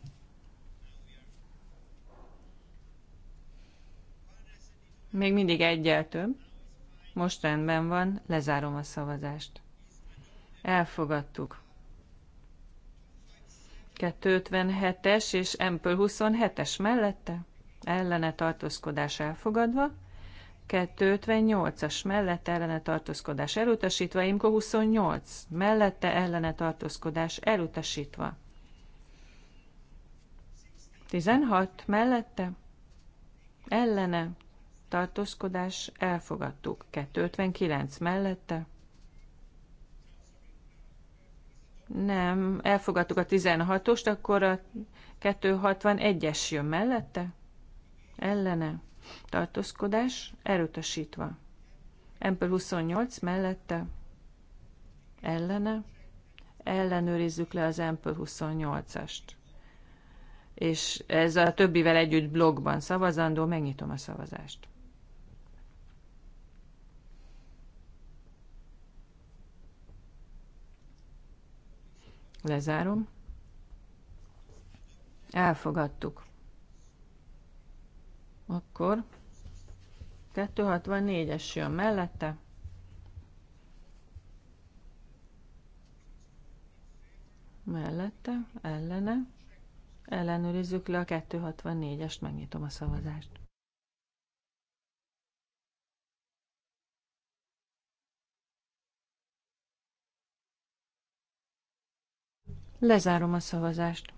Még mindig egyel több. Most rendben van, lezárom a szavazást. Elfogadtuk. 257-es és Empel 27-es mellette ellene tartózkodás elfogadva. 258-as mellette ellene tartózkodás elutasítva, Imko 28 mellette ellene tartózkodás elutasítva. 16 mellette ellene tartózkodás elfogadtuk, 259 mellette nem, elfogadtuk a 16-ost, akkor a 261-es jön mellette? Ellene tartózkodás elutasítva. Empel 28 mellette ellene ellenőrizzük le az Empel 28-ast. És ez a többivel együtt blogban szavazandó, megnyitom a szavazást. Lezárom. Elfogadtuk. Akkor 264-es jön mellette. Mellette, ellene. Ellenőrizzük le a 264-est, megnyitom a szavazást. Lezárom a szavazást.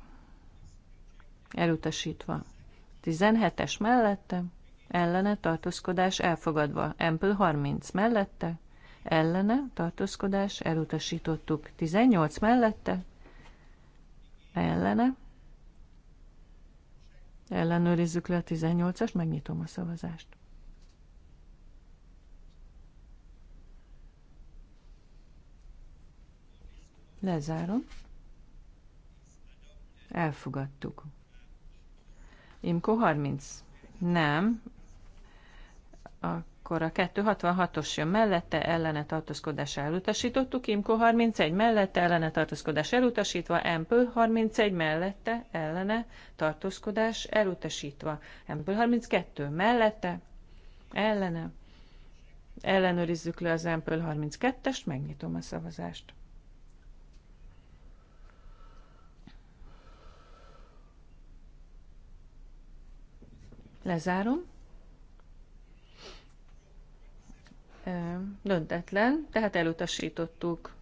Elutasítva. 17-es mellette, ellene tartózkodás elfogadva. Ample 30 mellette, ellene tartózkodás elutasítottuk. 18 mellette, ellene. Ellenőrizzük le a 18-as, megnyitom a szavazást. Lezárom. Elfogadtuk. Imko 30? Nem. Akkor a 266-os jön mellette, ellene tartózkodás elutasítottuk. Imko 31 mellette, ellene tartózkodás elutasítva. Empő 31 mellette, ellene tartózkodás elutasítva. Empő 32 mellette, ellene. Ellenőrizzük le az Empő 32-est, megnyitom a szavazást. Lezárom. Döntetlen, tehát elutasítottuk.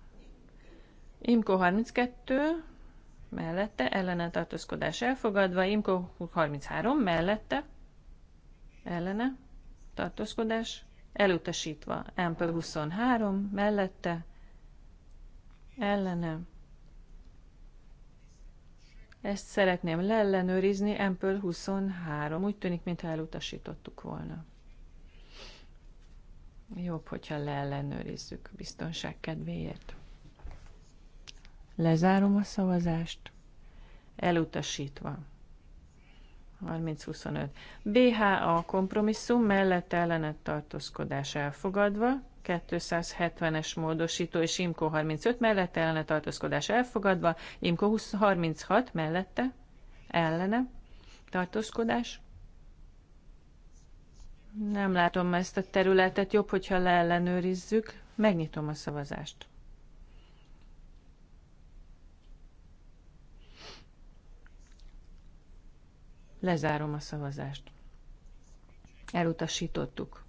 Imko 32, mellette, ellene tartózkodás elfogadva, Imko 33, mellette, ellene tartózkodás elutasítva, Ampel 23, mellette, ellene ezt szeretném leellenőrizni, Empől 23. Úgy tűnik, mintha elutasítottuk volna. Jobb, hogyha leellenőrizzük biztonság kedvéért. Lezárom a szavazást. Elutasítva. 30-25. BHA kompromisszum mellett ellenet tartózkodás elfogadva. 270-es módosító és IMKO 35 mellette ellene tartózkodás elfogadva, IMKO 36 mellette ellene tartózkodás. Nem látom ezt a területet, jobb, hogyha leellenőrizzük. Megnyitom a szavazást. Lezárom a szavazást. Elutasítottuk.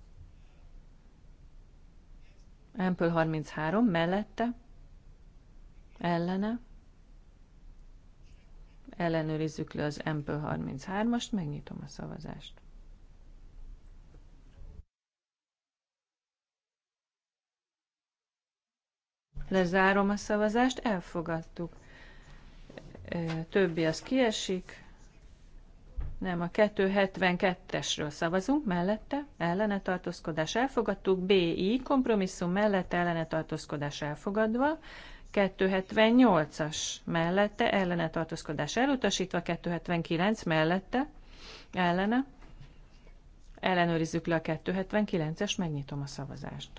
Ample 33 mellette, ellene, ellenőrizzük le az Ample 33-ast, megnyitom a szavazást. Lezárom a szavazást, elfogadtuk. Többi az kiesik, nem, a 272-esről szavazunk, mellette ellene tartózkodás elfogadtuk, BI kompromisszum mellette ellene tartózkodás elfogadva, 278-as mellette ellene tartózkodás elutasítva, 279 mellette ellene. Ellenőrizzük le a 279-es, megnyitom a szavazást.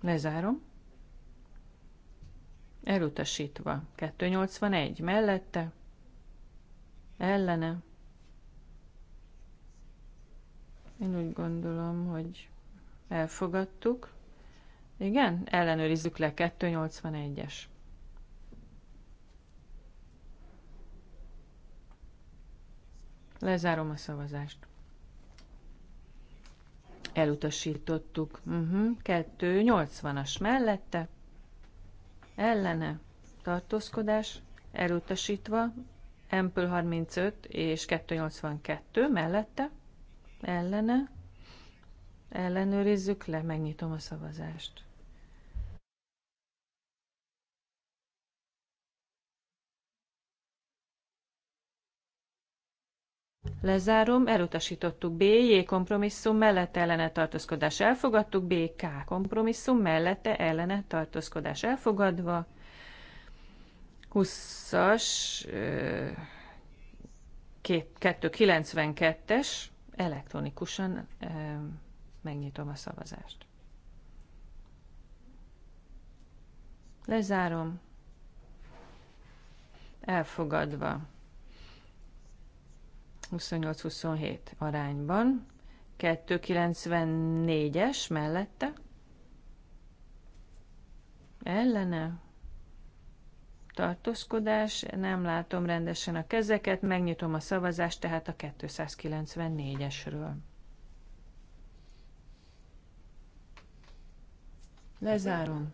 Lezárom elutasítva. 281 mellette, ellene. Én úgy gondolom, hogy elfogadtuk. Igen, ellenőrizzük le 281-es. Lezárom a szavazást. Elutasítottuk. Uh-huh. Mhm. 280-as mellette ellene tartózkodás elutasítva, Empül 35 és 282 mellette, ellene, ellenőrizzük le, megnyitom a szavazást. Lezárom, elutasítottuk J kompromisszum mellette ellene tartózkodás elfogadtuk, BK kompromisszum mellette ellene tartózkodás elfogadva. 20-as, 292-es, elektronikusan megnyitom a szavazást. Lezárom. Elfogadva. 28-27 arányban. 294-es mellette. Ellene. Tartózkodás. Nem látom rendesen a kezeket. Megnyitom a szavazást, tehát a 294-esről. Lezárom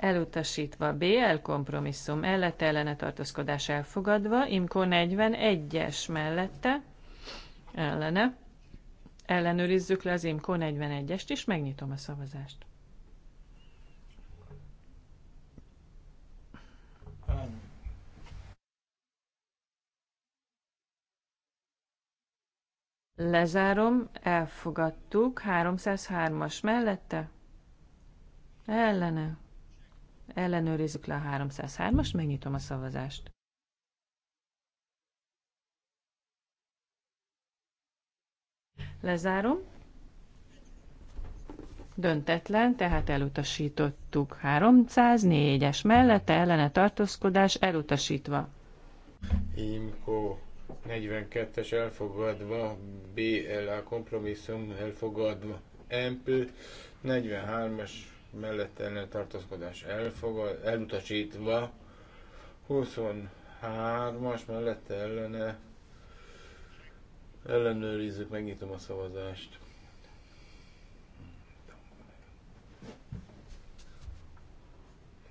elutasítva, BL kompromisszum mellette ellene tartózkodás elfogadva, IMKO 41-es mellette ellene. Ellenőrizzük le az IMKO 41-est, és megnyitom a szavazást. Lezárom, elfogadtuk, 303-as mellette, ellene Ellenőrizzük le a 303-ast, megnyitom a szavazást. Lezárom. Döntetlen, tehát elutasítottuk. 304-es mellette ellene tartózkodás elutasítva. Imko 42-es elfogadva, BLA kompromisszum elfogadva, MP 43-es mellette ellen tartózkodás elfogad, elutasítva, 23-as mellette ellene ellenőrizzük, megnyitom a szavazást.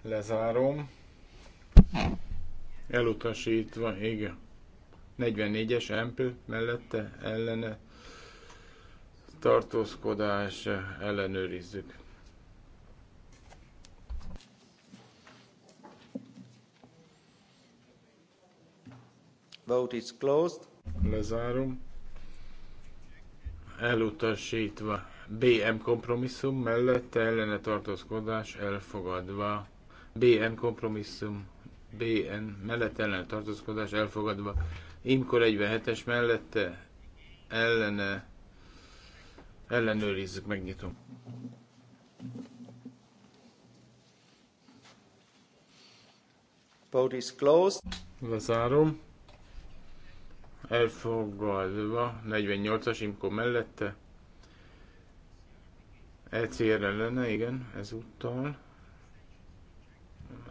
Lezárom. Elutasítva, igen. 44-es MP mellette ellene tartózkodás ellenőrizzük. Vote is closed. Lezárom. Elutasítva. BM kompromisszum mellett ellene tartózkodás elfogadva. BN kompromisszum. BN mellett ellene tartózkodás elfogadva. Imkor 47-es mellette ellene ellenőrizzük, megnyitom. Vote is closed. Lezárom elfogadva, 48-as Imko mellette. ECR lenne, igen, ezúttal.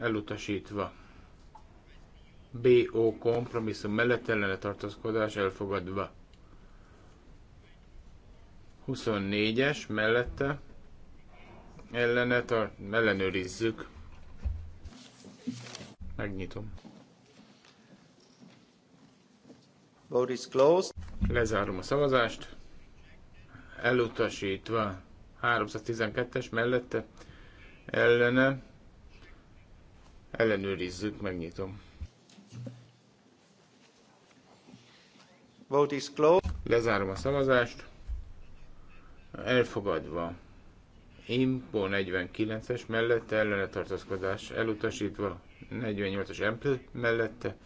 Elutasítva. BO kompromisszum mellett ellene tartozkodás elfogadva. 24-es mellette ellenet ellenőrizzük. Megnyitom. Vote is closed. Lezárom a szavazást. Elutasítva 312-es mellette ellene. Ellenőrizzük, megnyitom. Vote is closed. Lezárom a szavazást. Elfogadva. Impo 49-es mellette ellene tartozkodás. elutasítva. 48-as Ample mellette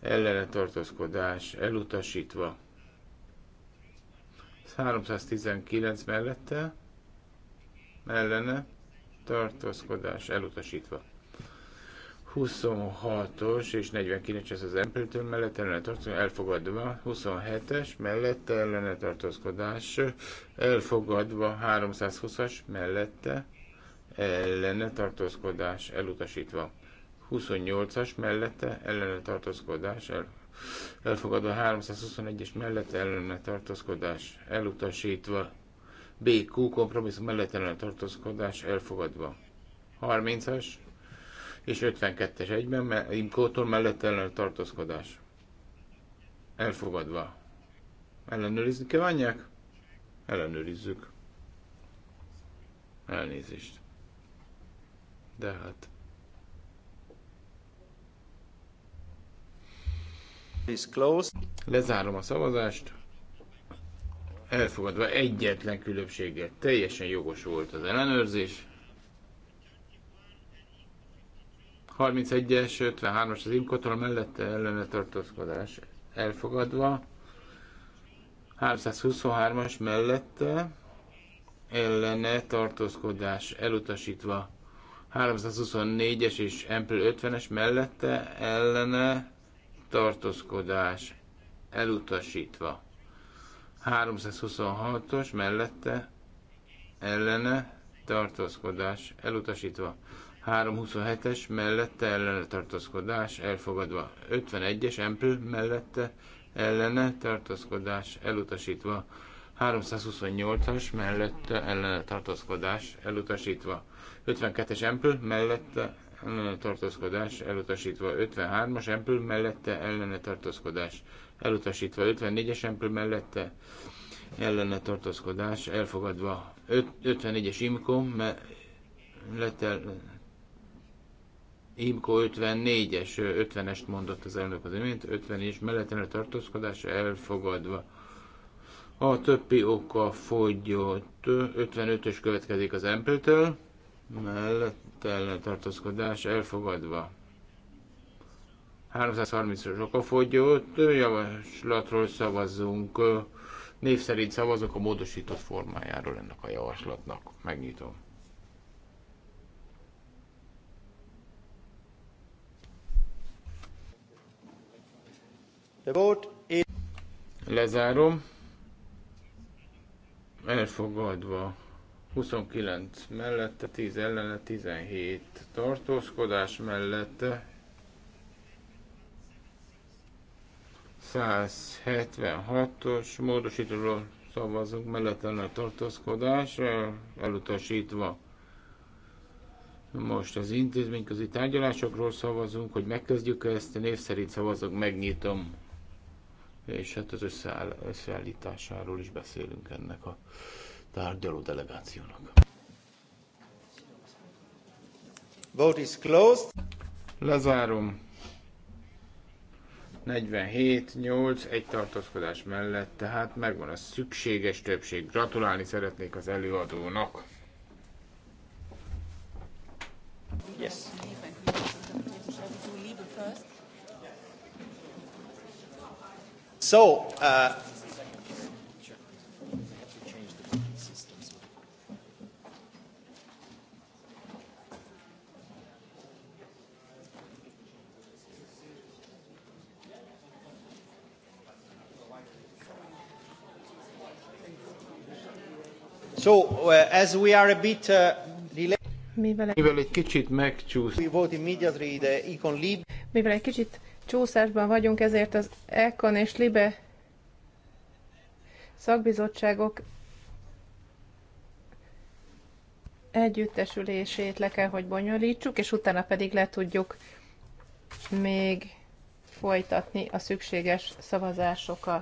ellene tartózkodás elutasítva. 319 mellette ellene tartózkodás elutasítva. 26-os és 49-es az Empleton mellett ellene tartózkodás elfogadva, 27-es mellette ellene tartózkodás elfogadva, 320-as mellette ellene tartózkodás elutasítva. 28-as mellette ellene tartózkodás el, elfogadva 321-es mellette ellene tartózkodás elutasítva BQ kompromisszum mellett ellene tartózkodás elfogadva 30-as és 52-es egyben imkótól mellett ellene tartózkodás elfogadva ellenőrizni kívánják? ellenőrizzük elnézést de hát Lezárom a szavazást. Elfogadva egyetlen különbséggel. Teljesen jogos volt az ellenőrzés. 31-es, 53-as az Imkotól mellette ellene tartózkodás elfogadva. 323-as mellette ellene tartózkodás elutasítva. 324-es és Ample 50-es mellette ellene tartózkodás elutasítva. 326-os mellette ellene tartózkodás elutasítva. 327-es mellette ellene tartózkodás elfogadva. 51-es empl mellette ellene tartózkodás elutasítva. 328-as mellette ellene tartózkodás elutasítva. 52-es empl mellette tartózkodás elutasítva 53-as empül mellette ellene tartózkodás elutasítva 54-es empül mellette ellene tartózkodás elfogadva 54-es imkó mellette Imko 54-es, 50-est mondott az elnök az imént, 54 és mellettene tartózkodás elfogadva. A többi oka fogyott, 55-ös következik az Empeltől, mellett tartózkodás elfogadva. 330-os okafogyott javaslatról szavazzunk. Név szerint szavazok a módosított formájáról ennek a javaslatnak. Megnyitom. Lezárom. Elfogadva. 29 mellette, 10 ellene, 17 tartózkodás mellette, 176-os módosítóról szavazunk mellette a tartózkodás, elutasítva. Most az intézményközi tárgyalásokról szavazunk, hogy megkezdjük ezt, név szerint szavazok, megnyitom. És hát az összeáll, összeállításáról is beszélünk ennek a tárgyaló delegációnak. Vote is closed. Lezárom. 47-8 egy tartózkodás mellett, tehát megvan a szükséges többség. Gratulálni szeretnék az előadónak. Yes. So, uh, So, uh, as we are a bit uh, mivel egy, mivel egy kicsit megcsúsz. Mivel egy kicsit csúszásban vagyunk, ezért az Econ és Libe szakbizottságok együttesülését le kell, hogy bonyolítsuk, és utána pedig le tudjuk még folytatni a szükséges szavazásokat.